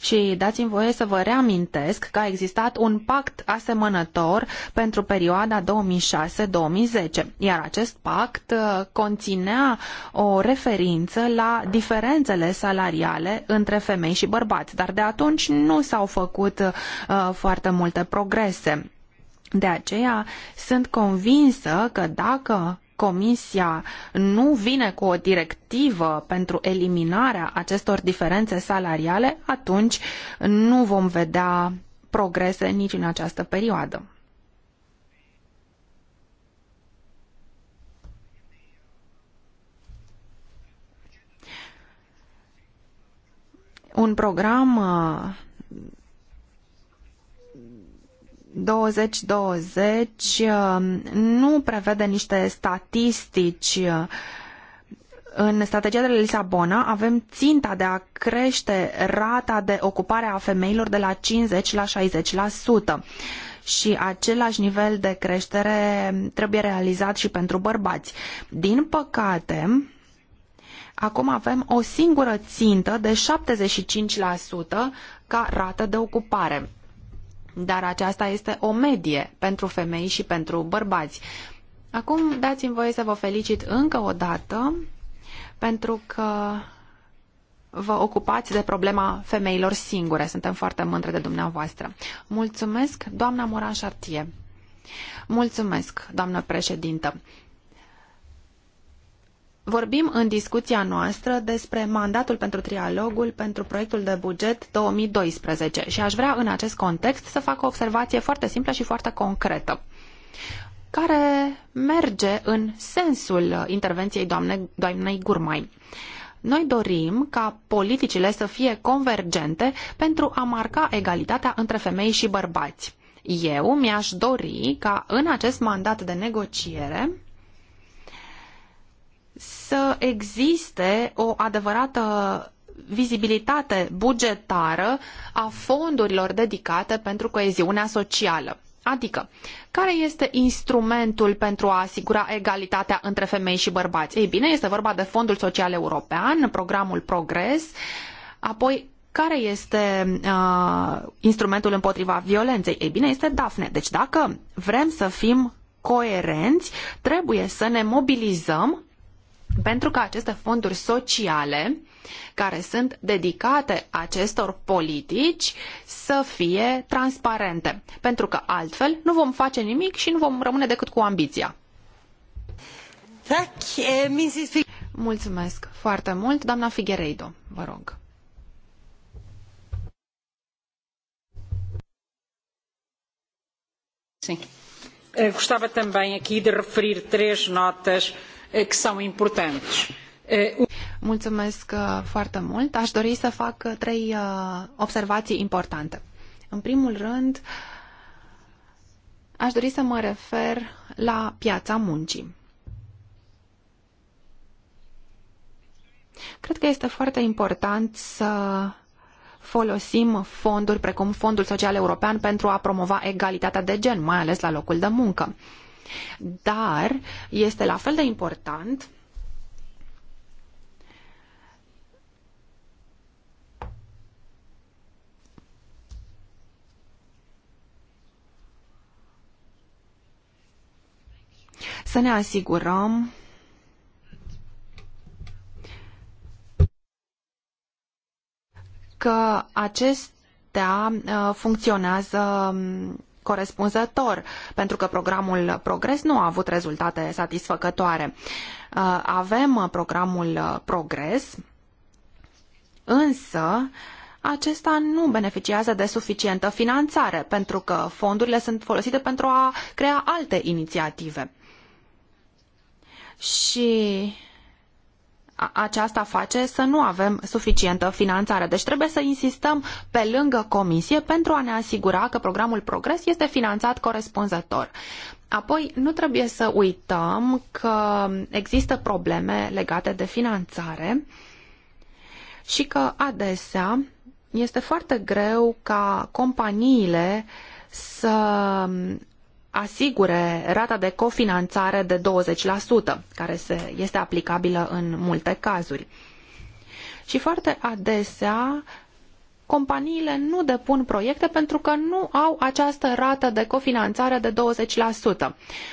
Și dați-mi voie să vă reamintesc că a existat un pact asemănător pentru perioada 2006-2010, iar acest pact uh, conținea o referință la diferențele salariale între femei și bărbați, dar de atunci nu s-au făcut uh, foarte multe progrese de aceea sunt convinsă că dacă Comisia nu vine cu o directivă pentru eliminarea acestor diferențe salariale, atunci nu vom vedea progrese nici în această perioadă. Un program uh, 2020 um, nu prevede niște statistici. Uh, în strategia de la Lisabona avem ținta de a crește rata de ocupare a femeilor de la 50 la 60% și același nivel de creștere trebuie realizat și pentru bărbați. Din păcate, acum avem o singură țintă de 75% ca rată de ocupare dar aceasta este o medie pentru femei și pentru bărbați. Acum dați-mi voie să vă felicit încă o dată pentru că vă ocupați de problema femeilor singure. Suntem foarte mândre de dumneavoastră. Mulțumesc, doamna Moran Șartie. Mulțumesc, doamnă președintă. Vorbim în discuția noastră despre mandatul pentru trialogul pentru proiectul de buget 2012 și aș vrea în acest context să fac o observație foarte simplă și foarte concretă care merge în sensul intervenției doamne, doamnei Gurmai. Noi dorim ca politicile să fie convergente pentru a marca egalitatea între femei și bărbați. Eu mi-aș dori ca în acest mandat de negociere să existe o adevărată vizibilitate bugetară a fondurilor dedicate pentru coeziunea socială. Adică, care este instrumentul pentru a asigura egalitatea între femei și bărbați? Ei bine, este vorba de Fondul Social European, programul Progres, apoi care este uh, instrumentul împotriva violenței? Ei bine, este DAFNE. Deci dacă vrem să fim coerenți, trebuie să ne mobilizăm pentru că aceste fonduri sociale care sunt dedicate acestor politici să fie transparente, pentru că altfel nu vom face nimic și nu vom rămâne decât cu ambiția. Eh, Mulțumesc foarte mult, doamna Figueiredo, vă rog. Sim. Eh, gostava também aqui de referir três notas que são importantes. Mulțumesc uh, foarte mult. Aș dori să fac uh, trei uh, observații importante. În primul rând, aș dori să mă refer la piața muncii. Cred că este foarte important să folosim fonduri precum Fondul Social European pentru a promova egalitatea de gen, mai ales la locul de muncă. Dar este la fel de important să ne asigurăm că acestea uh, funcționează um, corespunzător, pentru că programul Progres nu a avut rezultate satisfăcătoare. Uh, avem uh, programul uh, Progres, însă acesta nu beneficiază de suficientă finanțare, pentru că fondurile sunt folosite pentru a crea alte inițiative. Și aceasta face să nu avem suficientă finanțare. Deci trebuie să insistăm pe lângă comisie pentru a ne asigura că programul Progres este finanțat corespunzător. Apoi, nu trebuie să uităm că există probleme legate de finanțare și că adesea este foarte greu ca companiile să asigure rata de cofinanțare de 20%, care se, este aplicabilă în multe cazuri. Și foarte adesea companiile nu depun proiecte pentru că nu au această rată de cofinanțare de 20%.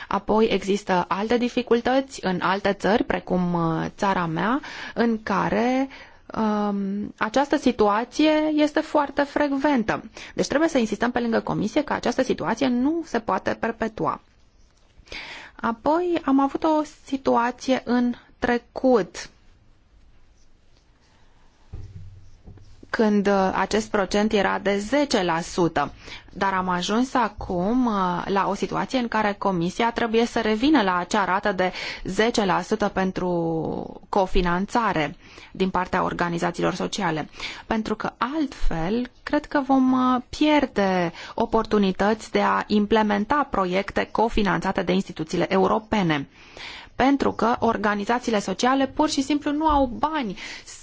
Apoi există alte dificultăți în alte țări, precum uh, țara mea, în care uh, um, această situație este foarte frecventă. Deci trebuie să insistăm pe lângă comisie că această situație nu se poate perpetua. Apoi am avut o situație în trecut când uh, acest procent era de 10%. Dar am ajuns acum uh, la o situație în care Comisia trebuie să revină la acea rată de 10% pentru cofinanțare din partea organizațiilor sociale. Pentru că altfel, cred că vom uh, pierde oportunități de a implementa proiecte cofinanțate de instituțiile europene pentru că organizațiile sociale pur și simplu nu au bani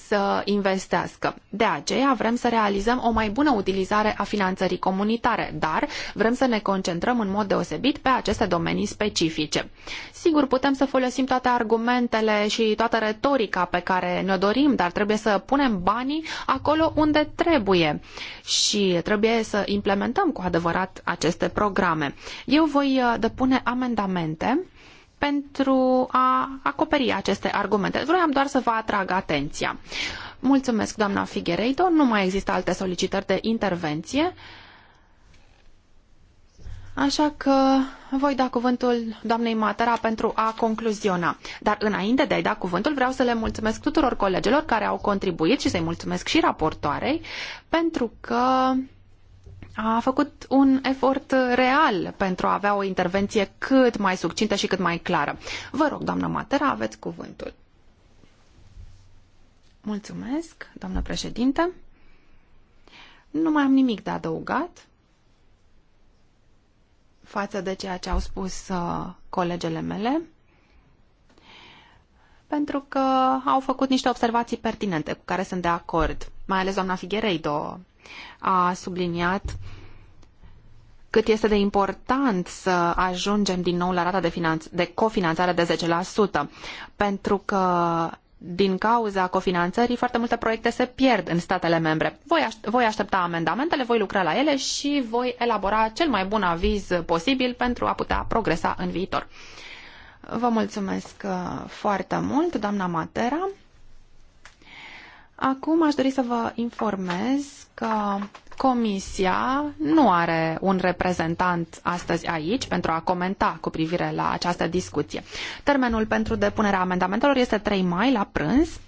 să investească. De aceea vrem să realizăm o mai bună utilizare a finanțării comunitare, dar vrem să ne concentrăm în mod deosebit pe aceste domenii specifice. Sigur, putem să folosim toate argumentele și toată retorica pe care ne-o dorim, dar trebuie să punem banii acolo unde trebuie și trebuie să implementăm cu adevărat aceste programe. Eu voi uh, depune amendamente pentru a acoperi aceste argumente. Vroiam doar să vă atrag atenția. Mulțumesc, doamna Figueiredo. Nu mai există alte solicitări de intervenție. Așa că voi da cuvântul doamnei Matera pentru a concluziona. Dar înainte de a-i da cuvântul, vreau să le mulțumesc tuturor colegilor care au contribuit și să-i mulțumesc și raportoarei pentru că a făcut un efort real pentru a avea o intervenție cât mai succintă și cât mai clară. Vă rog, doamnă Matera, aveți cuvântul. Mulțumesc, doamnă președinte. Nu mai am nimic de adăugat față de ceea ce au spus uh, colegele mele pentru că au făcut niște observații pertinente cu care sunt de acord. Mai ales doamna Figueiredo a subliniat cât este de important să ajungem din nou la rata de, finanț- de cofinanțare de 10%, pentru că din cauza cofinanțării, foarte multe proiecte se pierd în statele membre. Voi, aș- voi aștepta amendamentele, voi lucra la ele și voi elabora cel mai bun aviz posibil pentru a putea progresa în viitor. Vă mulțumesc uh, foarte mult, doamna Matera. Acum aș dori să vă informez că Comisia nu are un reprezentant astăzi aici pentru a comenta cu privire la această discuție. Termenul pentru depunerea amendamentelor este 3 mai la prânz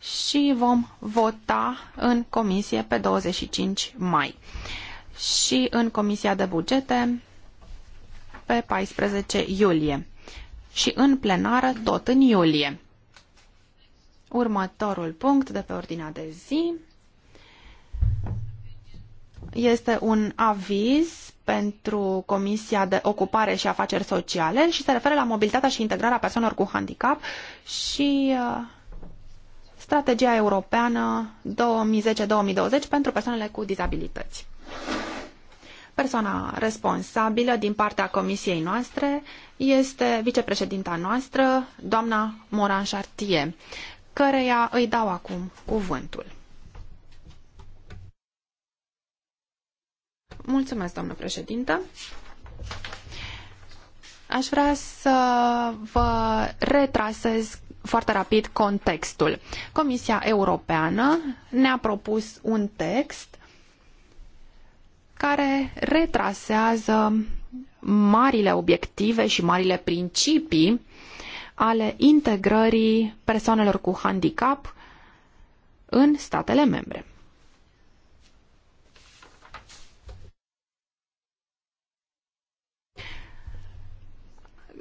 și vom vota în comisie pe 25 mai. Și în Comisia de Bugete pe 14 iulie și în plenară tot în iulie. Următorul punct de pe ordinea de zi este un aviz pentru Comisia de Ocupare și Afaceri Sociale și se referă la mobilitatea și integrarea persoanelor cu handicap și uh, strategia europeană 2010-2020 pentru persoanele cu dizabilități. Persoana responsabilă din partea comisiei noastre este vicepreședinta noastră, doamna Moran Chartier, căreia îi dau acum cuvântul. Mulțumesc, doamnă președintă. Aș vrea să vă retrasez foarte rapid contextul. Comisia Europeană ne-a propus un text care retrasează marile obiective și marile principii ale integrării persoanelor cu handicap în statele membre.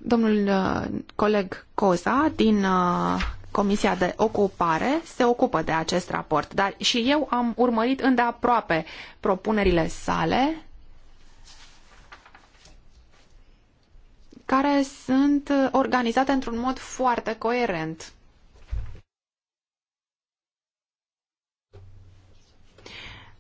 Domnul uh, coleg Coza din uh, Comisia de Ocupare se ocupă de acest raport, dar și eu am urmărit îndeaproape propunerile sale care sunt organizate într-un mod foarte coerent.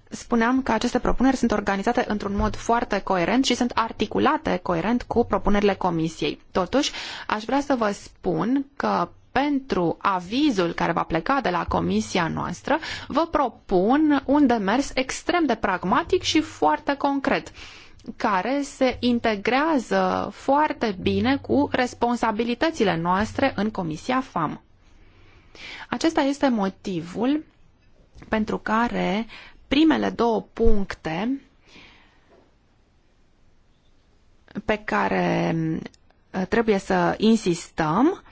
Spuneam că aceste propuneri sunt organizate într-un mod foarte coerent și sunt articulate coerent cu propunerile Comisiei. Totuși, aș vrea să vă spun că pentru avizul care va pleca de la comisia noastră, vă propun un demers extrem de pragmatic și foarte concret care se integrează foarte bine cu responsabilitățile noastre în Comisia FAM. Acesta este motivul pentru care primele două puncte pe care trebuie să insistăm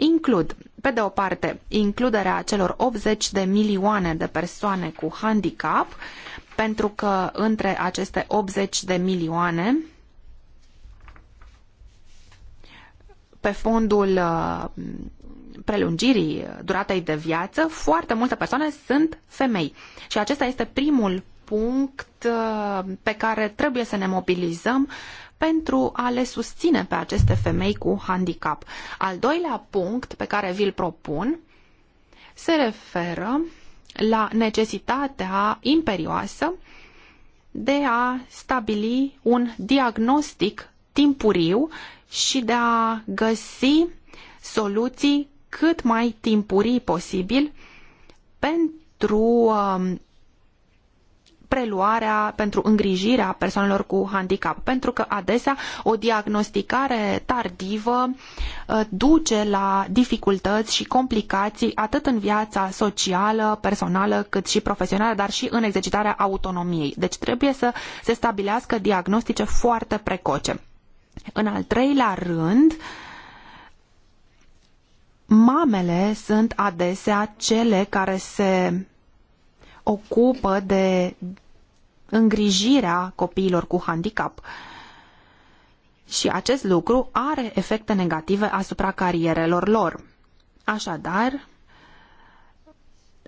includ, pe de o parte, includerea celor 80 de milioane de persoane cu handicap, pentru că între aceste 80 de milioane, pe fondul uh, prelungirii duratei de viață, foarte multe persoane sunt femei. Și acesta este primul punct uh, pe care trebuie să ne mobilizăm pentru a le susține pe aceste femei cu handicap. Al doilea punct pe care vi-l propun se referă la necesitatea imperioasă de a stabili un diagnostic timpuriu și de a găsi soluții cât mai timpurii posibil pentru um, preluarea pentru îngrijirea persoanelor cu handicap, pentru că adesea o diagnosticare tardivă uh, duce la dificultăți și complicații atât în viața socială, personală, cât și profesională, dar și în exercitarea autonomiei. Deci trebuie să se stabilească diagnostice foarte precoce. În al treilea rând, mamele sunt adesea cele care se ocupă de îngrijirea copiilor cu handicap. Și acest lucru are efecte negative asupra carierelor lor. Așadar,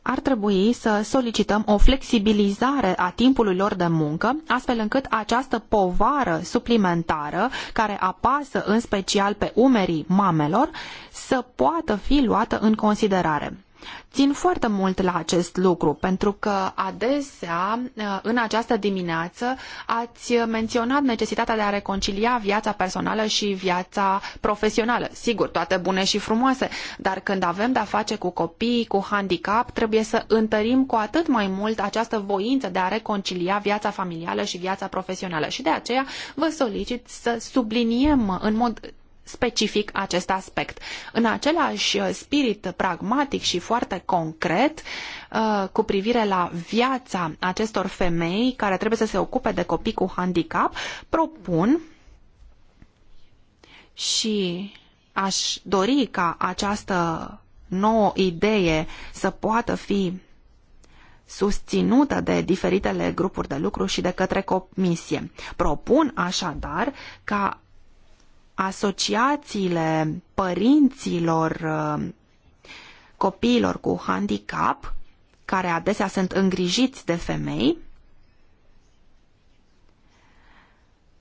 ar trebui să solicităm o flexibilizare a timpului lor de muncă, astfel încât această povară suplimentară, care apasă în special pe umerii mamelor, să poată fi luată în considerare. Țin foarte mult la acest lucru, pentru că adesea, uh, în această dimineață, ați menționat necesitatea de a reconcilia viața personală și viața profesională. Sigur, toate bune și frumoase, dar când avem de-a face cu copii, cu handicap, trebuie să întărim cu atât mai mult această voință de a reconcilia viața familială și viața profesională. Și de aceea vă solicit să subliniem în mod specific acest aspect. În același uh, spirit pragmatic și foarte concret, uh, cu privire la viața acestor femei care trebuie să se ocupe de copii cu handicap, propun și aș dori ca această nouă idee să poată fi susținută de diferitele grupuri de lucru și de către comisie. Propun așadar ca asociațiile părinților uh, copiilor cu handicap, care adesea sunt îngrijiți de femei,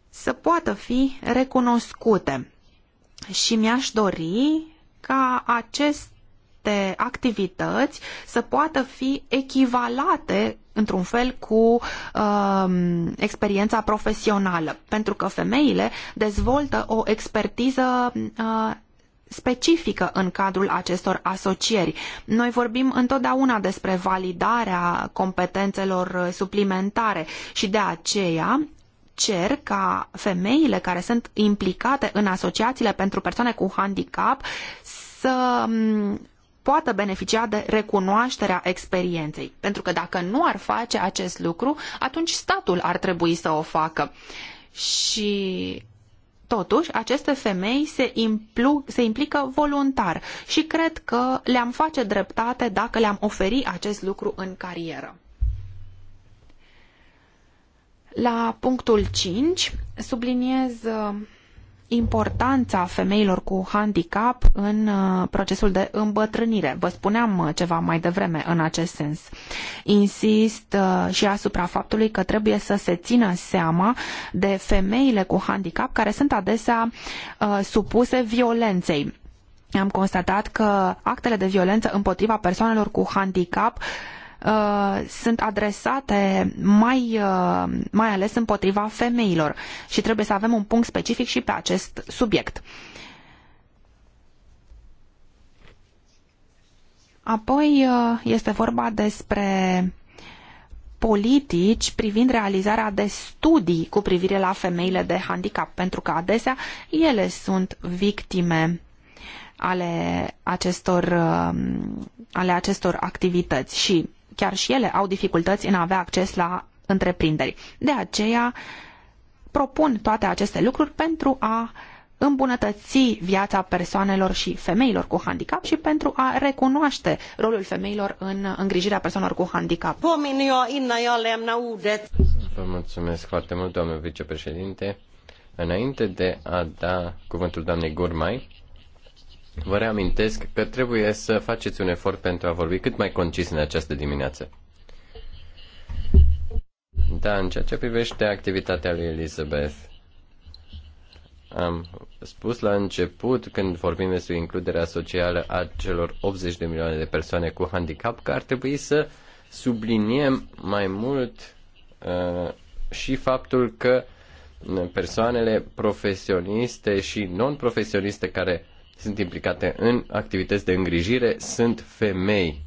să poată fi recunoscute. Și mi-aș dori ca acest aceste activități să poată fi echivalate într-un fel cu um, experiența profesională, pentru că femeile dezvoltă o expertiză uh, specifică în cadrul acestor asocieri. Noi vorbim întotdeauna despre validarea competențelor suplimentare și de aceea cer ca femeile care sunt implicate în asociațiile pentru persoane cu handicap să poată beneficia de recunoașterea experienței. Pentru că dacă nu ar face acest lucru, atunci statul ar trebui să o facă. Și Totuși, aceste femei se, se implică voluntar și cred că le-am face dreptate dacă le-am oferi acest lucru în carieră. La punctul 5 subliniez importanța femeilor cu handicap în uh, procesul de îmbătrânire. Vă spuneam uh, ceva mai devreme în acest sens. Insist uh, și asupra faptului că trebuie să se țină seama de femeile cu handicap care sunt adesea supuse violenței. Am constatat că actele de violență împotriva persoanelor cu handicap Uh, sunt adresate mai, uh, mai ales împotriva femeilor și trebuie să avem un punct specific și pe acest subiect. Apoi uh, este vorba despre politici privind realizarea de studii cu privire la femeile de handicap, pentru că adesea ele sunt victime ale acestor, uh, ale acestor activități și chiar și ele au dificultăți în a avea acces la întreprinderi. De aceea propun toate aceste lucruri pentru a îmbunătăți viața persoanelor și femeilor cu handicap și pentru a recunoaște rolul femeilor în îngrijirea persoanelor cu handicap. Vă mulțumesc foarte mult, doamnă vicepreședinte. Înainte de a da cuvântul doamnei Gurmai, Vă reamintesc că trebuie să faceți un efort pentru a vorbi cât mai concis în această dimineață. Da, în ceea ce privește activitatea lui Elizabeth, am spus la început, când vorbim despre includerea socială a celor 80 de milioane de persoane cu handicap, că ar trebui să subliniem mai mult uh, și faptul că persoanele profesioniste și non-profesioniste care sunt implicate în activități de îngrijire sunt femei.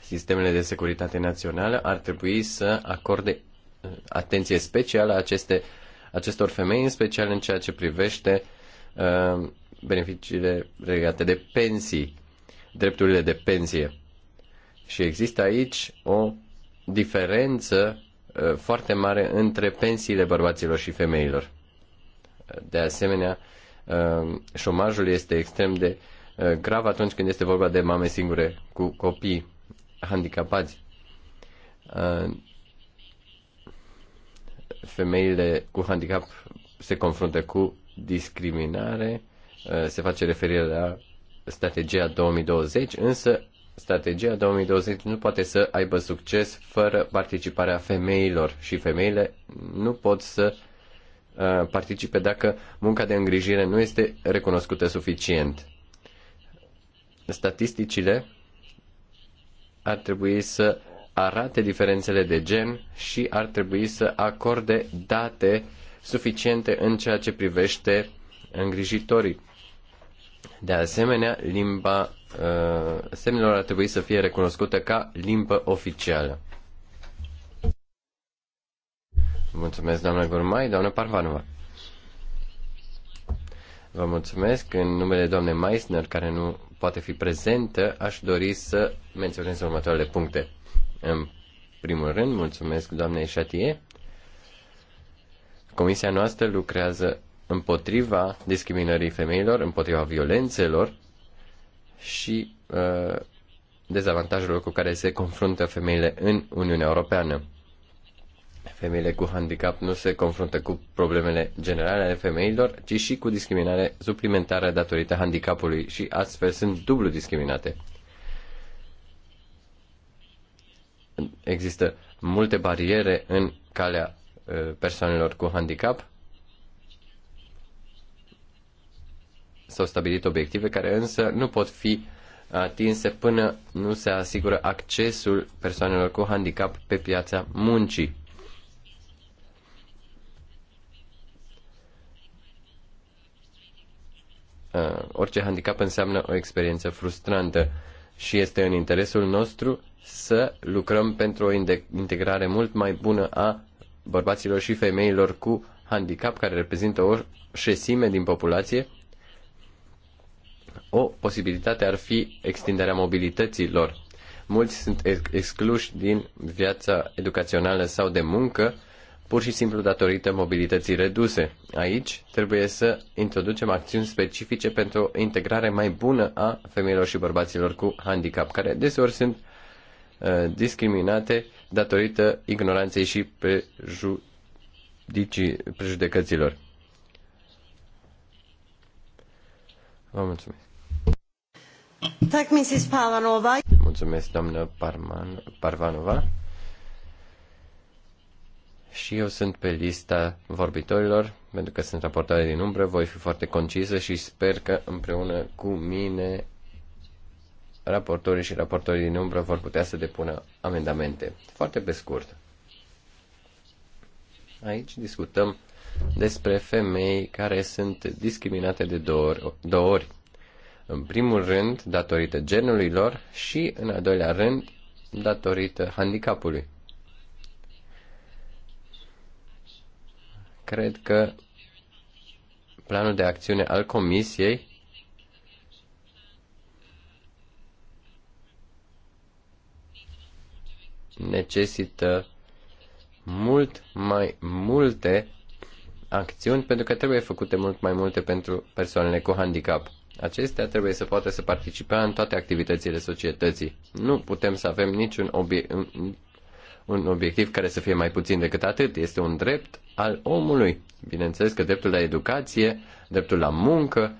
Sistemele de securitate națională ar trebui să acorde uh, atenție specială aceste, acestor femei, în special în ceea ce privește uh, beneficiile legate de pensii, drepturile de pensie. Și există aici o diferență uh, foarte mare între pensiile bărbaților și femeilor. De asemenea, uh, Uh, șomajul este extrem de uh, grav atunci când este vorba de mame singure cu copii handicapați. Uh, femeile cu handicap se confruntă cu discriminare, se face referire la strategia 2020, însă strategia 2020 nu poate să aibă succes fără participarea femeilor și femeile nu pot să uh, Uh, participe dacă munca de îngrijire nu este recunoscută suficient. Statisticile ar trebui să arate diferențele de gen și ar trebui să acorde date suficiente în ceea ce privește îngrijitorii. De asemenea, limba uh, semnelor ar trebui să fie recunoscută ca limbă oficială. Mulțumesc, doamna Gurmai, doamna Parvanova. Vă mulțumesc. În numele doamnei Meissner, care nu poate fi prezentă, aș dori să menționez următoarele puncte. În primul rând, mulțumesc doamnei Chatier. Comisia noastră lucrează împotriva discriminării femeilor, împotriva violențelor și uh, dezavantajelor cu care se confruntă femeile în Uniunea Europeană. Femeile cu handicap nu se confruntă cu problemele generale ale femeilor, ci și cu discriminare suplimentară datorită handicapului și astfel sunt dublu discriminate. Există multe bariere în calea ă, persoanelor cu handicap. S-au stabilit obiective care însă nu pot fi atinse până nu se asigură accesul persoanelor cu handicap pe piața muncii. Uh, orice handicap înseamnă o experiență frustrantă și este în interesul nostru să lucrăm pentru o integrare mult mai bună a bărbaților și femeilor cu handicap, care reprezintă o șesime din populație. O posibilitate ar fi extinderea mobilității lor. Mulți sunt excluși din viața educațională sau de muncă pur și simplu datorită mobilității reduse. Aici trebuie să introducem acțiuni specifice pentru o integrare mai bună a femeilor și bărbaților cu handicap, care deseori sunt uh, discriminate datorită ignoranței și prejudicii, prejudecăților. Vă mulțumesc. Mulțumesc, doamnă Parman, Parvanova și eu sunt pe lista vorbitorilor, pentru că sunt raportare din umbră, voi fi foarte concisă și sper că împreună cu mine raportorii și raportorii din umbră vor putea să depună amendamente. Foarte pe scurt. Aici discutăm despre femei care sunt discriminate de două ori, două ori. În primul rând, datorită genului lor și, în al doilea rând, datorită handicapului. cred că planul de acțiune al Comisiei necesită mult mai multe acțiuni pentru că trebuie făcute mult mai multe pentru persoanele cu handicap. Acestea trebuie să poată să participe în toate activitățile societății. Nu putem să avem niciun obi- un obiectiv care să fie mai puțin decât atât. Este un drept al omului. Bineînțeles că dreptul la educație, dreptul la muncă,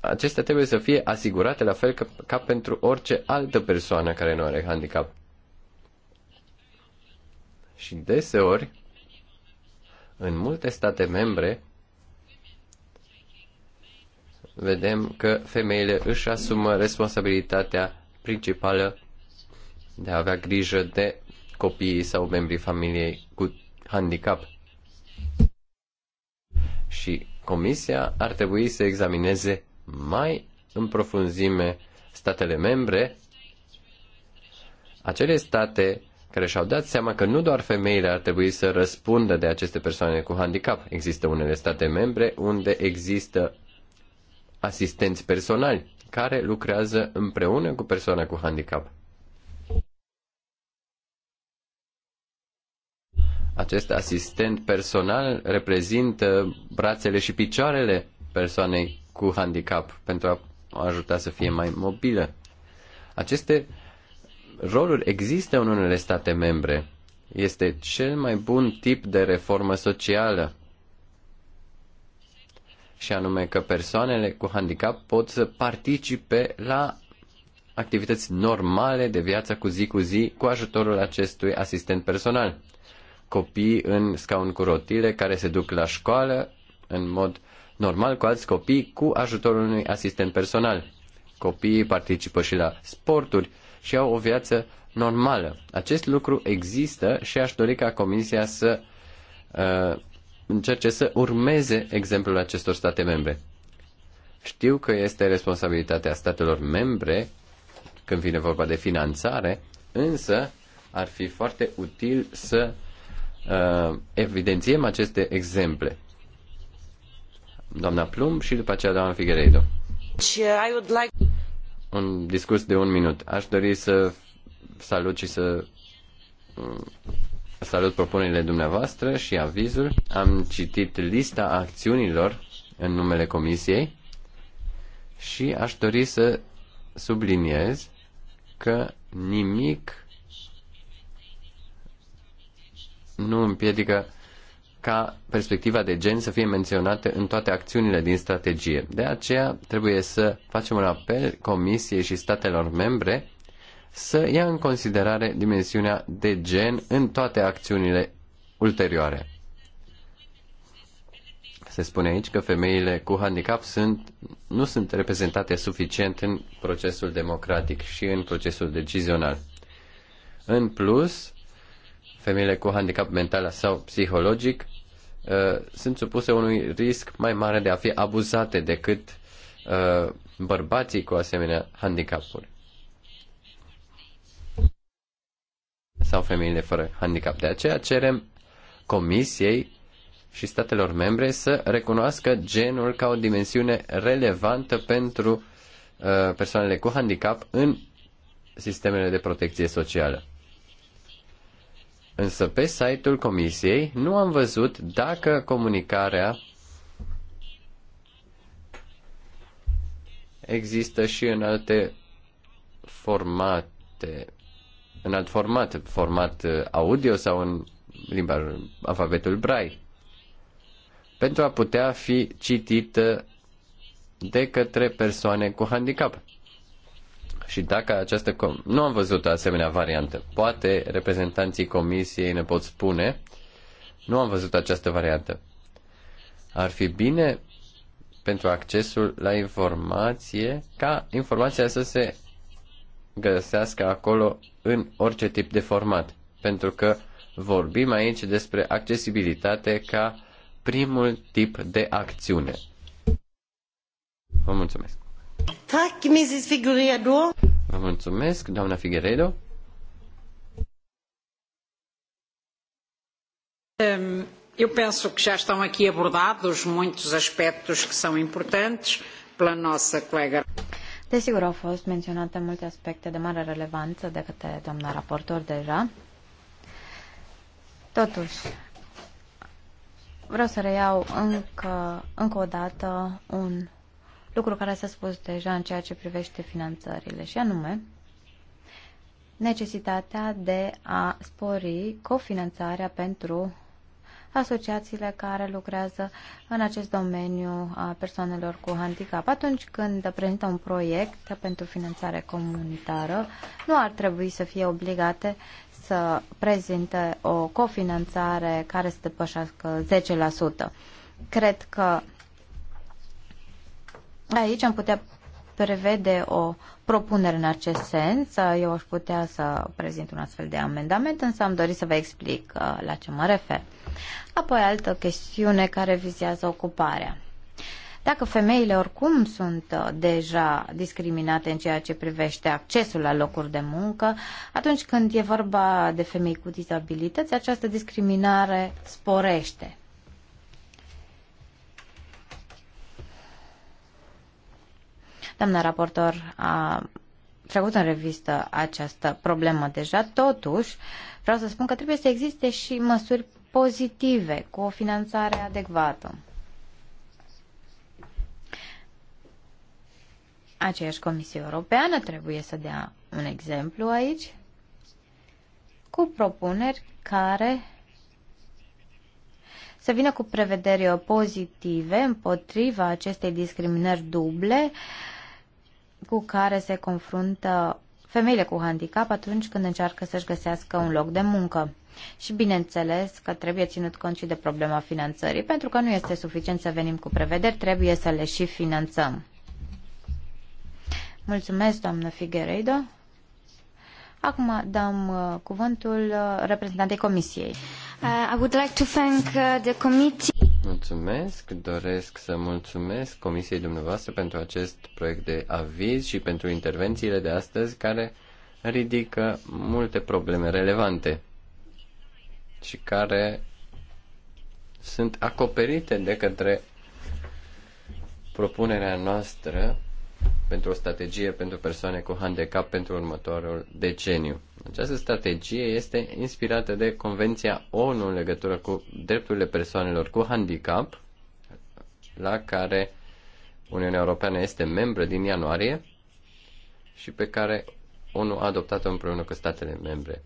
acestea trebuie să fie asigurate la fel ca, ca pentru orice altă persoană care nu are handicap. Și deseori, în multe state membre, vedem că femeile își asumă responsabilitatea principală de a avea grijă de copiii sau membrii familiei cu handicap. Și Comisia ar trebui să examineze mai în profunzime statele membre, acele state care și-au dat seama că nu doar femeile ar trebui să răspundă de aceste persoane cu handicap. Există unele state membre unde există asistenți personali care lucrează împreună cu persoana cu handicap. Acest asistent personal reprezintă brațele și picioarele persoanei cu handicap pentru a ajuta să fie mai mobilă. Aceste roluri există în unele state membre. Este cel mai bun tip de reformă socială. Și anume că persoanele cu handicap pot să participe la activități normale de viață cu zi cu zi cu ajutorul acestui asistent personal copii în scaun cu rotile care se duc la școală în mod normal cu alți copii cu ajutorul unui asistent personal. Copiii participă și la sporturi și au o viață normală. Acest lucru există și aș dori ca Comisia să uh, încerce să urmeze exemplul acestor state membre. Știu că este responsabilitatea statelor membre când vine vorba de finanțare, însă ar fi foarte util să uh, evidențiem aceste exemple. Doamna Plum și după aceea doamna Figueiredo. Un discurs de un minut. Aș dori să salut și să uh, salut propunerile dumneavoastră și avizul. Am citit lista acțiunilor în numele comisiei și aș dori să subliniez că nimic nu împiedică ca perspectiva de gen să fie menționată în toate acțiunile din strategie. De aceea trebuie să facem un apel Comisiei și statelor membre să ia în considerare dimensiunea de gen în toate acțiunile ulterioare. Se spune aici că femeile cu handicap sunt, nu sunt reprezentate suficient în procesul democratic și în procesul decizional. În plus, femeile cu handicap mental sau psihologic uh, sunt supuse unui risc mai mare de a fi abuzate decât uh, bărbații cu asemenea handicapuri sau femeile fără handicap. De aceea cerem Comisiei și statelor membre să recunoască genul ca o dimensiune relevantă pentru uh, persoanele cu handicap în sistemele de protecție socială. Însă pe site-ul comisiei nu am văzut dacă comunicarea există și în alte formate, în alt format, format uh, audio sau în limba alfabetul braille, pentru a putea fi citită de către persoane cu handicap. Și dacă această com- nu am văzut o asemenea variantă, poate reprezentanții comisiei ne pot spune, nu am văzut această variantă. Ar fi bine pentru accesul la informație ca informația să se găsească acolo în orice tip de format. Pentru că vorbim aici despre accesibilitate ca primul tip de acțiune. Vă mulțumesc! Tack, Mrs. Figueredo. Vă mulțumesc, doamna Figueredo. Ehm, eu penso que já estão aqui abordados muitos aspectos que são importantes pela nossa colega. Desigur, au fost menționate multe aspecte de mare relevanță de către doamna raportor deja. Totuși, vreau să reiau încă, încă o dată un lucru care s-a spus deja în ceea ce privește finanțările, și anume necesitatea de a spori cofinanțarea pentru asociațiile care lucrează în acest domeniu a persoanelor cu handicap. Atunci când prezintă un proiect pentru finanțare comunitară, nu ar trebui să fie obligate să prezinte o cofinanțare care să depășească 10%. Cred că Aici am putea prevede o propunere în acest sens. Eu aș putea să prezint un astfel de amendament, însă am dorit să vă explic uh, la ce mă refer. Apoi altă chestiune care vizează ocuparea. Dacă femeile oricum sunt uh, deja discriminate în ceea ce privește accesul la locuri de muncă, atunci când e vorba de femei cu dizabilități, această discriminare sporește. Doamna raportor a trecut în revistă această problemă deja. Totuși, vreau să spun că trebuie să existe și măsuri pozitive, cu o finanțare adecvată. Aceeași Comisie Europeană trebuie să dea un exemplu aici cu propuneri care să vină cu prevederi pozitive împotriva acestei discriminări duble uh, cu care se confruntă femeile cu handicap atunci când încearcă să-și găsească un loc de muncă. Și bineînțeles că trebuie ținut cont și de problema finanțării, pentru că nu este suficient să venim cu prevederi, trebuie să le și finanțăm. Mulțumesc, doamnă Figueiredo. Acum dăm uh, cuvântul uh, reprezentantei Comisiei. Uh, I would like to thank uh, the committee. Mulțumesc, doresc să mulțumesc Comisiei dumneavoastră pentru acest proiect de aviz și pentru intervențiile de astăzi care ridică multe probleme relevante și care sunt acoperite de către propunerea noastră pentru o strategie pentru persoane cu handicap pentru următorul deceniu. Această strategie este inspirată de Convenția ONU în legătură cu drepturile persoanelor cu handicap, la care Uniunea Europeană este membră din ianuarie și pe care ONU a adoptat-o împreună cu statele membre.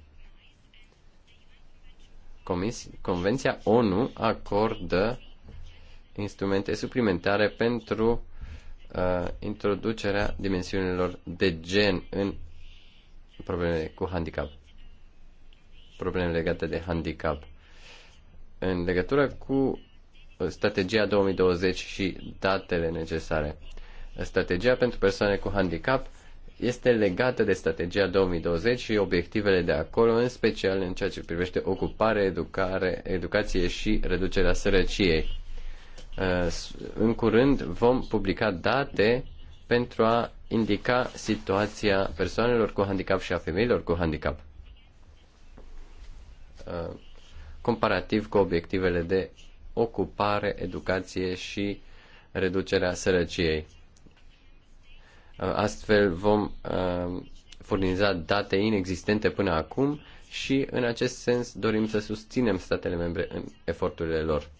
Comis- Convenția ONU acordă instrumente suplimentare pentru uh, introducerea dimensiunilor de gen în problemele cu handicap, probleme legate de handicap. În legătură cu strategia 2020 și datele necesare. Strategia pentru persoane cu handicap este legată de strategia 2020 și obiectivele de acolo, în special în ceea ce privește ocupare, educare, educație și reducerea sărăciei. Uh, în curând vom publica date pentru a indica situația persoanelor cu handicap și a femeilor cu handicap uh, comparativ cu obiectivele de ocupare, educație și reducerea sărăciei. Uh, astfel vom furniza date inexistente până acum și în acest sens dorim să susținem statele membre în eforturile lor.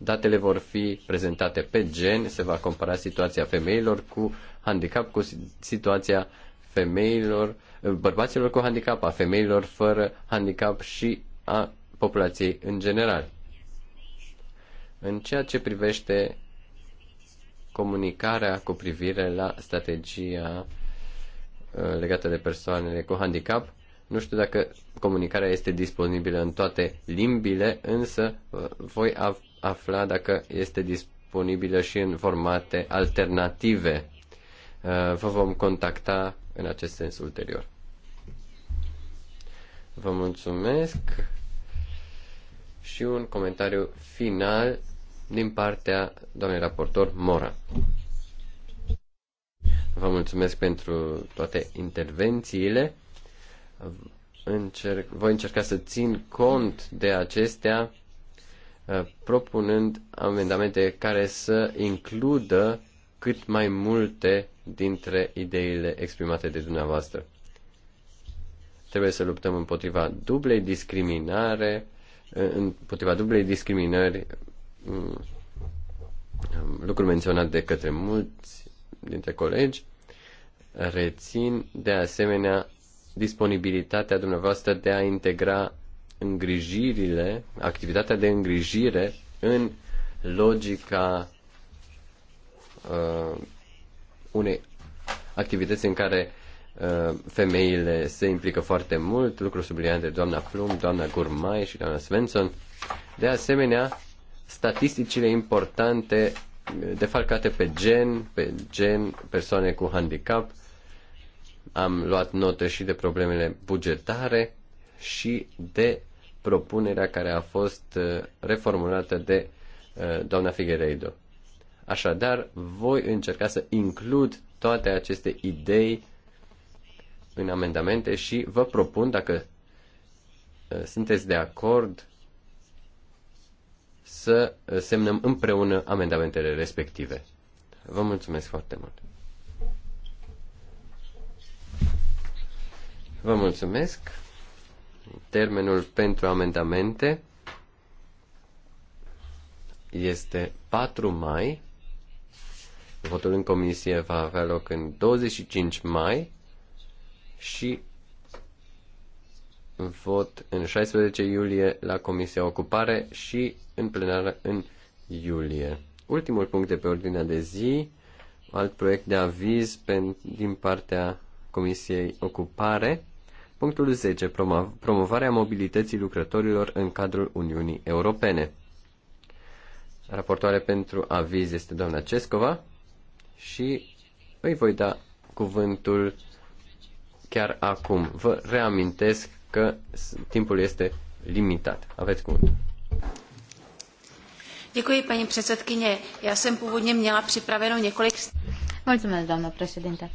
Datele vor fi prezentate pe gen, se va compara situația femeilor cu handicap cu situația femeilor, eh, bărbaților cu handicap, a femeilor fără handicap și a populației în general. În ceea ce privește comunicarea cu privire la strategia eh, legată de persoanele cu handicap, nu știu dacă comunicarea este disponibilă în toate limbile, însă eh, voi afla dacă este disponibilă și în formate alternative. Uh, vă vom contacta în acest sens ulterior. Vă mulțumesc și un comentariu final din partea doamnei raportor Mora. Vă mulțumesc pentru toate intervențiile. Încerc, voi încerca să țin cont de acestea Uh, propunând amendamente care să includă cât mai multe dintre ideile exprimate de dumneavoastră. Trebuie să luptăm împotriva dublei discriminare, uh, împotriva dublei discriminări, um, lucru menționat de către mulți dintre colegi, rețin de asemenea disponibilitatea dumneavoastră de a integra îngrijirile, activitatea de îngrijire în logica uh, unei activități în care uh, femeile se implică foarte mult, lucruri subliniate de doamna Plum, doamna Gurmai și doamna Svensson. De asemenea, statisticile importante uh, defalcate pe gen, pe gen, persoane cu handicap. Am luat notă și de problemele bugetare și de propunerea care a fost uh, reformulată de uh, doamna Figueiredo. Așadar, voi încerca să includ toate aceste idei în amendamente și vă propun, dacă uh, sunteți de acord, să semnăm împreună amendamentele respective. Vă mulțumesc foarte mult! Vă mulțumesc! termenul pentru amendamente este 4 mai. Votul în comisie va avea loc în 25 mai și vot în 16 iulie la Comisia Ocupare și în plenară în iulie. Ultimul punct de pe ordinea de zi, alt proiect de aviz din partea Comisiei Ocupare Punctul 10. Promovarea mobilității lucrătorilor în cadrul Uniunii Europene. Raportoare pentru aviz este doamna Cescova și îi voi da cuvântul chiar acum. Vă reamintesc că timpul este limitat. Aveți cuvântul. Děkuji, paní předsedkyně. Já jsem původně měla připraveno několik... Mulțumesc, doamnă președinte.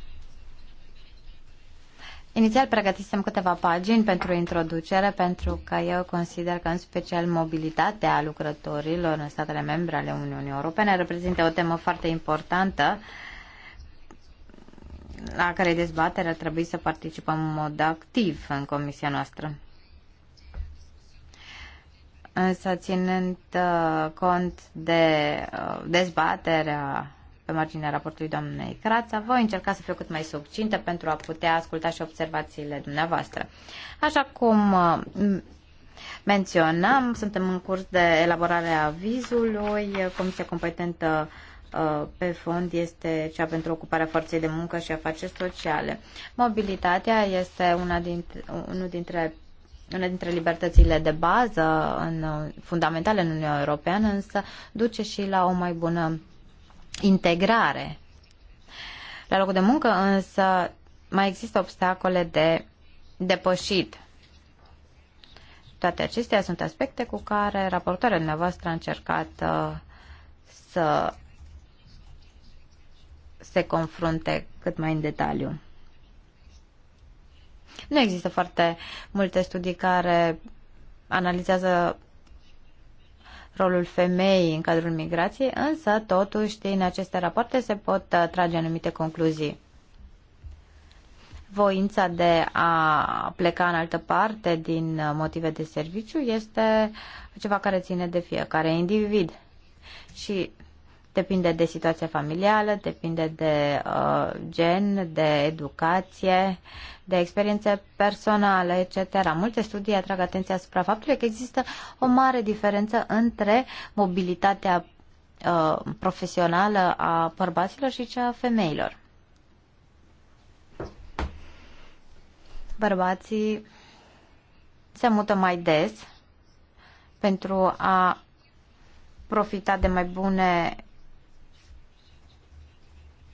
Inițial pregătisem câteva pagini pentru introducere, pentru că eu consider că, în special, mobilitatea lucrătorilor în statele membre ale Uniunii Europene reprezintă o temă foarte importantă la care dezbatere ar trebui să participăm în mod activ în comisia noastră. Însă, ținând uh, cont de uh, dezbaterea pe marginea raportului doamnei Crața. Voi încerca să fiu cât mai subcintă pentru a putea asculta și observațiile dumneavoastră. Așa cum uh, menționam, suntem în curs de elaborare a avizului. Comisia competentă uh, pe fond este cea pentru ocuparea forței de muncă și afaceri sociale. Mobilitatea este una dintre, unul dintre una dintre libertățile de bază în, fundamentale în Uniunea Europeană, însă duce și la o mai bună integrare. La locul de muncă însă mai există obstacole de depășit. Toate acestea sunt aspecte cu care raportoarea dumneavoastră a încercat uh, să se confrunte cât mai în detaliu. Nu există foarte multe studii care analizează rolul femeii în cadrul migrației, însă totuși din aceste rapoarte se pot uh, trage anumite concluzii. Voința de a pleca în altă parte din uh, motive de serviciu este ceva care ține de fiecare individ. Și Depinde de situația familială, depinde de uh, gen, de educație, de experiențe personale, etc. Multe studii atrag atenția asupra faptului că există o mare diferență între mobilitatea uh, profesională a bărbaților și cea a femeilor. Bărbații se mută mai des pentru a profita de mai bune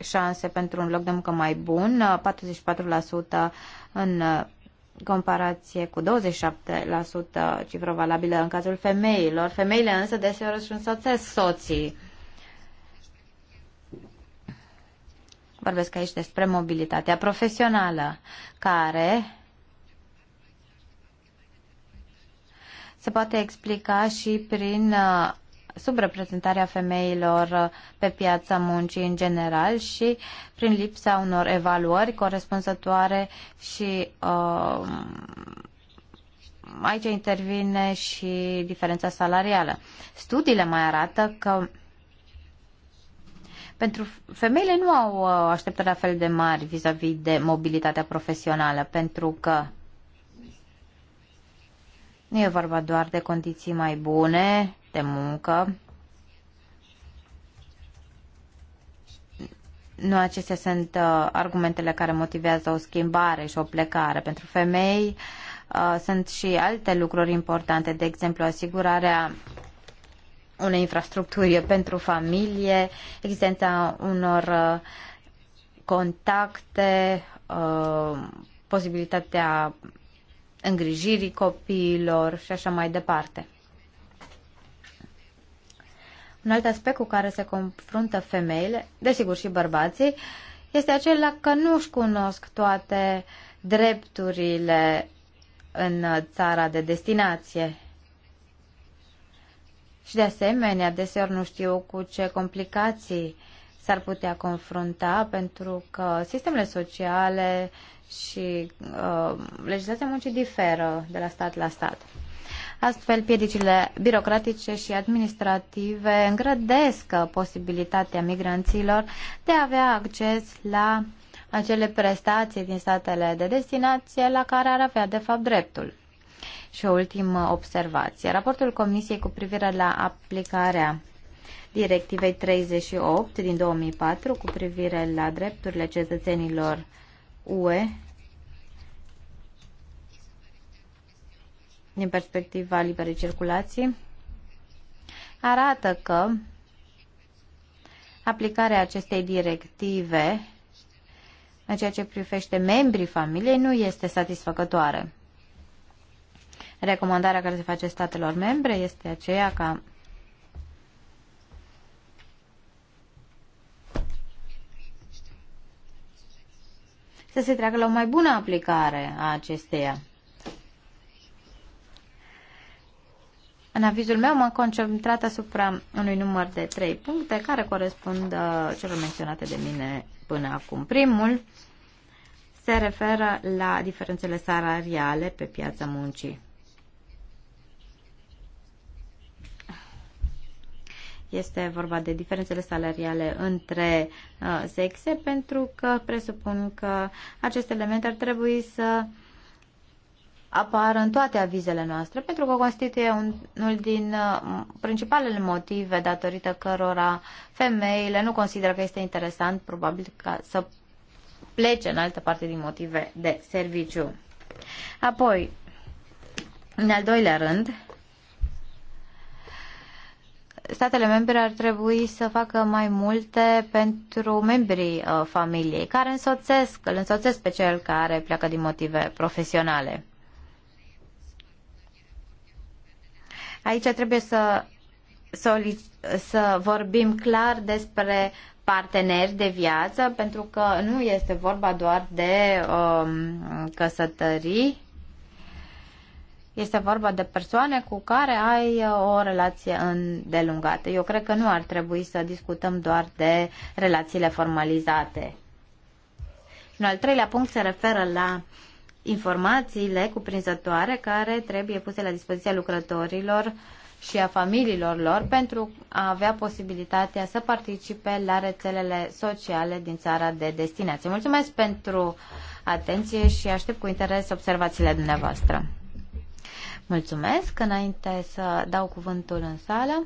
șanse pentru un loc de muncă mai bun, 44% uh, în uh, comparație cu 27% cifră valabilă în cazul femeilor. Femeile însă deseori își însoțesc soții. Vorbesc aici despre mobilitatea profesională, care se poate explica și prin uh, subreprezentarea femeilor pe piața muncii în general și prin lipsa unor evaluări corespunzătoare și uh, aici intervine și diferența salarială. Studiile mai arată că pentru femeile nu au uh, așteptări la fel de mari vis-a-vis -vis de mobilitatea profesională, pentru că nu e vorba doar de condiții mai bune de muncă. Nu acestea sunt uh, argumentele care motivează o schimbare și o plecare. Pentru femei uh, sunt și alte lucruri importante, de exemplu asigurarea unei infrastructuri pentru familie, existența unor uh, contacte, uh, posibilitatea îngrijirii copiilor și așa mai departe. Un alt aspect cu care se confruntă femeile, desigur și bărbații, este acela că nu își cunosc toate drepturile în țara de destinație. Și de asemenea, deseori nu știu cu ce complicații s-ar putea confrunta pentru că sistemele sociale și uh, legislația muncii diferă de la stat la stat. Astfel, piedicile birocratice și administrative îngrădesc posibilitatea migranților de a avea acces la acele prestații din statele de destinație la care ar avea de fapt dreptul. Și o ultimă observație. Raportul Comisiei cu privire la aplicarea Directivei 38 din 2004 cu privire la drepturile cetățenilor UE din perspectiva liberei circulații arată că aplicarea acestei directive în ceea ce privește membrii familiei nu este satisfăcătoare. Recomandarea care se face statelor membre este aceea ca să se treacă la o mai bună aplicare a acesteia. În avizul meu m-am concentrat asupra unui număr de trei puncte care corespund uh, celor menționate de mine până acum. Primul se referă la diferențele salariale pe piața muncii. Este vorba de diferențele salariale între uh, sexe pentru că presupun că acest element ar trebui să uh, apar în toate avizele noastre, pentru că constituie unul din uh, principalele motive datorită cărora femeile nu consideră că este interesant, probabil, ca să plece în altă parte din motive de serviciu. Apoi, în al doilea rând, statele membre ar trebui să facă mai multe pentru membrii uh, familiei care însoțesc, îl însoțesc pe cel care pleacă din motive profesionale. Aici trebuie să, să vorbim clar despre parteneri de viață, pentru că nu este vorba doar de um, căsătării, este vorba de persoane cu care ai uh, o relație îndelungată. Eu cred că nu ar trebui să discutăm doar de relațiile formalizate. Un al treilea punct se referă la informațiile cuprinzătoare care trebuie puse la dispoziția lucrătorilor și a familiilor lor pentru a avea posibilitatea să participe la rețelele sociale din țara de destinație. Mulțumesc pentru atenție și aștept cu interes observațiile dumneavoastră. Mulțumesc. Înainte să dau cuvântul în sală,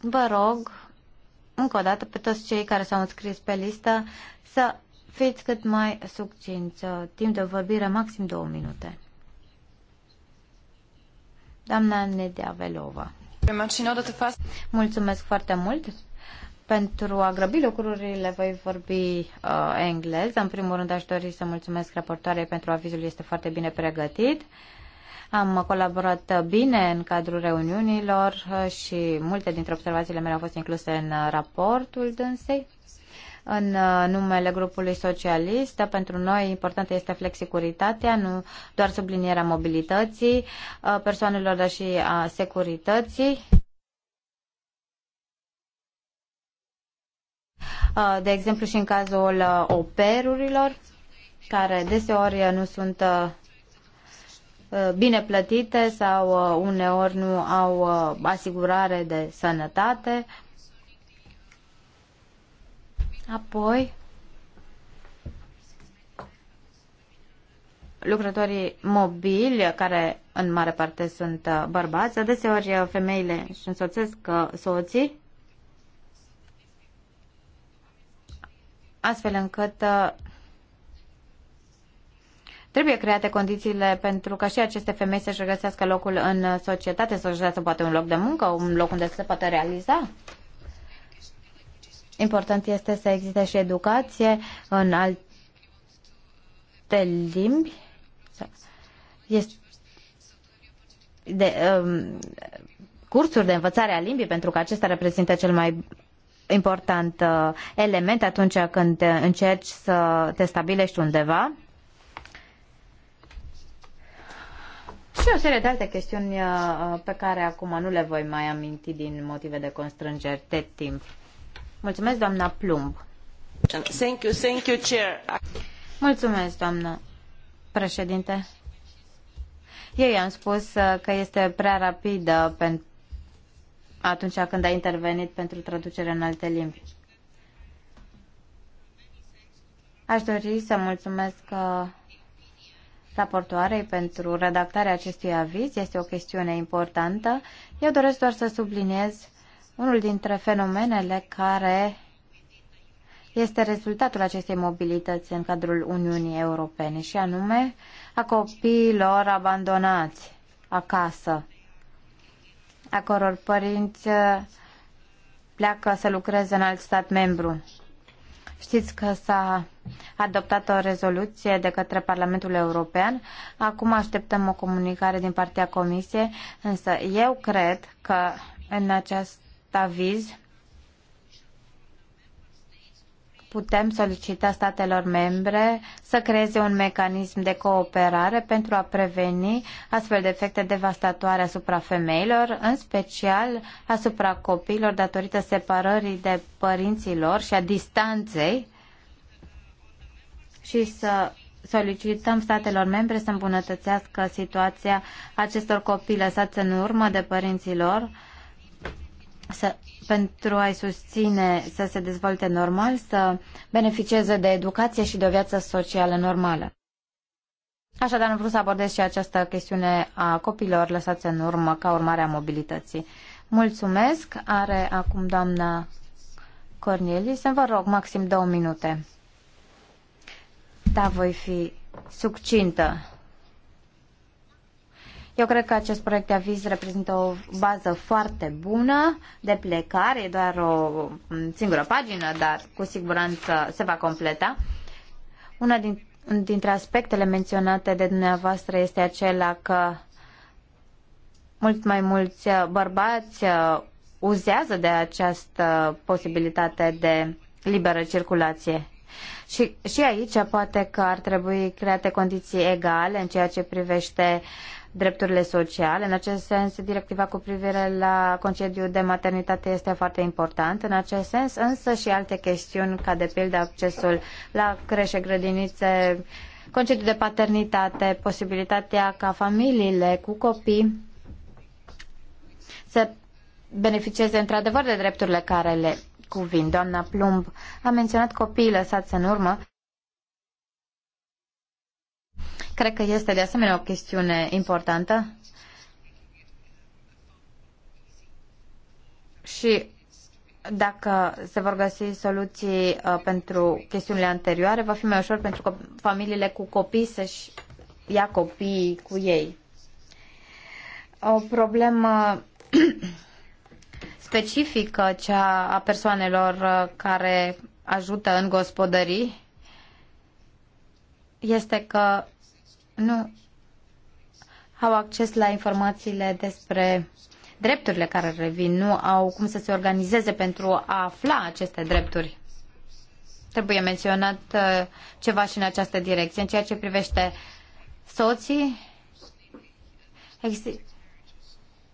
vă rog încă o dată, pe toți cei care s-au înscris pe listă să fiți cât mai succinți. Timp de vorbire maxim două minute. Doamna Nedea Velova. Mulțumesc foarte mult. Pentru a grăbi lucrurile, voi vorbi uh, engleză. În primul rând, aș dori să mulțumesc raportoarei pentru avizul, este foarte bine pregătit. Uh, am colaborat bine în cadrul reuniunilor și multe dintre observațiile mele au fost incluse în raportul dânsei. În numele grupului socialist, pentru noi importantă este flexicuritatea, nu doar sublinierea mobilității persoanelor, dar și a securității. de exemplu și în cazul operurilor, care deseori nu sunt Uh, bine plătite sau uh, uneori nu au uh, asigurare de sănătate. Apoi, lucrătorii mobili, care în mare parte sunt bărbați, adeseori femeile își însoțesc soții, astfel încât Trebuie create condițiile pentru ca și aceste femei să-și regăsească locul în societate, să-și găsească poate un loc de muncă, un loc unde se poate realiza. Important este să existe și educație în alte limbi. Este de, um, cursuri de învățare a limbii, pentru că acesta reprezintă cel mai important uh, element atunci când încerci să te stabilești undeva. și o serie de alte chestiuni uh, uh, pe care acum nu le voi mai aminti din motive de constrângeri de timp. Mulțumesc, doamna Plumb. Thank you, thank you, chair. Mulțumesc, doamnă președinte. Eu i-am spus uh, că este prea rapidă pentru atunci când a intervenit pentru traducere în alte limbi. Aș dori să mulțumesc raportoarei pentru redactarea acestui aviz. Este o chestiune importantă. Eu doresc doar să subliniez unul dintre fenomenele care este rezultatul acestei mobilități în cadrul Uniunii Europene și anume a copiilor abandonați acasă, a căror părinți uh, pleacă să lucreze în alt stat membru. Știți că s-a adoptat o rezoluție de către Parlamentul European. Acum așteptăm o comunicare din partea Comisiei, însă eu cred că în acest aviz putem solicita statelor membre să creeze un mecanism de cooperare pentru a preveni astfel de efecte devastatoare asupra femeilor, în special asupra copiilor datorită separării de părinților și a distanței și să solicităm statelor membre să îmbunătățească situația acestor copii lăsați în urmă de părinții lor să, pentru a-i susține să se dezvolte normal, să beneficieze de educație și de o viață socială normală. Așadar, am vrut să abordez și această chestiune a copiilor lăsați în urmă ca urmare a mobilității. Mulțumesc. Are acum doamna Cornelis. Vă rog, maxim două minute. Da, voi fi succintă. Eu cred că acest proiect de aviz reprezintă o bază foarte bună de plecare, e doar o mm, singură pagină, dar cu siguranță se va completa. Una din, dintre aspectele menționate de dumneavoastră este acela că mult mai mulți uh, bărbați uh, uzează de această posibilitate de liberă circulație. Și, și aici poate că ar trebui create condiții egale în ceea ce privește drepturile sociale. În acest sens, directiva cu privire la concediu de maternitate este foarte importantă. În acest sens, însă și alte chestiuni, ca de pildă accesul la creșe, grădinițe, concediu de paternitate, posibilitatea ca familiile cu copii să beneficieze într-adevăr de drepturile care le Cuvin, Doamna Plumb a menționat copiii lăsați în urmă. Cred că este de asemenea o chestiune importantă. Și dacă se vor găsi soluții uh, pentru chestiunile anterioare, va fi mai ușor pentru că familiile cu copii să-și ia copiii cu ei. O problemă specifică cea a persoanelor uh, care ajută în gospodării este că nu au acces la informațiile despre drepturile care revin, nu au cum să se organizeze pentru a afla aceste drepturi. Trebuie menționat uh, ceva și în această direcție. În ceea ce privește soții,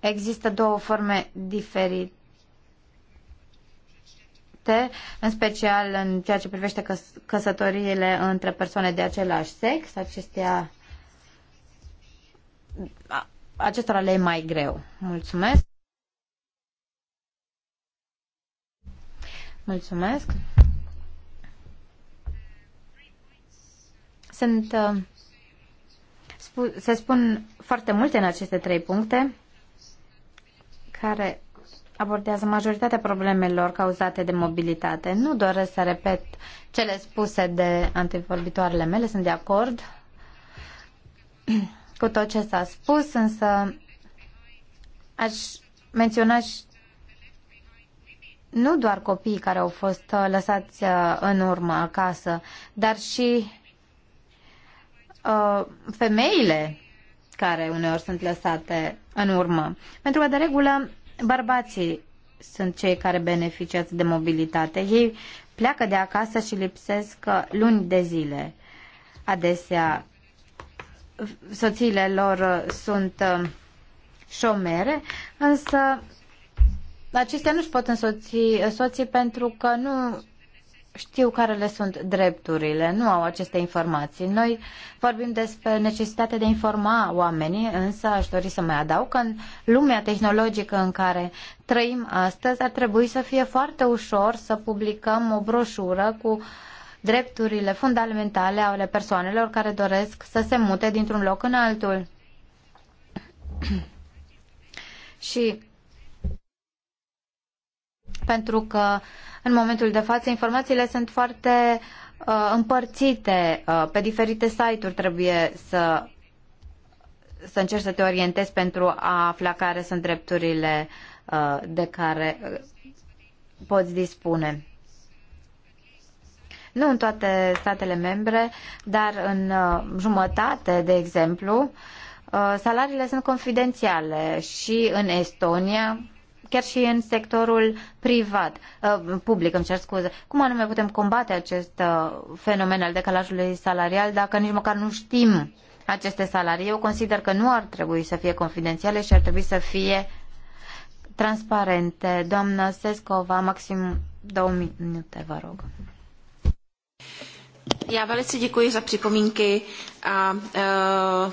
există două forme diferite departe, în special în ceea ce privește căs căsătoriile între persoane de același sex. Acestea, acestora le e mai greu. Mulțumesc! Mulțumesc! Sunt, uh, se spun foarte multe în aceste trei puncte care abordează majoritatea problemelor cauzate de mobilitate. Nu doresc să repet cele spuse de antevorbitoarele mele, sunt de acord cu tot ce s-a spus, însă aș menționa și nu doar copiii care au fost uh, lăsați uh, în urmă acasă, dar și uh, femeile care uneori sunt lăsate în urmă. Pentru că, de regulă, Bărbații sunt cei care beneficiază de mobilitate. Ei pleacă de acasă și lipsesc uh, luni de zile. Adesea soțiile lor uh, sunt uh, șomere, însă acestea nu-și pot însoți soții pentru că nu știu care le sunt drepturile, nu au aceste informații. Noi vorbim despre necesitatea de a informa oamenii, însă aș dori să mai adaug că în lumea tehnologică în care trăim astăzi ar trebui să fie foarte ușor să publicăm o broșură cu drepturile fundamentale ale persoanelor care doresc să se mute dintr-un loc în altul. Și pentru că în momentul de față informațiile sunt foarte uh, împărțite uh, pe diferite site-uri trebuie să să încerci să te orientezi pentru a afla care sunt drepturile uh, de care uh, poți dispune. Nu în toate statele membre, dar în uh, jumătate, de exemplu, uh, salariile sunt confidențiale și în Estonia chiar și în sectorul privat, uh, public, îmi cer scuze. Cum anume putem combate acest uh, fenomen al decalajului salarial dacă nici măcar nu știm aceste salarii? Eu consider că nu ar trebui să fie confidențiale și ar trebui să fie transparente. Doamna Sescova, maxim două minute, vă rog. Ja velice děkuji za připomínky a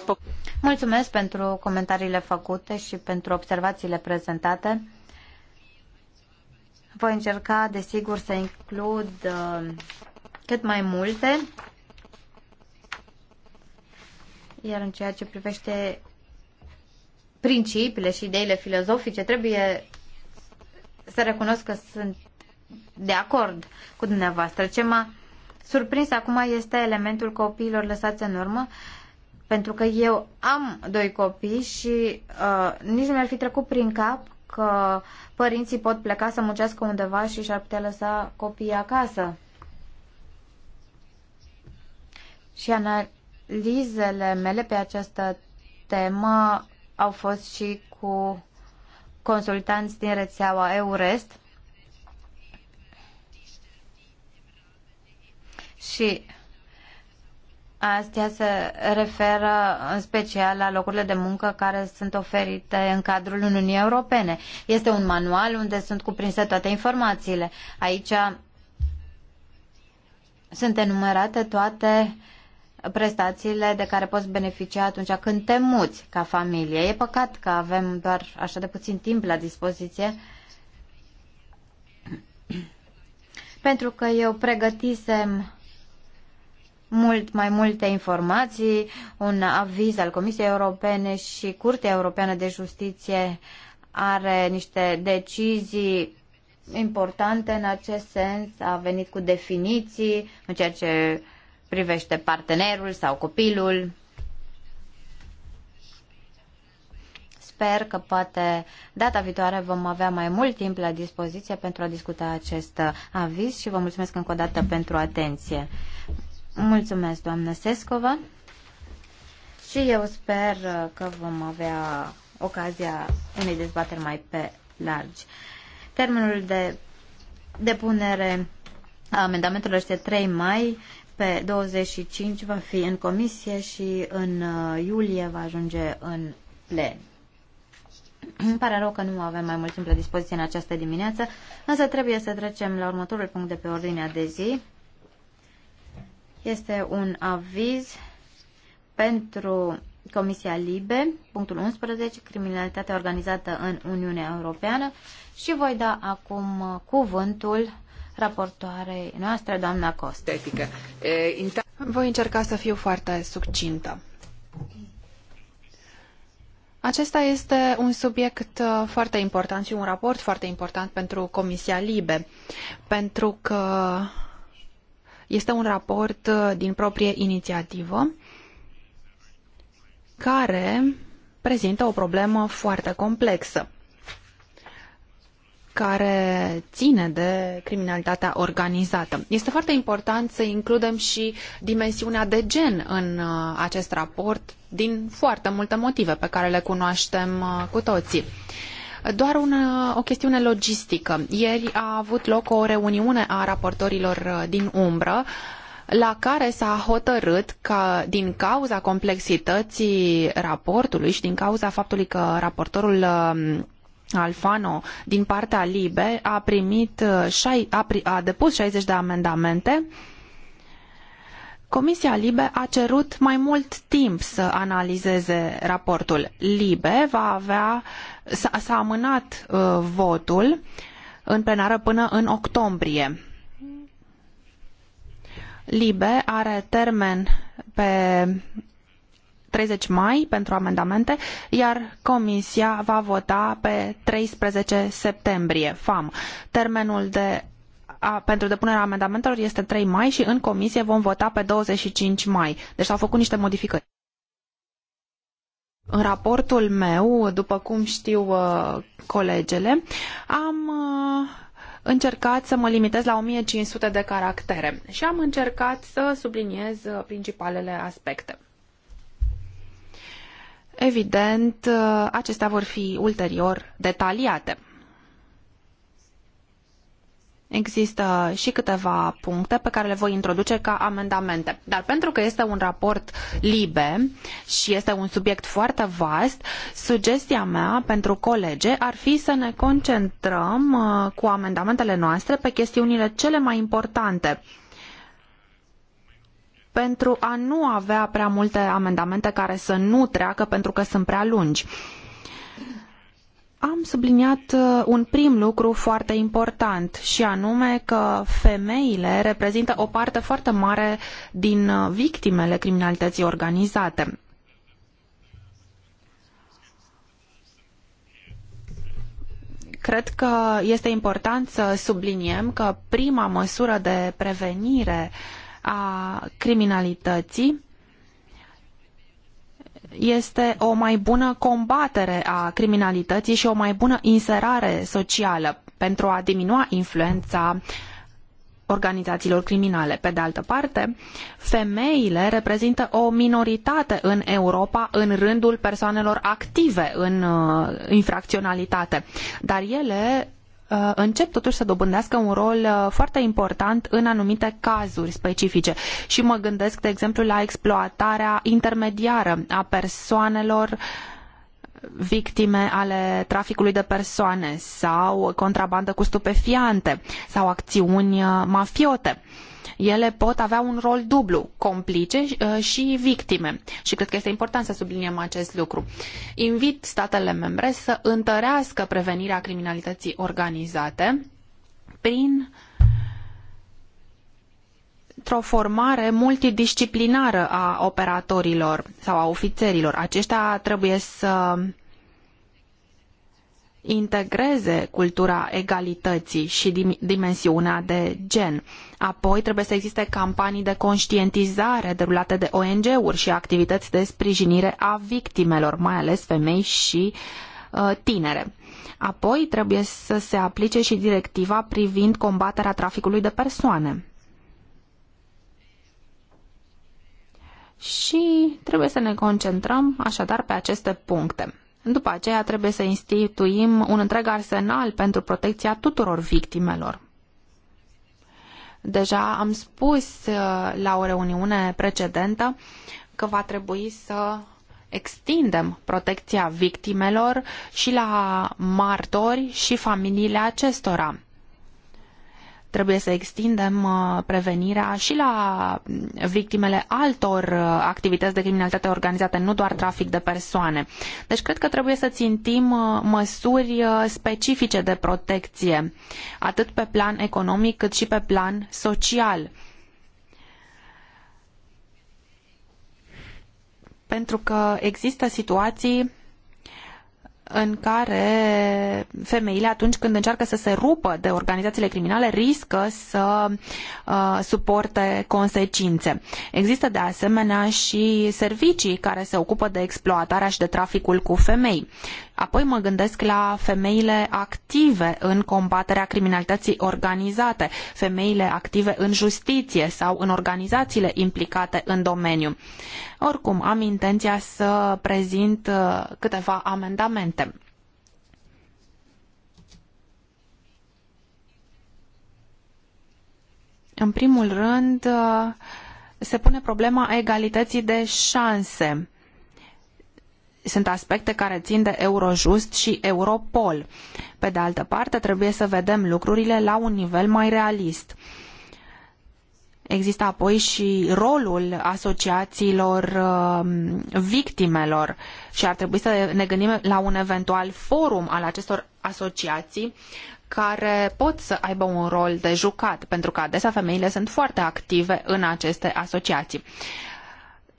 uh, Mulțumesc pentru comentariile făcute și pentru observațiile prezentate. Voi încerca, desigur, să includ uh, cât mai multe. Iar în ceea ce privește principiile și ideile filozofice, trebuie să recunosc că sunt de acord cu dumneavoastră. Ce m-a surprins acum este elementul copiilor lăsați în urmă, pentru că eu am doi copii și uh, nici nu mi-ar fi trecut prin cap că părinții pot pleca să muncească undeva și și-ar putea lăsa copiii acasă. Și analizele mele pe această temă au fost și cu consultanți din rețeaua Eurest. Și Astea se referă în special la locurile de muncă care sunt oferite în cadrul Uniunii Europene. Este un manual unde sunt cuprinse toate informațiile. Aici sunt enumerate toate prestațiile de care poți beneficia atunci când te muți ca familie. E păcat că avem doar așa de puțin timp la dispoziție pentru că eu pregătisem mult mai multe informații, un aviz al Comisiei Europene și Curtea Europeană de Justiție are niște decizii importante în acest sens, a venit cu definiții în ceea ce privește partenerul sau copilul. Sper că poate data viitoare vom avea mai mult timp la dispoziție pentru a discuta acest aviz și vă mulțumesc încă o dată pentru atenție. Mulțumesc, doamnă Sescova. Și eu sper că vom avea ocazia unei dezbateri mai pe largi. Termenul de depunere a amendamentelor este 3 mai, pe 25 va fi în comisie și în uh, iulie va ajunge în plen. Îmi pare rău că nu avem mai mult timp la dispoziție în această dimineață, însă trebuie să trecem la următorul punct de pe ordinea de zi. Este un aviz pentru Comisia Libe, punctul 11, criminalitatea organizată în Uniunea Europeană și voi da acum cuvântul raportoarei noastre, doamna Costa. Voi încerca să fiu foarte succintă. Acesta este un subiect uh, foarte important și un raport foarte important pentru Comisia Libe, pentru că este un raport uh, din proprie inițiativă care prezintă o problemă foarte complexă care ține de criminalitatea organizată. Este foarte important să includem și dimensiunea de gen în uh, acest raport din foarte multe motive pe care le cunoaștem uh, cu toții. Doar una, o chestiune logistică. Ieri a avut loc o reuniune a raportorilor uh, din umbră la care s-a hotărât că din cauza complexității raportului și din cauza faptului că raportorul um, Alfano din partea Libe a primit uh, a, a depus 60 de amendamente uh, Comisia Libe a cerut mai mult timp să analizeze raportul. Libe va avea, s-a, amânat uh, votul în plenară până în octombrie. Libe are termen pe 30 mai pentru amendamente, iar Comisia va vota pe 13 septembrie, FAM. Termenul de a, pentru depunerea amendamentelor este 3 mai și în comisie vom vota pe 25 mai. Deci s-au făcut niște modificări. În raportul meu, după cum știu uh, colegele, am uh, încercat să mă limitez la 1500 de caractere și am încercat să subliniez uh, principalele aspecte. Evident, uh, acestea vor fi ulterior detaliate. Există și câteva puncte pe care le voi introduce ca amendamente. Dar pentru că este un raport libe și este un subiect foarte vast, sugestia mea pentru colege ar fi să ne concentrăm uh, cu amendamentele noastre pe chestiunile cele mai importante pentru a nu avea prea multe amendamente care să nu treacă pentru că sunt prea lungi am subliniat uh, un prim lucru foarte important și anume că femeile reprezintă o parte foarte mare din uh, victimele criminalității organizate. Cred că este important să subliniem că prima măsură de prevenire a criminalității este o mai bună combatere a criminalității și o mai bună inserare socială pentru a diminua influența organizațiilor criminale. Pe de altă parte, femeile reprezintă o minoritate în Europa în rândul persoanelor active în uh, infracționalitate, dar ele Uh, încep totuși să dobândească un rol uh, foarte important în anumite cazuri specifice. Și mă gândesc, de exemplu, la exploatarea intermediară a persoanelor victime ale traficului de persoane sau contrabandă cu stupefiante sau acțiuni uh, mafiote. Uh, ele pot avea un rol dublu, complice uh, și victime. Și cred că este important să subliniem acest lucru. Invit statele membre să întărească prevenirea criminalității organizate prin o formare multidisciplinară a operatorilor sau a ofițerilor. Aceștia trebuie să integreze cultura egalității și dimensiunea de gen. Apoi trebuie să existe campanii de conștientizare derulate de ONG-uri și activități de sprijinire a victimelor, mai ales femei și uh, tinere. Apoi trebuie să se aplice și directiva privind combaterea traficului de persoane. Și trebuie să ne concentrăm așadar pe aceste puncte. După aceea trebuie să instituim un întreg arsenal pentru protecția tuturor victimelor. Deja am spus uh, la o reuniune precedentă că va trebui să extindem protecția victimelor și la martori și familiile acestora Trebuie să extindem uh, prevenirea și la mm, victimele altor uh, activități de criminalitate organizată, nu doar trafic de persoane. Deci cred că trebuie să țintim uh, măsuri specifice de protecție, atât pe plan economic cât și pe plan social. Pentru că există situații în care femeile, atunci când încearcă să se rupă de organizațiile criminale, riscă să uh, suporte consecințe. Există de asemenea și servicii care se ocupă de exploatarea și de traficul cu femei Apoi mă gândesc la femeile active în combaterea criminalității organizate, femeile active în justiție sau în organizațiile implicate în domeniu. Oricum, am intenția să prezint uh, câteva amendamente. În primul rând, uh, se pune problema egalității de șanse sunt aspecte care țin de Eurojust și Europol. Pe de altă parte, trebuie să vedem lucrurile la un nivel mai realist. Există apoi și rolul asociațiilor um, victimelor și ar trebui să ne gândim la un eventual forum al acestor asociații care pot să aibă un rol de jucat, pentru că adesea femeile sunt foarte active în aceste asociații.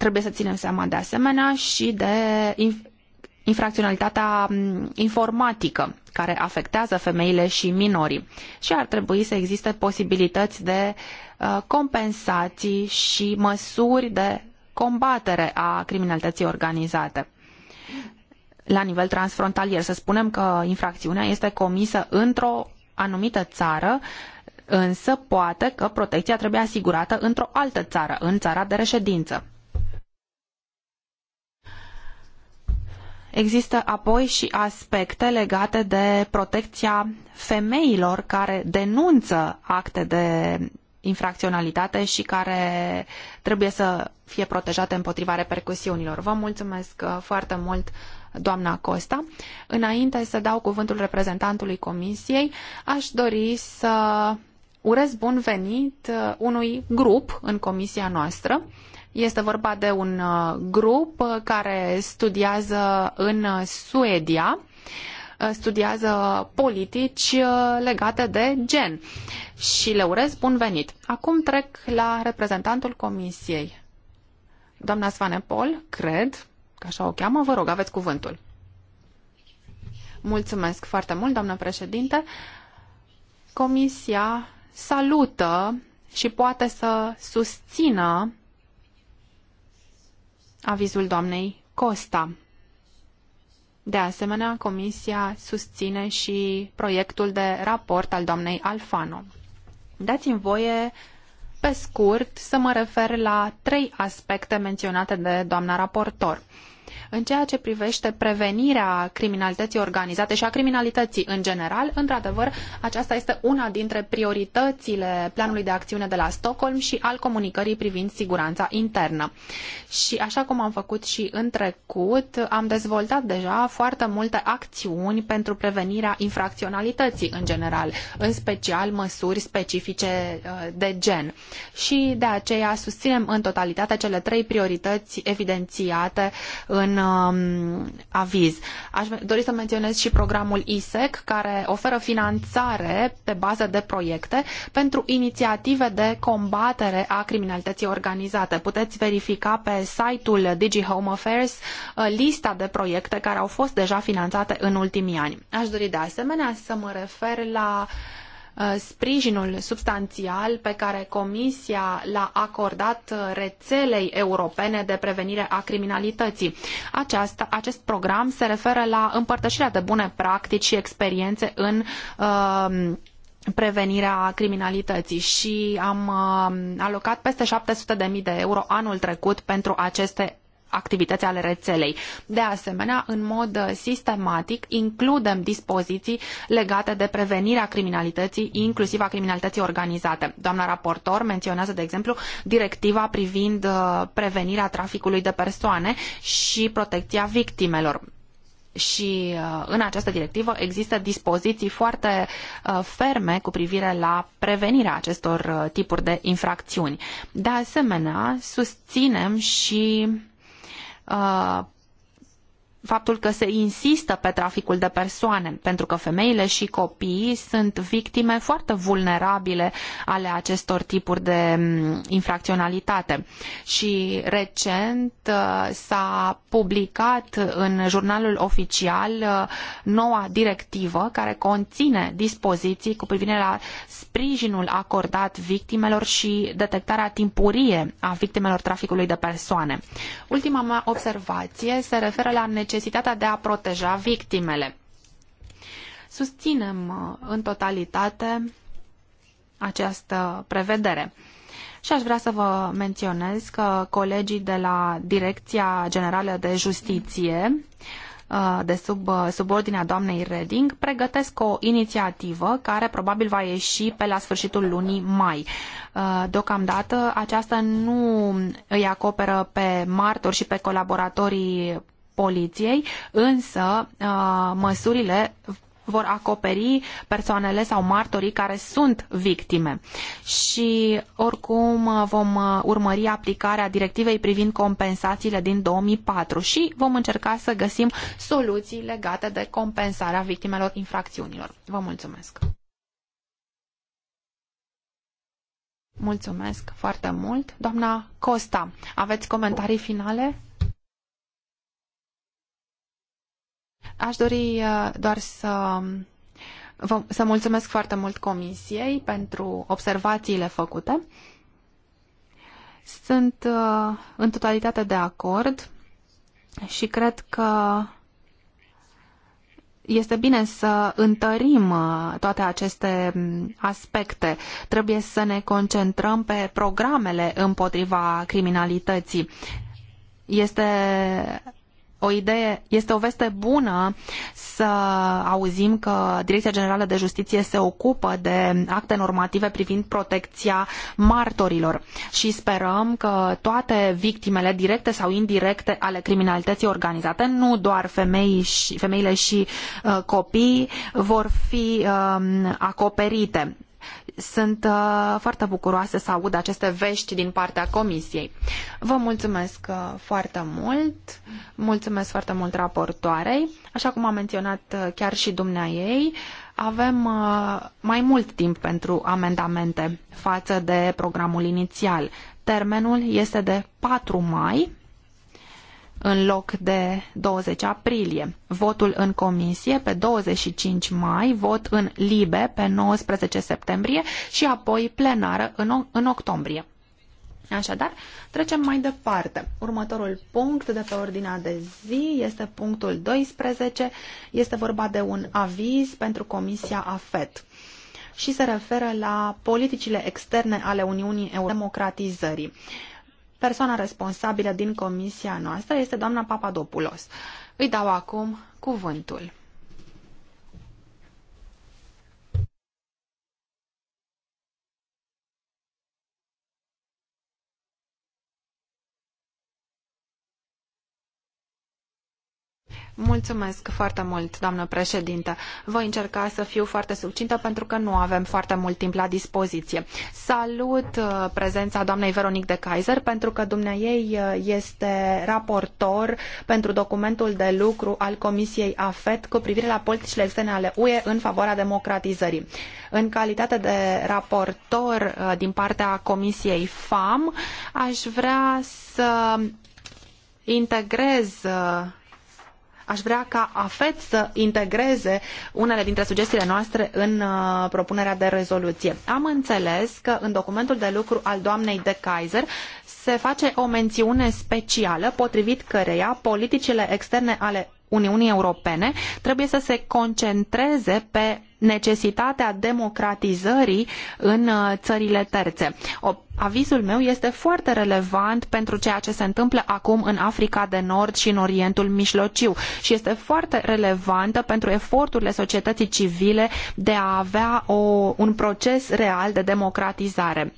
Trebuie să ținem seama de asemenea și de infracționalitatea informatică care afectează femeile și minorii și ar trebui să existe posibilități de uh, compensații și măsuri de combatere a criminalității organizate. La nivel transfrontalier, să spunem că infracțiunea este comisă într-o anumită țară, însă poate că protecția trebuie asigurată într-o altă țară, în țara de reședință. Există apoi și aspecte legate de protecția femeilor care denunță acte de infracționalitate și care trebuie să fie protejate împotriva repercusiunilor. Vă mulțumesc uh, foarte mult, doamna Costa. Înainte să dau cuvântul reprezentantului Comisiei, aș dori să urez bun venit uh, unui grup în comisia noastră, este vorba de un uh, grup uh, care studiază în uh, Suedia studiază politici legate de gen și le urez bun venit. Acum trec la reprezentantul comisiei. Doamna Svanepol, cred că așa o cheamă, vă rog, aveți cuvântul. Mulțumesc foarte mult, doamnă președinte. Comisia salută și poate să susțină avizul doamnei Costa. De asemenea, Comisia susține și proiectul de raport al doamnei Alfano. Dați-mi voie, pe scurt, să mă refer la trei aspecte menționate de doamna raportor. În ceea ce privește prevenirea criminalității organizate și a criminalității în general, într-adevăr, aceasta este una dintre prioritățile planului de acțiune de la Stockholm și al comunicării privind siguranța internă. Și așa cum am făcut și în trecut, am dezvoltat deja foarte multe acțiuni pentru prevenirea infracționalității în general, în special măsuri specifice uh, de gen. Și de aceea susținem în totalitate cele trei priorități evidențiate în Um, aviz. Aș dori să menționez și programul ISEC, care oferă finanțare pe bază de proiecte pentru inițiative de combatere a criminalității organizate. Puteți verifica pe site-ul Digi Home Affairs uh, lista de proiecte care au fost deja finanțate în ultimii ani. Aș dori de asemenea să mă refer la Uh, sprijinul substanțial pe care Comisia l-a acordat uh, rețelei europene de prevenire a criminalității. Aceasta, acest program se referă la împărtășirea de bune practici și experiențe în uh, prevenirea criminalității și am uh, alocat peste 700.000 de euro anul trecut pentru aceste activități ale rețelei. De asemenea, în mod sistematic, includem dispoziții legate de prevenirea criminalității, inclusiv a criminalității organizate. Doamna raportor menționează, de exemplu, directiva privind uh, prevenirea traficului de persoane și protecția victimelor și uh, în această directivă există dispoziții foarte uh, ferme cu privire la prevenirea acestor tipuri de infracțiuni. De asemenea, susținem și uh, faptul că se insistă pe traficul de persoane, pentru că femeile și copiii sunt victime foarte vulnerabile ale acestor tipuri de mm, infracționalitate. Și recent uh, s-a publicat în jurnalul oficial uh, noua directivă care conține dispoziții cu privire la sprijinul acordat victimelor și detectarea timpurie a victimelor traficului de persoane. Ultima mea observație se referă la necesitatea necesitatea de a proteja victimele. Susținem uh, în totalitate această prevedere. Și aș vrea să vă menționez că colegii de la Direcția Generală de Justiție uh, de sub uh, subordinea doamnei Reding, pregătesc o inițiativă care probabil va ieși pe la sfârșitul lunii mai. Deocamdată aceasta nu îi acoperă pe martori și pe colaboratorii poliției, însă uh, măsurile vor acoperi persoanele sau martorii care sunt victime. Și oricum vom uh, urmări aplicarea directivei privind compensațiile din 2004 și vom încerca să găsim soluții legate de compensarea victimelor infracțiunilor. Vă mulțumesc! Mulțumesc foarte mult. Doamna Costa, aveți comentarii finale? Aș dori uh, doar să um, vă, să mulțumesc foarte mult Comisiei pentru observațiile făcute. Sunt uh, în totalitate de acord și cred că este bine să întărim uh, toate aceste um, aspecte. Trebuie să ne concentrăm pe programele împotriva criminalității. Este o idee, este o veste bună să auzim că Direcția Generală de Justiție se ocupă de acte normative privind protecția martorilor și sperăm că toate victimele directe sau indirecte ale criminalității organizate, nu doar femei și, femeile și uh, copii, vor fi uh, acoperite sunt uh, foarte bucuroasă să aud aceste vești din partea Comisiei. Vă mulțumesc uh, foarte mult, mulțumesc foarte mult raportoarei. Așa cum a menționat uh, chiar și dumnea ei, avem mai mult timp pentru amendamente față de programul inițial. Termenul este de 4 mai în loc de 20 aprilie. Votul în comisie pe 25 mai, vot în libe pe 19 septembrie și apoi plenară în, în octombrie. Așadar, trecem mai departe. Următorul punct de pe ordinea de zi este punctul 12. Este vorba de un aviz pentru Comisia AFET și se referă la politicile externe ale Uniunii Europene democratizării persoana responsabilă din comisia noastră este doamna Papadopoulos. Îi dau acum cuvântul. Mulțumesc foarte mult, doamnă președinte. Voi încerca să fiu foarte succintă pentru că nu avem foarte mult timp la dispoziție. Salut uh, prezența doamnei Veronique de Kaiser pentru că dumneaei uh, este raportor pentru documentul de lucru al Comisiei AFET cu privire la politicile externe ale UE în favoarea democratizării. În calitate de raportor uh, din partea Comisiei FAM, aș vrea să integrez Aș vrea ca AFET să integreze unele dintre sugestiile noastre în uh, propunerea de rezoluție. Am înțeles că în documentul de lucru al doamnei de Kaiser se face o mențiune specială potrivit căreia politicile externe ale Uniunii Europene trebuie să se concentreze pe necesitatea democratizării în uh, țările terțe. O avizul meu este foarte relevant pentru ceea ce se întâmplă acum în Africa de Nord și în Orientul Mijlociu și este foarte relevantă pentru eforturile societății civile de a avea o, un proces real de democratizare.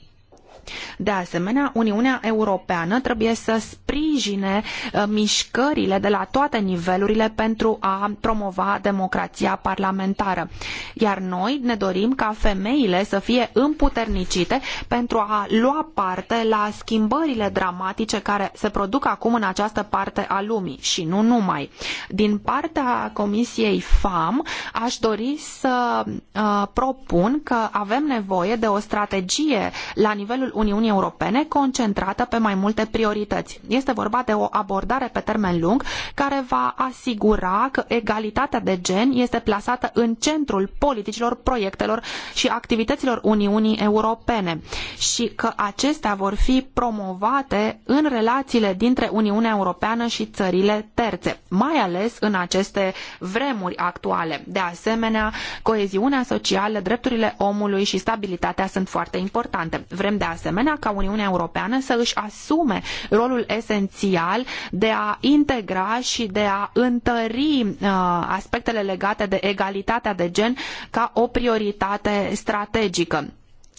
De asemenea, Uniunea Europeană trebuie să sprijine uh, mișcările de la toate nivelurile pentru a promova democrația parlamentară. Iar noi ne dorim ca femeile să fie împuternicite pentru a lua parte la schimbările dramatice care se produc acum în această parte a lumii și nu numai. Din partea Comisiei FAM aș dori să uh, propun că avem nevoie de o strategie la nivelul Uniunii Europene concentrată pe mai multe priorități. Este vorba de o abordare pe termen lung care va asigura că egalitatea de gen este plasată în centrul politicilor, proiectelor și activităților Uniunii Europene și că acestea vor fi promovate în relațiile dintre Uniunea Europeană și țările terțe, mai ales în aceste vremuri actuale. De asemenea, coeziunea socială, drepturile omului și stabilitatea sunt foarte importante. Vrem de asemenea asemenea ca Uniunea Europeană să își asume rolul esențial de a integra și de a întări uh, aspectele legate de egalitatea de gen ca o prioritate strategică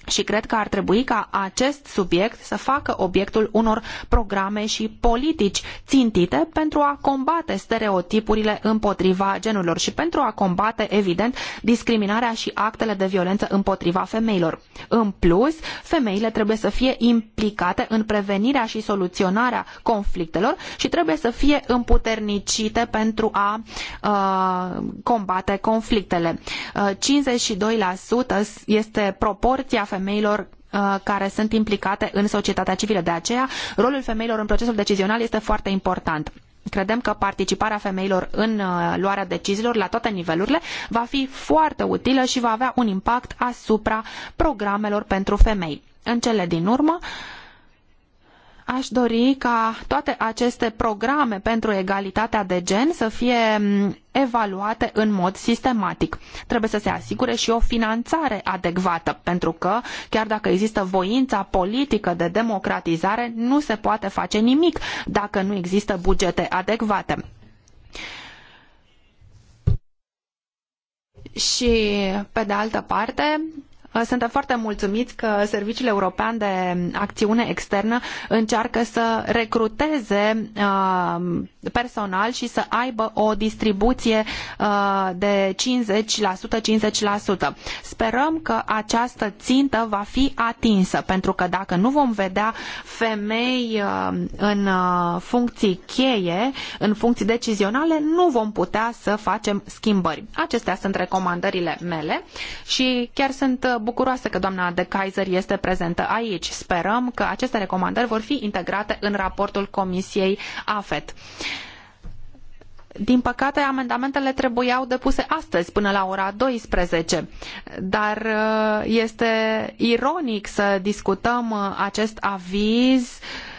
și cred că ar trebui ca acest subiect să facă obiectul unor programe și politici țintite pentru a combate stereotipurile împotriva genurilor și pentru a combate, evident, discriminarea și actele de violență împotriva femeilor. În plus, femeile trebuie să fie implicate în prevenirea și soluționarea conflictelor și trebuie să fie împuternicite pentru a uh, combate conflictele. Uh, 52% este proporția femeilor femeilor uh, care sunt implicate în societatea civilă. De aceea, rolul femeilor în procesul decizional este foarte important. Credem că participarea femeilor în uh, luarea deciziilor la toate nivelurile va fi foarte utilă și va avea un impact asupra programelor pentru femei. În cele din urmă, Aș dori ca toate aceste programe pentru egalitatea de gen să fie evaluate în mod sistematic. Trebuie să se asigure și o finanțare adecvată, pentru că, chiar dacă există voința politică de democratizare, nu se poate face nimic dacă nu există bugete adecvate. Și, pe de altă parte, suntem foarte mulțumiți că Serviciul European de Acțiune Externă încearcă să recruteze uh, personal și să aibă o distribuție uh, de 50%-50%. Sperăm că această țintă va fi atinsă, pentru că dacă nu vom vedea femei uh, în funcții cheie, în funcții decizionale, nu vom putea să facem schimbări. Acestea sunt recomandările mele și chiar sunt bucuroasă că doamna de Kaiser este prezentă aici. Sperăm că aceste recomandări vor fi integrate în raportul Comisiei AFET. Din păcate, amendamentele trebuiau depuse astăzi până la ora 12, dar uh, este ironic să discutăm uh, acest aviz uh,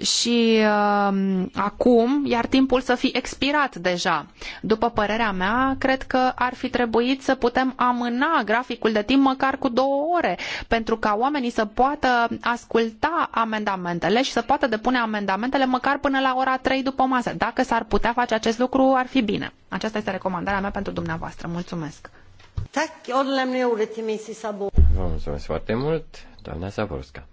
și uh, acum, iar timpul să fi expirat deja. După părerea mea, cred că ar fi trebuit să putem amâna graficul de timp măcar cu două ore, pentru ca oamenii să poată asculta amendamentele și să poată depune amendamentele măcar până la ora trei după masă. Dacă s-ar putea face acest lucru, ar fi bine. Aceasta este recomandarea mea pentru dumneavoastră. Mulțumesc! Vă mulțumesc foarte mult, doamna Zaborska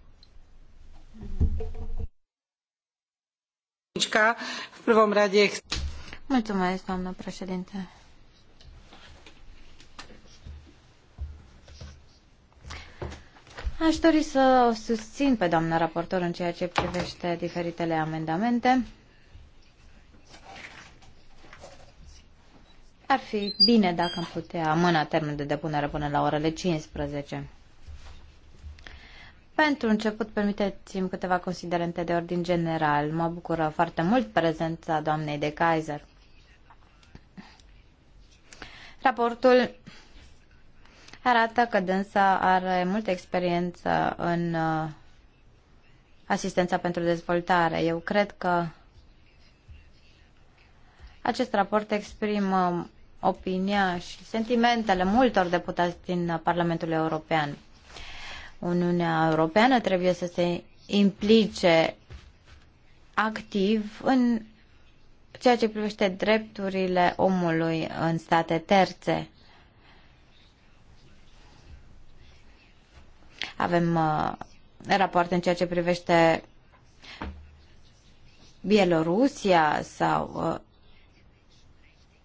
a președinte. Aș dori să o susțin pe doamna raportor în ceea ce privește diferitele amendamente. Ar fi bine dacă am putea amâna termenul de depunere până la orele cincisprezece pentru început, permiteți-mi câteva considerente de ordin general. Mă bucură foarte mult prezența doamnei de Kaiser. Raportul arată că dânsa are multă experiență în uh, asistența pentru dezvoltare. Eu cred că acest raport exprimă opinia și sentimentele multor deputați din Parlamentul European. Uniunea Europeană trebuie să se implice activ în ceea ce privește drepturile omului în state terțe. Avem uh, rapoarte în ceea ce privește Bielorusia sau uh,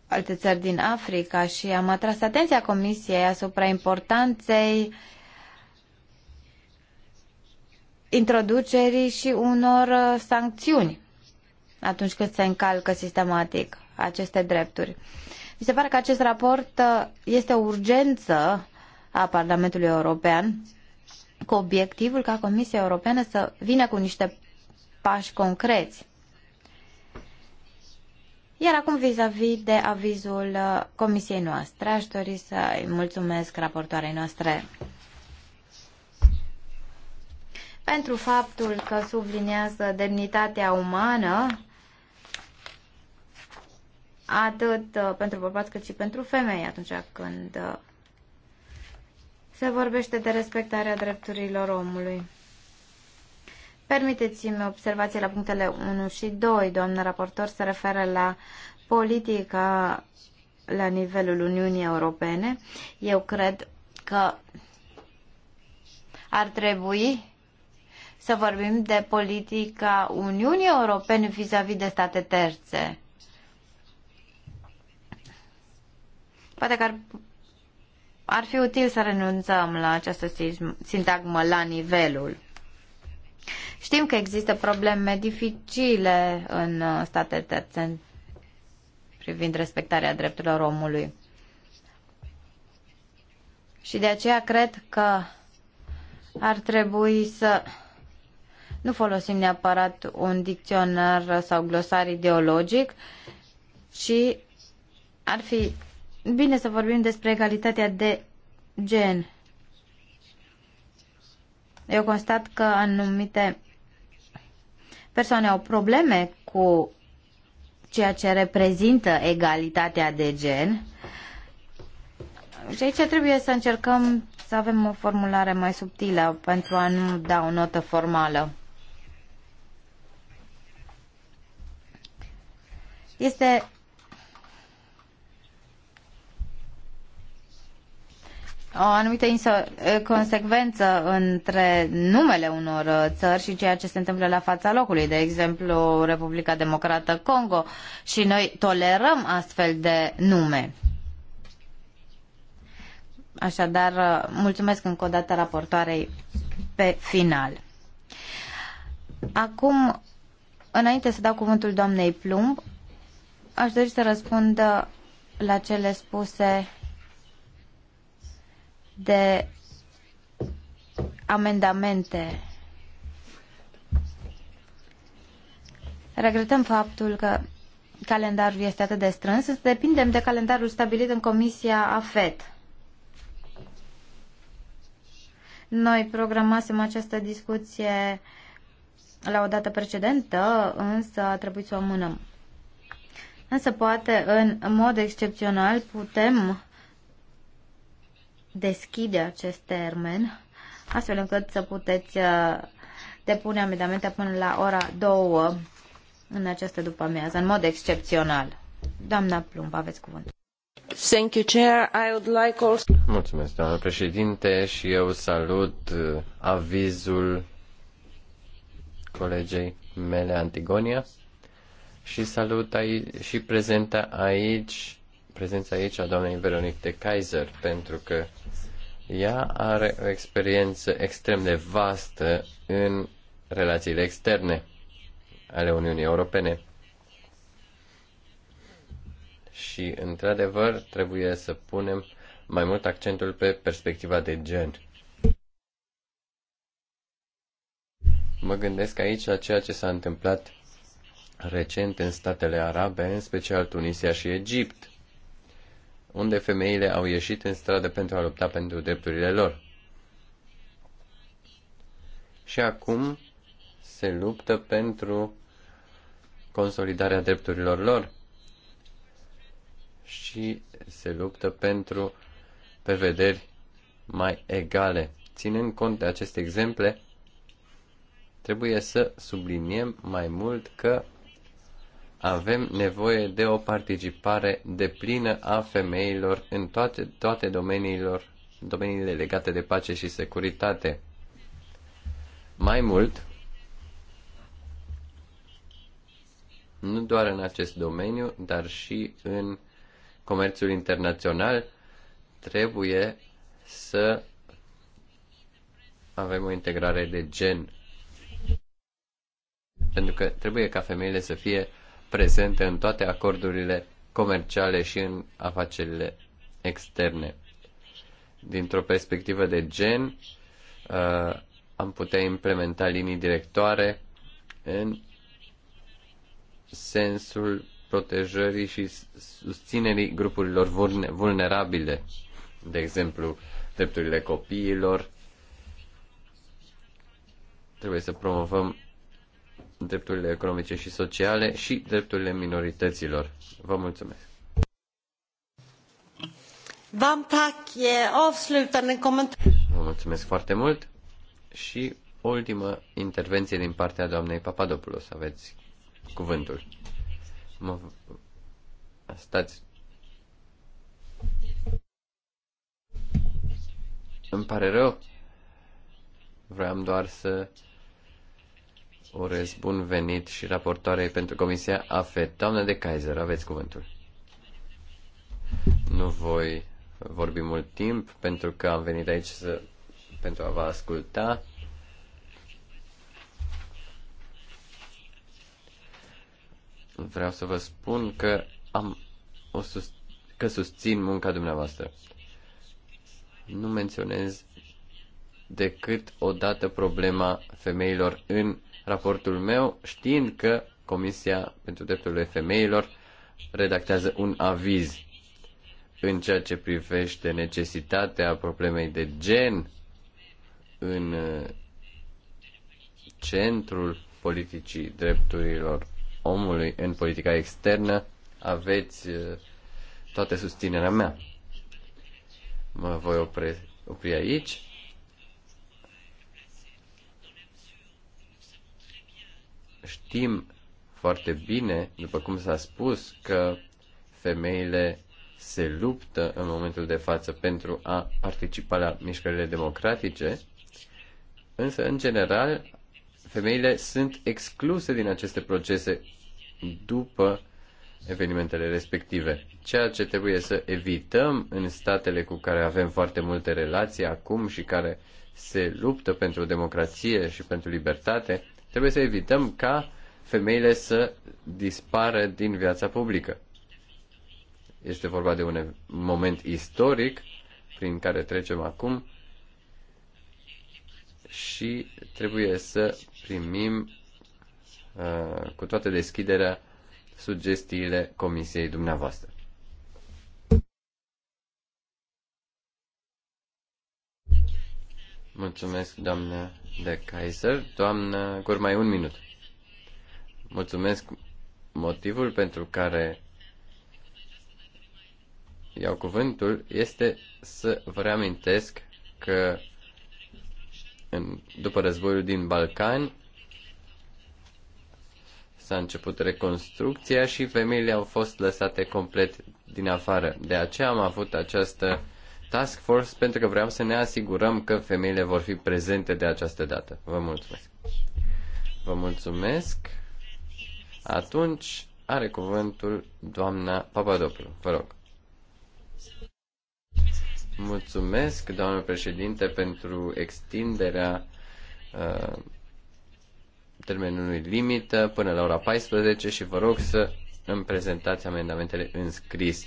alte țări din Africa și am atras atenția Comisiei asupra importanței uh, introducerii și unor uh, sancțiuni atunci când se încalcă sistematic aceste drepturi. Mi se pare că acest raport uh, este o urgență a Parlamentului European cu obiectivul ca Comisia Europeană să vină cu niște pași concreți. Iar acum, vis-a-vis -vis de avizul uh, comisiei noastre, aș dori să îi mulțumesc raportoarei noastre pentru faptul că subliniază demnitatea umană atât uh, pentru bărbați cât și pentru femei atunci când uh, se vorbește de respectarea drepturilor omului. Permiteți-mi observație la punctele 1 și 2. Doamna raportor se referă la politica la nivelul Uniunii Europene. Eu cred că ar trebui să vorbim de politica Uniunii Europene vis-a-vis -vis de state terțe. Poate că ar, ar fi util să renunțăm la această sintagmă la nivelul. Știm că există probleme dificile în uh, state terțe privind respectarea drepturilor omului. Și de aceea cred că ar trebui să nu folosim neapărat un dicționar sau glosar ideologic, și ar fi bine să vorbim despre egalitatea de gen. Eu constat că anumite persoane au probleme cu ceea ce reprezintă egalitatea de gen. Și aici trebuie să încercăm să avem o formulare mai subtilă pentru a nu da o notă formală. Este o anumită consecvență între numele unor uh, țări și ceea ce se întâmplă la fața locului. De exemplu, Republica Democrată Congo și noi tolerăm astfel de nume. Așadar, uh, mulțumesc încă o dată raportoarei pe final. Acum, înainte să dau cuvântul doamnei Plumb, Aș dori să răspund la cele spuse de amendamente. Regretăm faptul că calendarul este atât de strâns, să depindem de calendarul stabilit în Comisia AFET. Noi programasem această discuție la o dată precedentă, însă a trebuit să o amânăm. Însă poate în mod excepțional putem deschide acest termen astfel încât să puteți uh, depune amendamente până la ora 2 în această după-amiază, în mod excepțional. Doamna Plumb, aveți cuvânt. Thank you, Chair. I would like also... Mulțumesc, doamnă președinte, și eu salut uh, avizul colegei mele, Antigonia și salut aici, și prezenta aici, prezența aici a doamnei Veronique de Kaiser, pentru că ea are o experiență extrem de vastă în relațiile externe ale Uniunii Europene. Și, într-adevăr, trebuie să punem mai mult accentul pe perspectiva de gen. Mă gândesc aici la ceea ce s-a întâmplat recent în statele arabe, în special Tunisia și Egipt, unde femeile au ieșit în stradă pentru a lupta pentru drepturile lor. Și acum se luptă pentru consolidarea drepturilor lor și se luptă pentru prevederi mai egale. Ținând cont de aceste exemple, trebuie să subliniem mai mult că avem nevoie de o participare deplină a femeilor în toate, toate domeniilor, domeniile legate de pace și securitate. Mai mult, nu doar în acest domeniu, dar și în comerțul internațional, trebuie să avem o integrare de gen. Pentru că trebuie ca femeile să fie prezente în toate acordurile comerciale și în afacerile externe. Dintr-o perspectivă de gen, uh, am putea implementa linii directoare în sensul protejării și susținerii grupurilor vulnerabile, de exemplu, drepturile copiilor. Trebuie să promovăm drepturile economice și sociale și drepturile minorităților. Vă mulțumesc. Eh, Vă mulțumesc foarte mult și o ultimă intervenție din partea doamnei Papadopoulos. Aveți cuvântul. Mă... Stați. Îmi pare rău. Vreau doar să Orez bun venit și raportoare pentru Comisia AFET. Doamne de Kaiser, aveți cuvântul. Nu voi vorbi mult timp pentru că am venit aici să, pentru a vă asculta. Vreau să vă spun că am o sus, că susțin munca dumneavoastră. Nu menționez decât o dată problema femeilor în raportul meu, știind că Comisia pentru Drepturile Femeilor redactează un aviz în ceea ce privește necesitatea problemei de gen în uh, centrul politicii drepturilor omului în politica externă, aveți uh, toată susținerea mea. Mă voi opre, opri aici Știm foarte bine, după cum s-a spus, că femeile se luptă în momentul de față pentru a participa la mișcările democratice, însă, în general, femeile sunt excluse din aceste procese după evenimentele respective. Ceea ce trebuie să evităm în statele cu care avem foarte multe relații acum și care se luptă pentru democrație și pentru libertate Trebuie să evităm ca femeile să dispară din viața publică. Este vorba de un moment istoric prin care trecem acum și trebuie să primim uh, cu toată deschiderea sugestiile comisiei dumneavoastră. Mulțumesc, doamnă de Kaiser. Doamnă Gurmai, un minut. Mulțumesc. Motivul pentru care iau cuvântul este să vă reamintesc că în, după războiul din Balcani s-a început reconstrucția și femeile au fost lăsate complet din afară. De aceea am avut această task force pentru că vreau să ne asigurăm că femeile vor fi prezente de această dată. Vă mulțumesc. Vă mulțumesc. Atunci are cuvântul doamna Papadopoulou. Vă rog. Mulțumesc, doamnă președinte, pentru extinderea uh, termenului limită până la ora 14 și vă rog să îmi prezentați amendamentele înscris.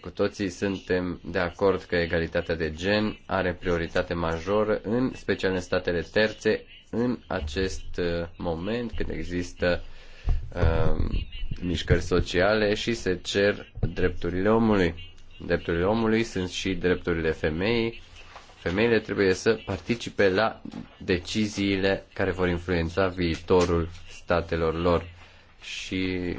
Cu toții suntem de acord că egalitatea de gen are prioritate majoră, în special în statele terțe, în acest uh, moment când există uh, mișcări sociale și se cer drepturile omului. Drepturile omului sunt și drepturile femeii. Femeile trebuie să participe la deciziile care vor influența viitorul statelor lor. Și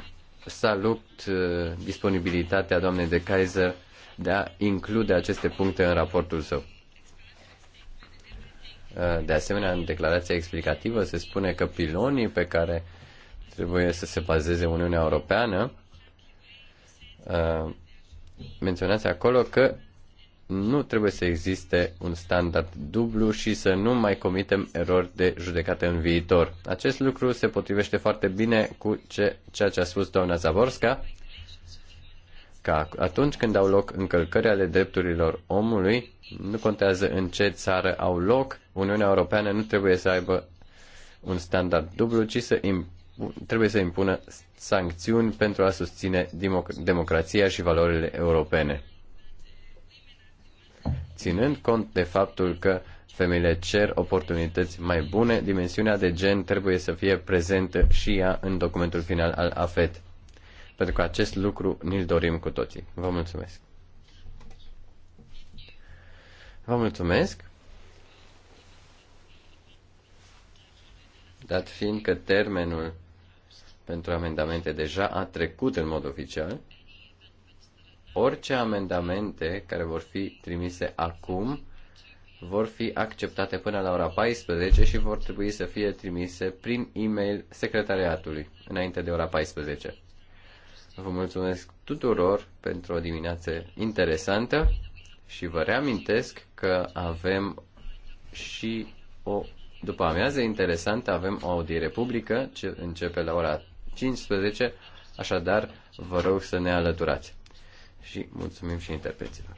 salut uh, disponibilitatea doamnei de Kaiser de a include aceste puncte în raportul său. Uh, de asemenea, în declarația explicativă se spune că pilonii pe care trebuie să se bazeze Uniunea Europeană uh, menționați acolo că nu trebuie să existe un standard dublu și să nu mai comitem erori de judecată în viitor. Acest lucru se potrivește foarte bine cu ce, ceea ce a spus doamna Zaborska, că atunci când au loc încălcări ale drepturilor omului, nu contează în ce țară au loc, Uniunea Europeană nu trebuie să aibă un standard dublu, ci să trebuie să impună sancțiuni pentru a susține democrația și valorile europene ținând cont de faptul că femeile cer oportunități mai bune, dimensiunea de gen trebuie să fie prezentă și ea în documentul final al AFET. Pentru că acest lucru ni-l dorim cu toții. Vă mulțumesc! Vă mulțumesc! Dat fiind că termenul pentru amendamente deja a trecut în mod oficial, orice amendamente care vor fi trimise acum vor fi acceptate până la ora 14 și vor trebui să fie trimise prin e-mail secretariatului înainte de ora 14. Vă mulțumesc tuturor pentru o dimineață interesantă și vă reamintesc că avem și o după amiază interesantă, avem o audiere publică ce începe la ora 15, așadar vă rog să ne alăturați și mulțumim și interpreților.